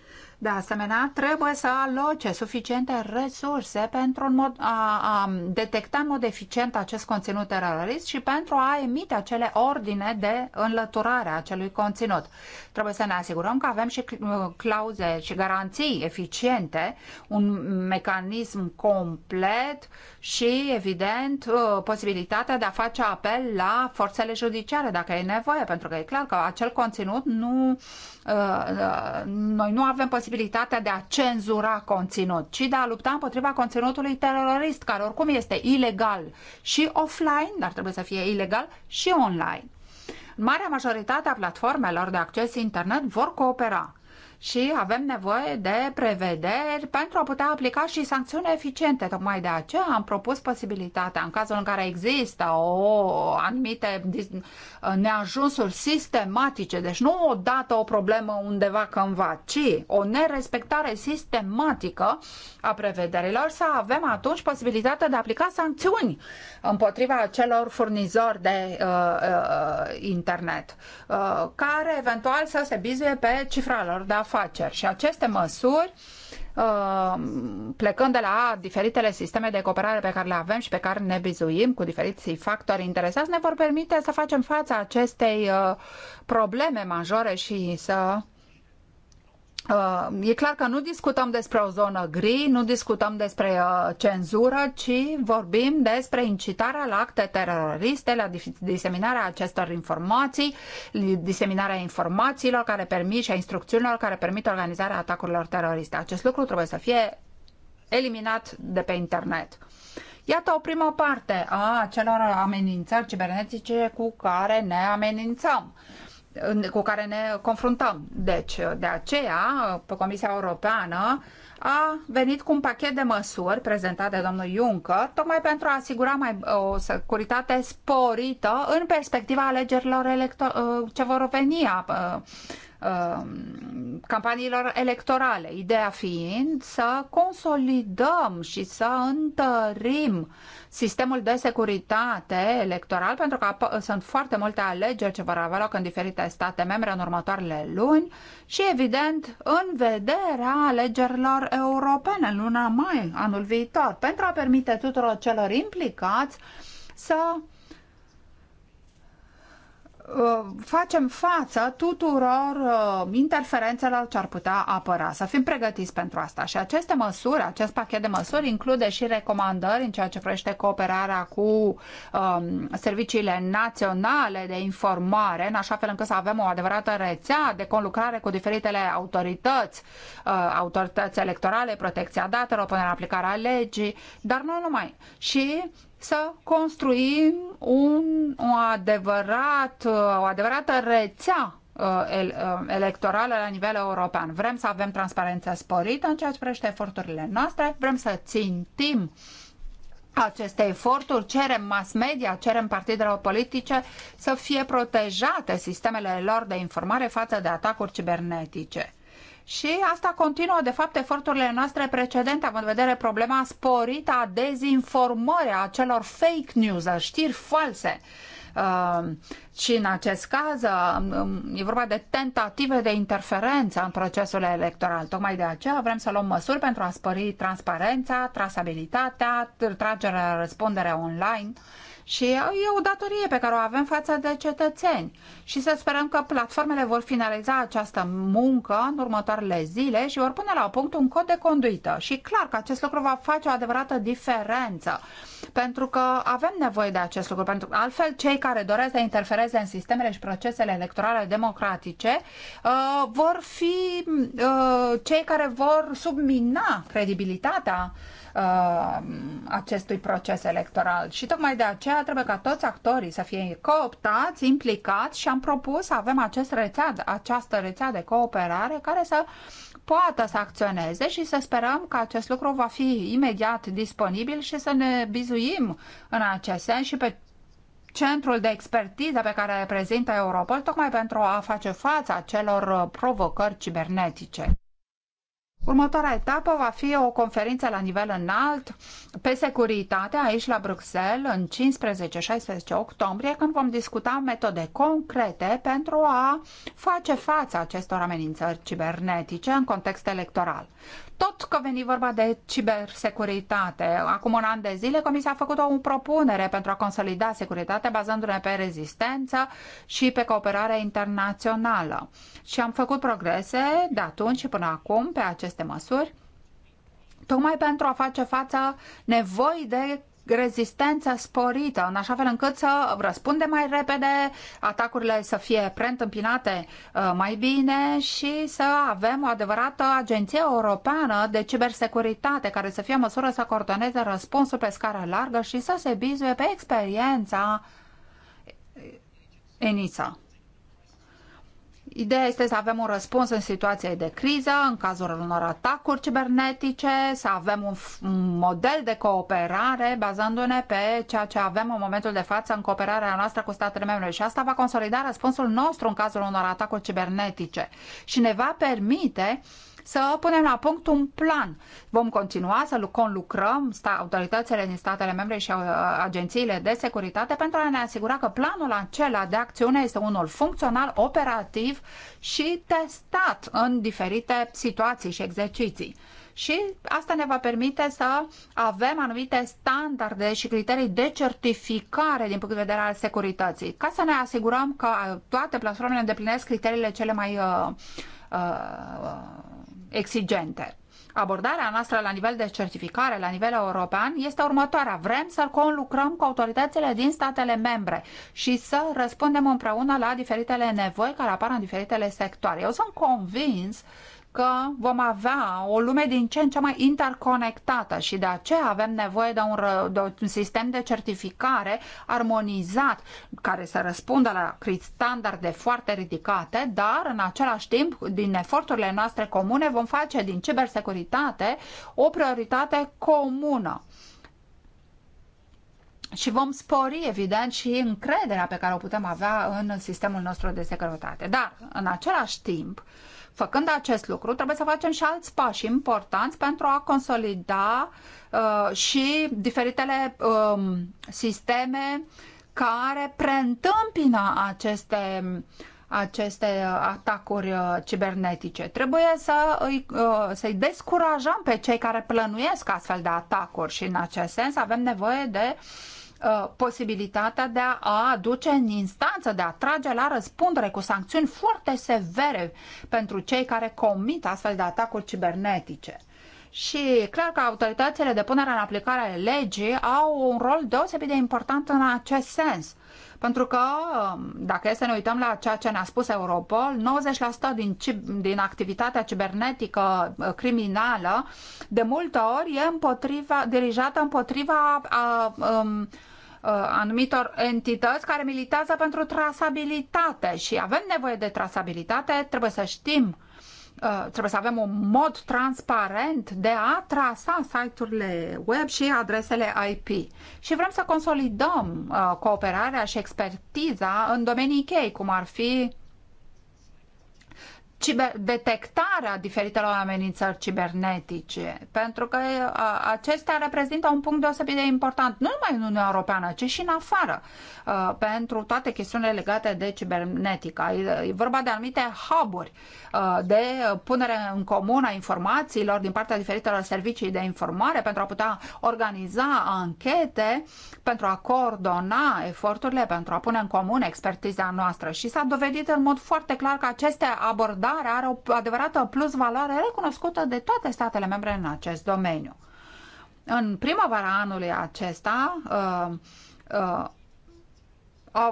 de asemenea, trebuie să aloce suficiente resurse pentru mod, a, a detecta în mod eficient acest conținut terorist și pentru a emite acele ordine de înlăturare a acelui conținut. Trebuie să ne asigurăm că avem și uh, clauze și garanții eficiente, un mecanism complet și, evident, uh, posibilitatea de a face apel la forțele judiciare dacă e nevoie, pentru că e clar că acel conținut nu Uh, uh, noi nu avem posibilitatea de a cenzura conținut, ci de a lupta împotriva conținutului terorist, care oricum este ilegal și offline, dar trebuie să fie ilegal și online. Marea majoritate a platformelor de acces internet vor coopera și avem nevoie de prevederi pentru a putea aplica și sancțiuni eficiente. Tocmai de aceea am propus posibilitatea, în cazul în care există o anumite neajunsuri sistematice, deci nu o dată o problemă undeva cândva, ci o nerespectare sistematică a prevederilor, să avem atunci posibilitatea de a aplica sancțiuni împotriva celor furnizori de uh, uh, uh internet, uh, care eventual să se bizuie pe cifra lor de afară afaceri și aceste măsuri uh, plecând de la diferitele sisteme de cooperare pe care le avem și pe care ne bizuim cu diferiții factori interesați, ne vor permite să facem față acestei uh, probleme majore și să Uh, e clar că nu discutăm despre o zonă gri, nu discutăm despre uh, cenzură, ci vorbim despre incitarea la acte teroriste, la diseminarea acestor informații, diseminarea informațiilor care permit și a instrucțiunilor care permit organizarea atacurilor teroriste. Acest lucru trebuie să fie eliminat de pe internet. Iată o primă parte a celor amenințări cibernetice cu care ne amenințăm cu care ne confruntăm. Deci, de aceea, Comisia Europeană a venit cu un pachet de măsuri prezentat de domnul Juncker, tocmai pentru a asigura mai, o securitate sporită în perspectiva alegerilor electo- ce vor veni a, Um, campaniilor electorale. Ideea fiind să consolidăm și să întărim sistemul de securitate electoral, pentru că sunt foarte multe alegeri ce vor avea loc în diferite state membre în următoarele luni și, evident, în vederea alegerilor europene în luna mai anul viitor, pentru a permite tuturor celor implicați să Uh, facem față tuturor uh, interferențelor ce ar putea apăra, să fim pregătiți pentru asta. Și aceste măsuri, acest pachet de măsuri include și recomandări în ceea ce privește cooperarea cu um, serviciile naționale de informare, în așa fel încât să avem o adevărată rețea de conlucrare cu diferitele autorități, uh, autorități electorale, protecția datelor, punerea în aplicare a legii, dar nu numai. Și să construim un, un adevărat, o adevărată rețea uh, uh, electorală la nivel european. Vrem să avem transparență sporită în ceea ce privește eforturile noastre, vrem să țintim aceste eforturi, cerem mass media, cerem partidelor politice să fie protejate sistemele lor de informare față de atacuri cibernetice. Și asta continuă, de fapt, eforturile noastre precedente, având în vedere problema sporită a dezinformării, a celor fake news, a știri false. Uh, și în acest caz uh, um, e vorba de tentative de interferență în procesul electoral. Tocmai de aceea vrem să luăm măsuri pentru a spări transparența, trasabilitatea, tragerea răspunderea online și e o datorie pe care o avem față de cetățeni. Și să sperăm că platformele vor finaliza această muncă în următoarele zile și vor pune la punct un cod de conduită. Și clar că acest lucru va face o adevărată diferență pentru că avem nevoie de acest lucru, pentru că altfel cei care doresc să interfereze în sistemele și procesele electorale democratice uh, vor fi uh, cei care vor submina credibilitatea uh, acestui proces electoral. Și tocmai de aceea trebuie ca toți actorii să fie cooptați, implicați și am propus să avem acest rețea, această rețea de cooperare care să poată să acționeze și să sperăm că acest lucru va fi imediat disponibil și să ne bizuim în acest sens și pe centrul de expertiză pe care reprezintă Europol tocmai pentru a face față acelor provocări cibernetice. Următoarea etapă va fi o conferință la nivel înalt pe securitate aici la Bruxelles în 15-16 octombrie când vom discuta metode concrete pentru a face față acestor amenințări cibernetice în context electoral. Tot că veni vorba de cibersecuritate, acum un an de zile Comisia a făcut o propunere pentru a consolida securitatea bazându-ne pe rezistență și pe cooperarea internațională. Și am făcut progrese de atunci și până acum pe aceste măsuri tocmai pentru a face față nevoii de rezistență sporită, în așa fel încât să răspunde mai repede, atacurile să fie preîntâmpinate uh, mai bine și să avem o adevărată agenție europeană de cibersecuritate care să fie în măsură să coordoneze răspunsul pe scară largă și să se bizuie pe experiența uh, ENISA. Ideea este să avem un răspuns în situații de criză, în cazul unor atacuri cibernetice, să avem un, un model de cooperare bazându-ne pe ceea ce avem în momentul de față în cooperarea noastră cu statele membre și asta va consolida răspunsul nostru în cazul unor atacuri cibernetice și ne va permite uh, să punem la punct un plan. Vom continua să conlucrăm autoritățile din statele membre și uh, agențiile de securitate pentru a ne asigura că planul acela de acțiune este unul funcțional, operativ și testat în diferite situații și exerciții și asta ne va permite să avem anumite standarde și criterii de certificare din punct de vedere al securității, ca să ne asigurăm că uh, toate platformele îndeplinesc criteriile cele mai uh, uh, exigente. Abordarea noastră la nivel de certificare, la nivel european, este următoarea. Vrem să conlucrăm cu autoritățile din statele membre și să răspundem împreună la diferitele nevoi care apar în diferitele sectoare. Eu sunt convins că vom avea o lume din ce în ce mai interconectată și de aceea avem nevoie de un, de un sistem de certificare armonizat care să răspundă la standarde foarte ridicate, dar în același timp, din eforturile noastre comune, vom face din cibersecuritate o prioritate comună și vom spori, evident, și încrederea pe care o putem avea în sistemul nostru de securitate. Dar, în același timp, uh, Făcând acest lucru, trebuie să facem și alți pași importanți pentru a consolida uh, și diferitele um, sisteme care preîntâmpină aceste aceste atacuri uh, cibernetice. Trebuie să îi, uh, să-i descurajăm pe cei care plănuiesc astfel de atacuri și în acest sens avem nevoie de uh, Uh, posibilitatea de a aduce în instanță, de a trage la răspundere cu sancțiuni foarte severe pentru cei care comit astfel de atacuri cibernetice. Și clar că autoritățile de punere în aplicare ale legii au un rol deosebit de important în acest sens. Pentru că, um, dacă este să ne uităm la ceea ce ne-a spus Europol, 90% din, din activitatea cibernetică uh, criminală de multe ori e împotriva, dirijată împotriva a, uh, a, um, Uh, anumitor entități care militează pentru trasabilitate și avem nevoie de trasabilitate, trebuie să știm uh, trebuie să avem un mod transparent de a trasa site-urile web și adresele IP. Și vrem să consolidăm uh, cooperarea și expertiza în domenii chei, cum ar fi ciber, detectarea diferitelor amenințări cibernetice, pentru că a, acestea reprezintă un punct deosebit de important, nu numai în Uniunea Europeană, ci și în afară, a, pentru toate chestiunile legate de cibernetică. E, vorba de anumite hub-uri de punere în comun a informațiilor din partea diferitelor servicii de informare pentru a putea organiza anchete, pentru a coordona eforturile, pentru a pune în comun expertiza noastră. Și s-a dovedit în mod foarte clar că aceste abordări abordare are o adevărată plus valoare recunoscută de toate statele membre în acest domeniu. În primăvara anului acesta, uh, uh,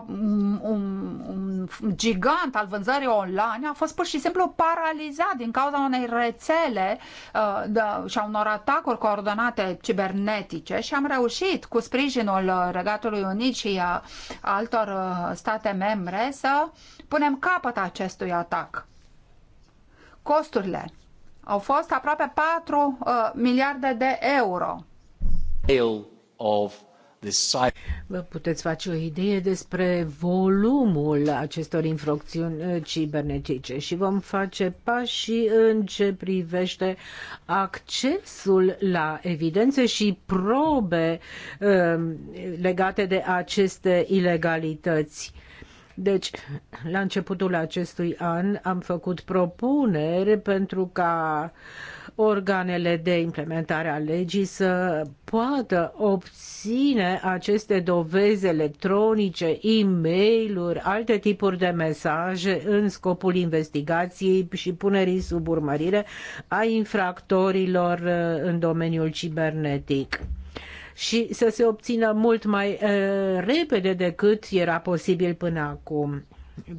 un, un, un gigant al vânzării online a fost pur și simplu paralizat din cauza unei rețele uh, de, și a unor atacuri coordonate cibernetice și am reușit cu sprijinul Regatului Unit și a uh, altor uh, state membre să punem capăt acestui atac costurile au fost aproape 4 uh, miliarde de euro. Vă puteți face o idee despre volumul acestor infracțiuni uh, cibernetice și vom face pași în ce privește accesul la evidențe și probe uh, legate de aceste ilegalități deci, la începutul acestui an am făcut propuneri pentru ca organele de implementare a legii să poată obține aceste dovezi electronice, e mail alte tipuri de mesaje în scopul investigației și punerii sub urmărire a infractorilor uh, în domeniul cibernetic și să se obțină mult mai repede decât era posibil până acum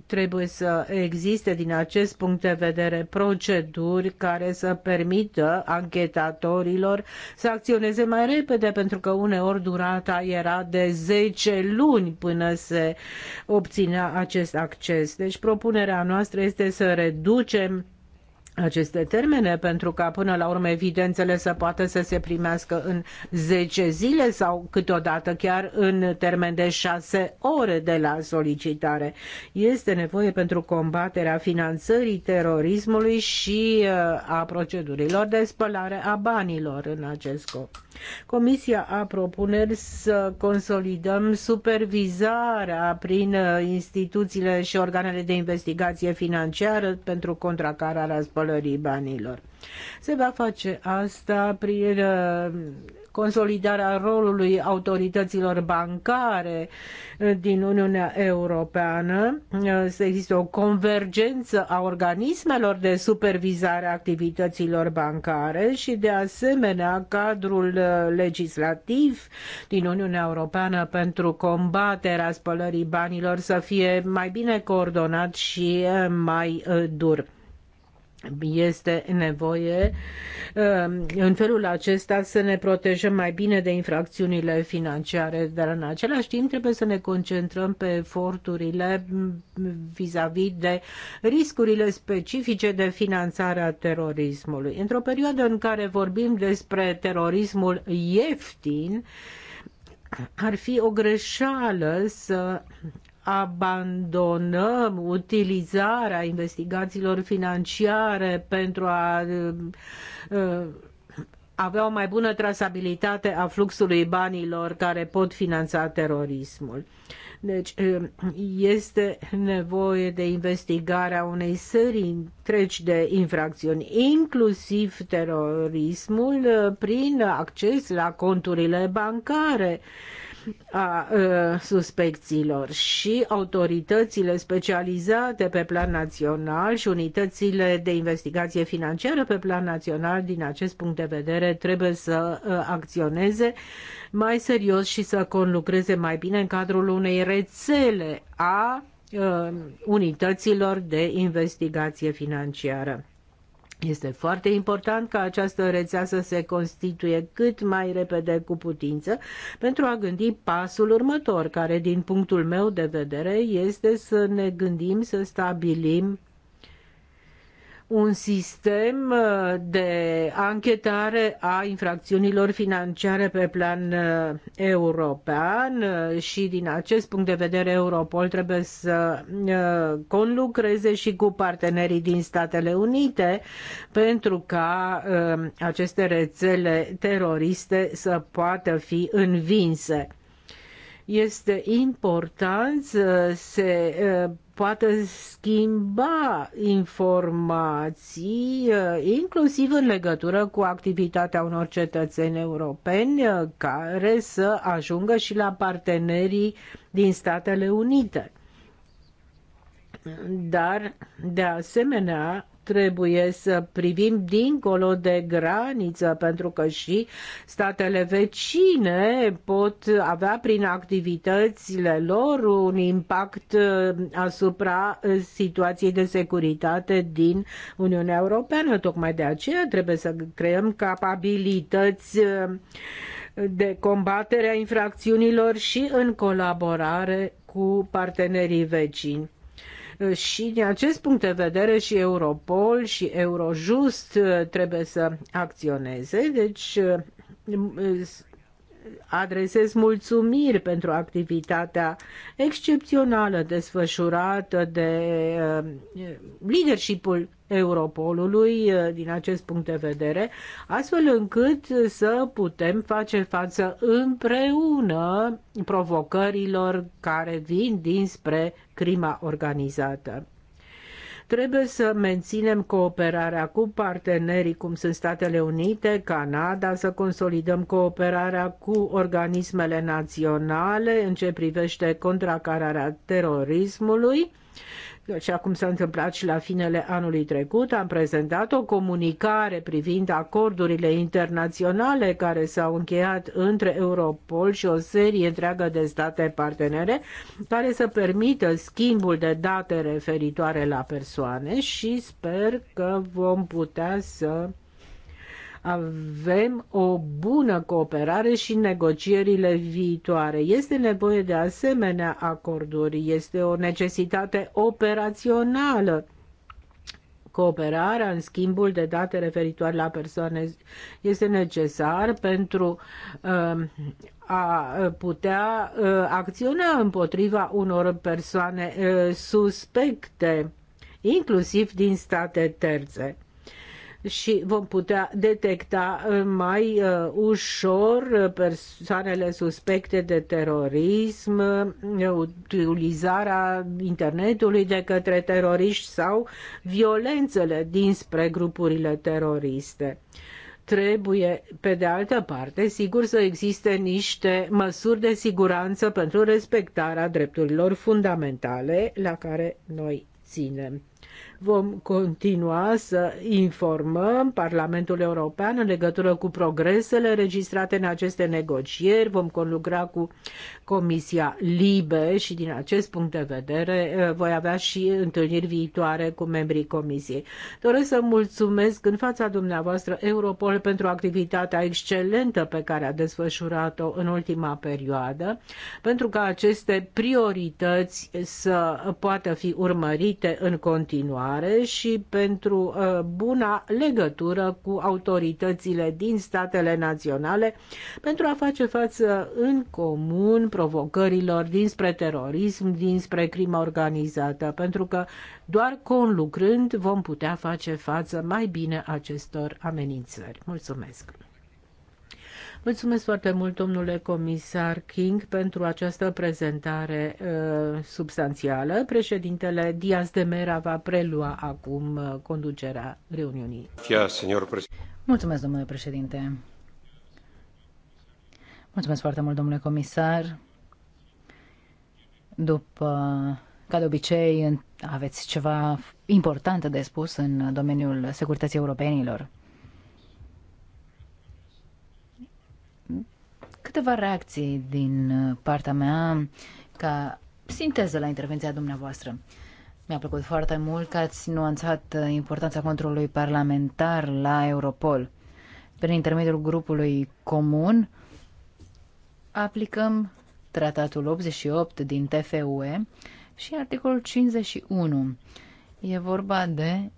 trebuie să existe din acest punct de vedere proceduri care să permită anchetatorilor să acționeze mai repede pentru că uneori durata era de 10 luni până se obținea acest acces. Deci propunerea noastră este să reducem aceste termene, pentru ca până la urmă evidențele să poată să se primească în zece zile sau câteodată chiar în termen de 6 ore de la solicitare. Este nevoie pentru combaterea finanțării terorismului și uh, a procedurilor de spălare a banilor în acest scop. Comisia a propuneri să consolidăm supervizarea prin uh, instituțiile și organele de investigație financiară pentru contracararea spălării banilor. Se va face asta prin uh, consolidarea rolului autorităților bancare din Uniunea Europeană, să există o convergență a organismelor de supervizare a activităților bancare și de asemenea cadrul legislativ din Uniunea Europeană pentru combaterea spălării banilor să fie mai bine coordonat și mai eh, dur este nevoie um, în felul acesta să ne protejăm mai bine de infracțiunile financiare, dar în același timp trebuie să ne concentrăm pe eforturile vis-a-vis -vis de riscurile specifice de finanțare a terorismului. Într-o perioadă în care vorbim despre terorismul ieftin, ar fi o greșeală să abandonăm utilizarea investigațiilor financiare pentru a uh, avea o mai bună trasabilitate a fluxului banilor care pot finanța terorismul. Deci uh, este nevoie de investigarea unei serii întregi de infracțiuni, inclusiv terorismul, uh, prin acces la conturile bancare a suspecților și autoritățile specializate pe plan național și unitățile de investigație financiară pe plan național din acest punct de vedere trebuie să acționeze mai serios și să conlucreze mai bine în cadrul unei rețele a unităților de investigație financiară. Este foarte important ca această rețea să se constituie cât mai repede cu putință pentru a gândi pasul următor, care din punctul meu de vedere este să ne gândim să stabilim un sistem uh, de anchetare a infracțiunilor financiare pe plan uh, european uh, și din acest punct de vedere Europol trebuie să conlucreze și cu partenerii din Statele Unite pentru ca aceste rețele teroriste să poată fi învinse este important să se poată schimba informații, eh, inclusiv în legătură cu activitatea unor cetățeni europeni eh, care să ajungă și la partenerii din Statele Unite. Dar, de asemenea, trebuie să privim dincolo de graniță, pentru că și statele vecine pot avea prin activitățile lor un impact uh, asupra uh, situației de securitate din Uniunea Europeană. Tocmai de aceea trebuie să creăm capabilități uh, de combatere a infracțiunilor și în colaborare cu partenerii vecini. Și din acest punct de vedere și Europol și Eurojust trebuie să acționeze, deci adresez mulțumiri pentru activitatea excepțională desfășurată de eh, leadershipul Europolului eh, din acest punct de vedere, astfel încât să putem face față împreună provocărilor care vin dinspre crima organizată. Trebuie să menținem cooperarea cu partenerii, cum sunt Statele Unite, Canada, să consolidăm cooperarea cu organismele naționale în ce privește contracararea terorismului așa cum s-a întâmplat și la finele anului trecut, am prezentat o comunicare privind acordurile internaționale care s-au încheiat între Europol și o serie întreagă de state partenere care să permită schimbul de date referitoare la persoane și sper că vom putea să avem o bună cooperare și negocierile viitoare. Este nevoie de asemenea acorduri, este o necesitate operațională cooperarea în schimbul de date referitoare la persoane este necesar pentru um, a putea uh, acționa împotriva unor persoane uh, suspecte, inclusiv din state terțe și vom putea detecta uh, mai uh, ușor uh, persoanele suspecte de terorism, utilizarea internetului de către teroriști sau violențele dinspre grupurile teroriste trebuie, pe de altă parte, sigur să existe niște măsuri de siguranță pentru respectarea drepturilor fundamentale la care noi ținem. Vom continua să informăm Parlamentul European în legătură cu progresele registrate în aceste negocieri, vom conlucra cu Comisia Libe și din acest punct de vedere eh, voi avea și întâlniri viitoare cu membrii Comisiei. Doresc să mulțumesc în fața dumneavoastră Europol pentru activitatea excelentă pe care a desfășurat-o în ultima perioadă, pentru ca aceste priorități să poată fi urmărite în continuare cooperare și pentru uh, buna legătură cu autoritățile din statele naționale pentru a face față în comun provocărilor dinspre terorism, dinspre crimă organizată, pentru că doar conlucrând vom putea face față mai bine acestor amenințări. Mulțumesc! Mulțumesc foarte mult, domnule comisar King, pentru această prezentare uh, substanțială. Președintele Diaz de Mera va prelua acum uh, conducerea reuniunii. Mulțumesc, domnule președinte. Mulțumesc foarte mult, domnule comisar. După, ca de obicei, aveți ceva important de spus în domeniul securității europenilor. Câteva reacții din uh, partea mea ca sinteză la intervenția dumneavoastră. Mi-a plăcut foarte mult că ați nuanțat uh, importanța controlului parlamentar la Europol. Prin intermediul grupului comun aplicăm tratatul 88 din TFUE și articolul 51. E vorba de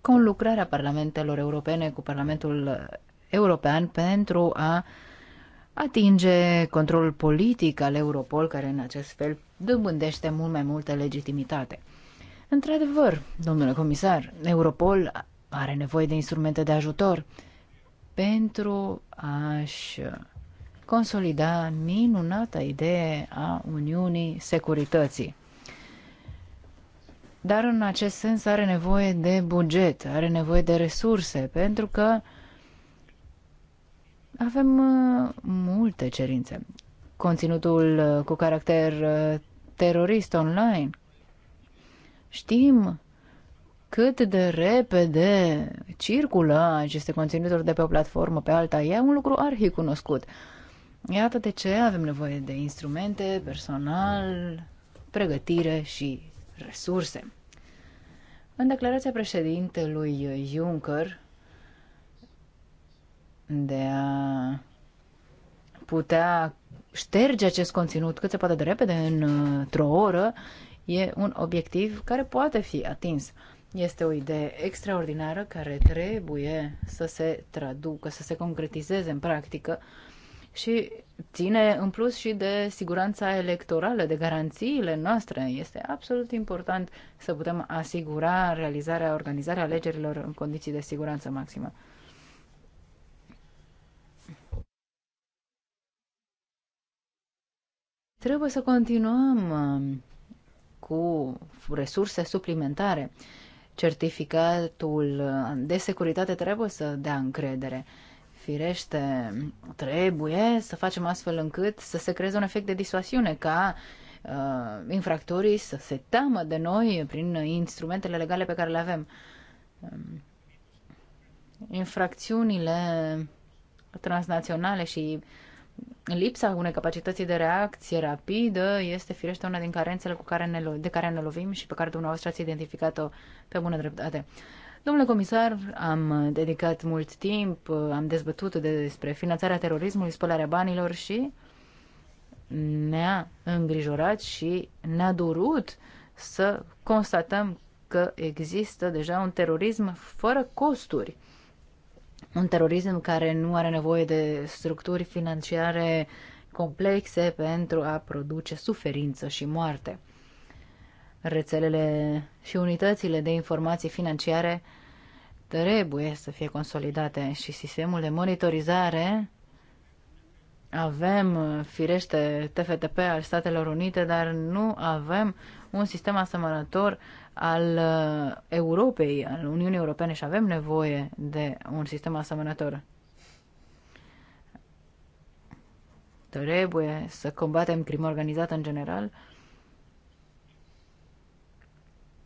conlucrarea parlamentelor europene cu Parlamentul european pentru a atinge controlul politic al Europol, care în acest fel dobândește mult mai multă legitimitate. Într-adevăr, domnule comisar, Europol are nevoie de instrumente de ajutor pentru a-și consolida minunata idee a Uniunii Securității. Dar în acest sens are nevoie de buget, are nevoie de resurse, pentru că uh, avem uh, multe cerințe. Conținutul uh, cu caracter uh, terorist online. Știm cât de repede circulă aceste conținuturi de pe o platformă pe alta. E un lucru arhicunoscut. Iată de ce avem nevoie de instrumente, personal, pregătire și resurse. În declarația președintelui Juncker de a putea șterge acest conținut cât se poate de repede într-o oră e un obiectiv care poate fi atins. Este o idee extraordinară care trebuie să se traducă, să se concretizeze în practică și ține în plus și de siguranța electorală, de garanțiile noastre. Este absolut important să putem asigura realizarea, organizarea alegerilor în condiții de siguranță maximă. Trebuie să continuăm um, cu resurse suplimentare. Certificatul um, de securitate trebuie să dea încredere. Firește, trebuie să facem astfel încât să se creeze un efect de disuasiune ca uh, infractorii să se teamă de noi prin instrumentele legale pe care le avem. Um, infracțiunile transnaționale și uh, lipsa unei capacități de reacție rapidă este firește una din carențele cu care ne, de care ne lovim și pe care dumneavoastră ați identificat-o pe bună dreptate. Domnule comisar, am dedicat mult timp, am dezbătut despre finanțarea terorismului, spălarea banilor și ne-a îngrijorat și ne-a durut să constatăm că există deja un terorism fără costuri un terorism care nu are nevoie de structuri financiare complexe pentru a produce suferință și moarte. Rețelele și unitățile de informații financiare trebuie să fie consolidate și sistemul de monitorizare avem, firește, TFTP al Statelor Unite, dar nu avem un sistem asemănător al uh, Europei, al Uniunii Europene și avem nevoie de un sistem asemănător. Trebuie să combatem crima organizată în general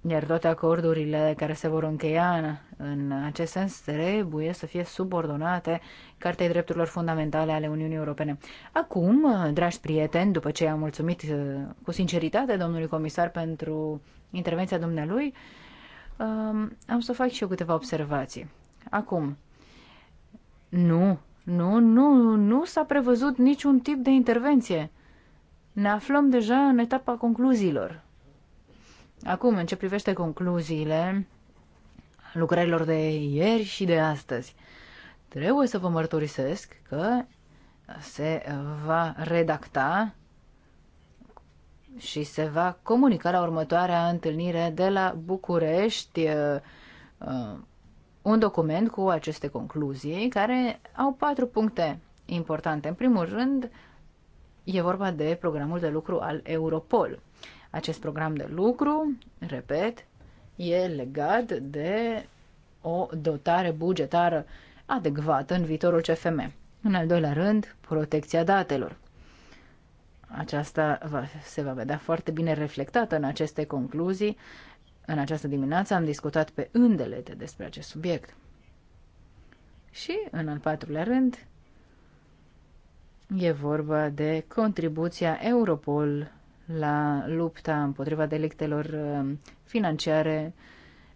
iar toate acordurile care se vor încheia în acest sens trebuie să fie subordonate Cartei Drepturilor Fundamentale ale Uniunii Europene. Acum, dragi prieteni, după ce am mulțumit uh, cu sinceritate domnului comisar pentru intervenția dumnealui, um, am să fac și eu câteva observații. Acum, nu, nu, nu, nu s-a prevăzut niciun tip de intervenție. Ne aflăm deja în etapa concluziilor. Acum, în ce privește concluziile lucrărilor de ieri și de astăzi, trebuie să vă mărturisesc că se va redacta și se va comunica la următoarea întâlnire de la București uh, uh, un document cu aceste concluzii care au patru puncte importante. În primul rând, e vorba de programul de lucru al Europol. Acest program de lucru, repet, e legat de o dotare bugetară adecvată în viitorul CFM. În al doilea rând, protecția datelor. Aceasta va, se va vedea foarte bine reflectată în aceste concluzii. În această dimineață am discutat pe îndelete despre acest subiect. Și, în al patrulea rând, e vorba de contribuția Europol la lupta împotriva delictelor uh, financiare,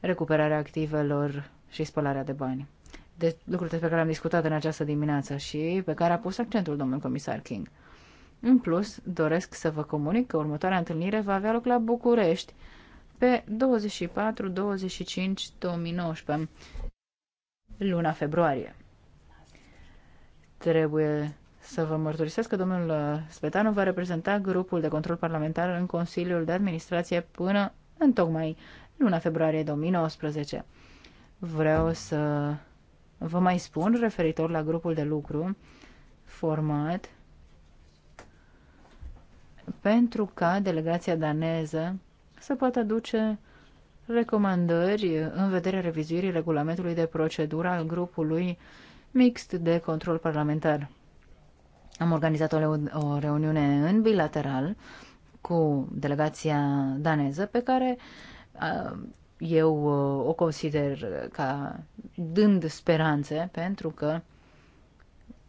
recuperarea activelor și spălarea de bani. De deci, lucruri despre care am discutat în această dimineață și pe care a pus accentul domnul comisar King. În plus, doresc să vă comunic că următoarea întâlnire va avea loc la București pe 24-25-2019, luna februarie. Trebuie să vă mărturisesc că domnul uh, Svetanu va reprezenta grupul de control parlamentar în Consiliul de Administrație până în tocmai luna februarie 2019. Vreau să vă mai spun referitor la grupul de lucru format pentru ca delegația daneză să poată aduce recomandări în vederea revizuirii regulamentului de procedură al grupului mixt de control parlamentar. Am organizat o, o reuniune în bilateral cu delegația daneză pe care uh, eu uh, o consider ca dând speranțe pentru că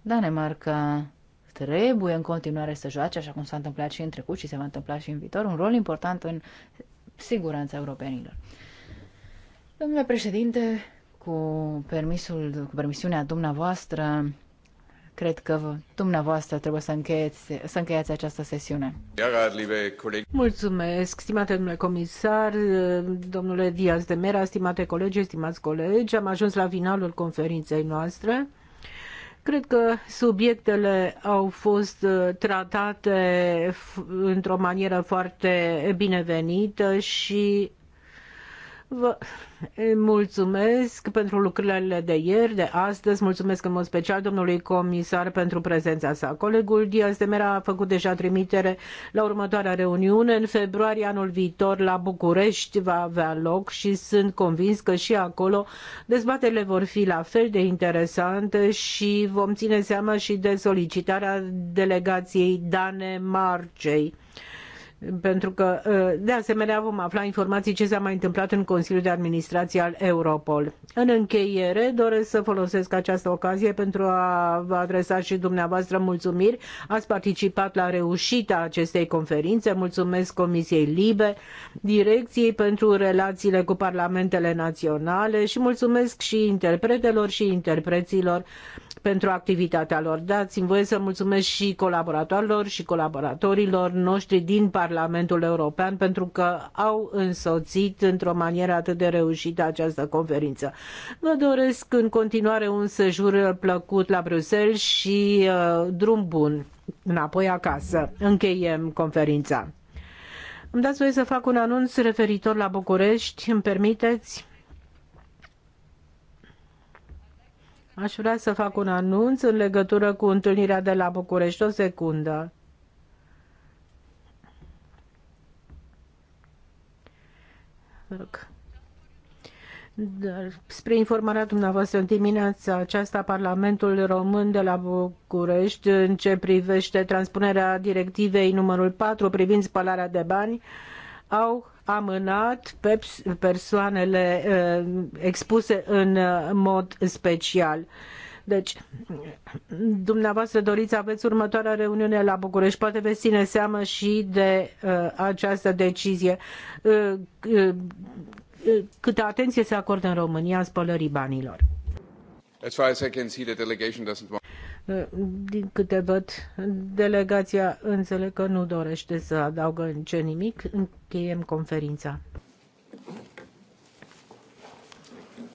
Danemarca trebuie în continuare să joace, așa cum s-a întâmplat și în trecut și se va întâmpla și în viitor, un rol important în siguranța europenilor. Domnule președinte, cu permisul, cu permisiunea dumneavoastră, Cred că dumneavoastră trebuie să, încheiați, să încheiați această sesiune. Mulțumesc, stimate domnule comisar, domnule Diaz de Mera, stimate colegi, stimați colegi. Am ajuns la finalul conferinței noastre. Cred că subiectele au fost uh, tratate într-o manieră foarte binevenită și Vă mulțumesc pentru lucrările de ieri, de astăzi. Mulțumesc în mod special domnului comisar pentru prezența sa. Colegul Diaz de Mera a făcut deja trimitere la următoarea reuniune. În februarie anul viitor la București va avea loc și sunt convins că și acolo dezbaterile vor fi la fel de interesante și vom ține seama și de solicitarea delegației Dane Marcei pentru că ă, de asemenea vom afla informații ce s-a mai întâmplat în Consiliul de Administrație al Europol. În încheiere doresc să folosesc această ocazie pentru a vă adresa și dumneavoastră mulțumiri. Ați participat la reușita acestei conferințe. Mulțumesc Comisiei Libe, Direcției pentru relațiile cu parlamentele naționale și mulțumesc și interpretelor și interpreților pentru activitatea lor. Dați-mi voie să mulțumesc și colaboratorilor și colaboratorilor noștri din Parlamentul European pentru că au însoțit într-o manieră atât de reușită această conferință. Vă doresc în continuare un sejur plăcut la Bruxelles și uh, drum bun înapoi acasă. Încheiem conferința. Îmi dați voie să fac un anunț referitor la București, îmi permiteți? Aș vrea să fac un anunț în legătură cu întâlnirea de la București. O secundă. Da, spre informarea dumneavoastră, în dimineața aceasta, Parlamentul Român de la București, în ce privește transpunerea directivei numărul 4 privind spălarea de bani, au amânat pe persoanele uh, expuse în uh, mod special. Deci, dumneavoastră doriți, aveți următoarea reuniune la București, poate veți ține seamă și de uh, această decizie. Uh, uh, uh, câtă atenție se acordă în România spălării banilor? As far as I can see, the delegation doesn't want... Din câte văd, delegația înțeleg că nu dorește să adaugă nimic. Încheiem conferința.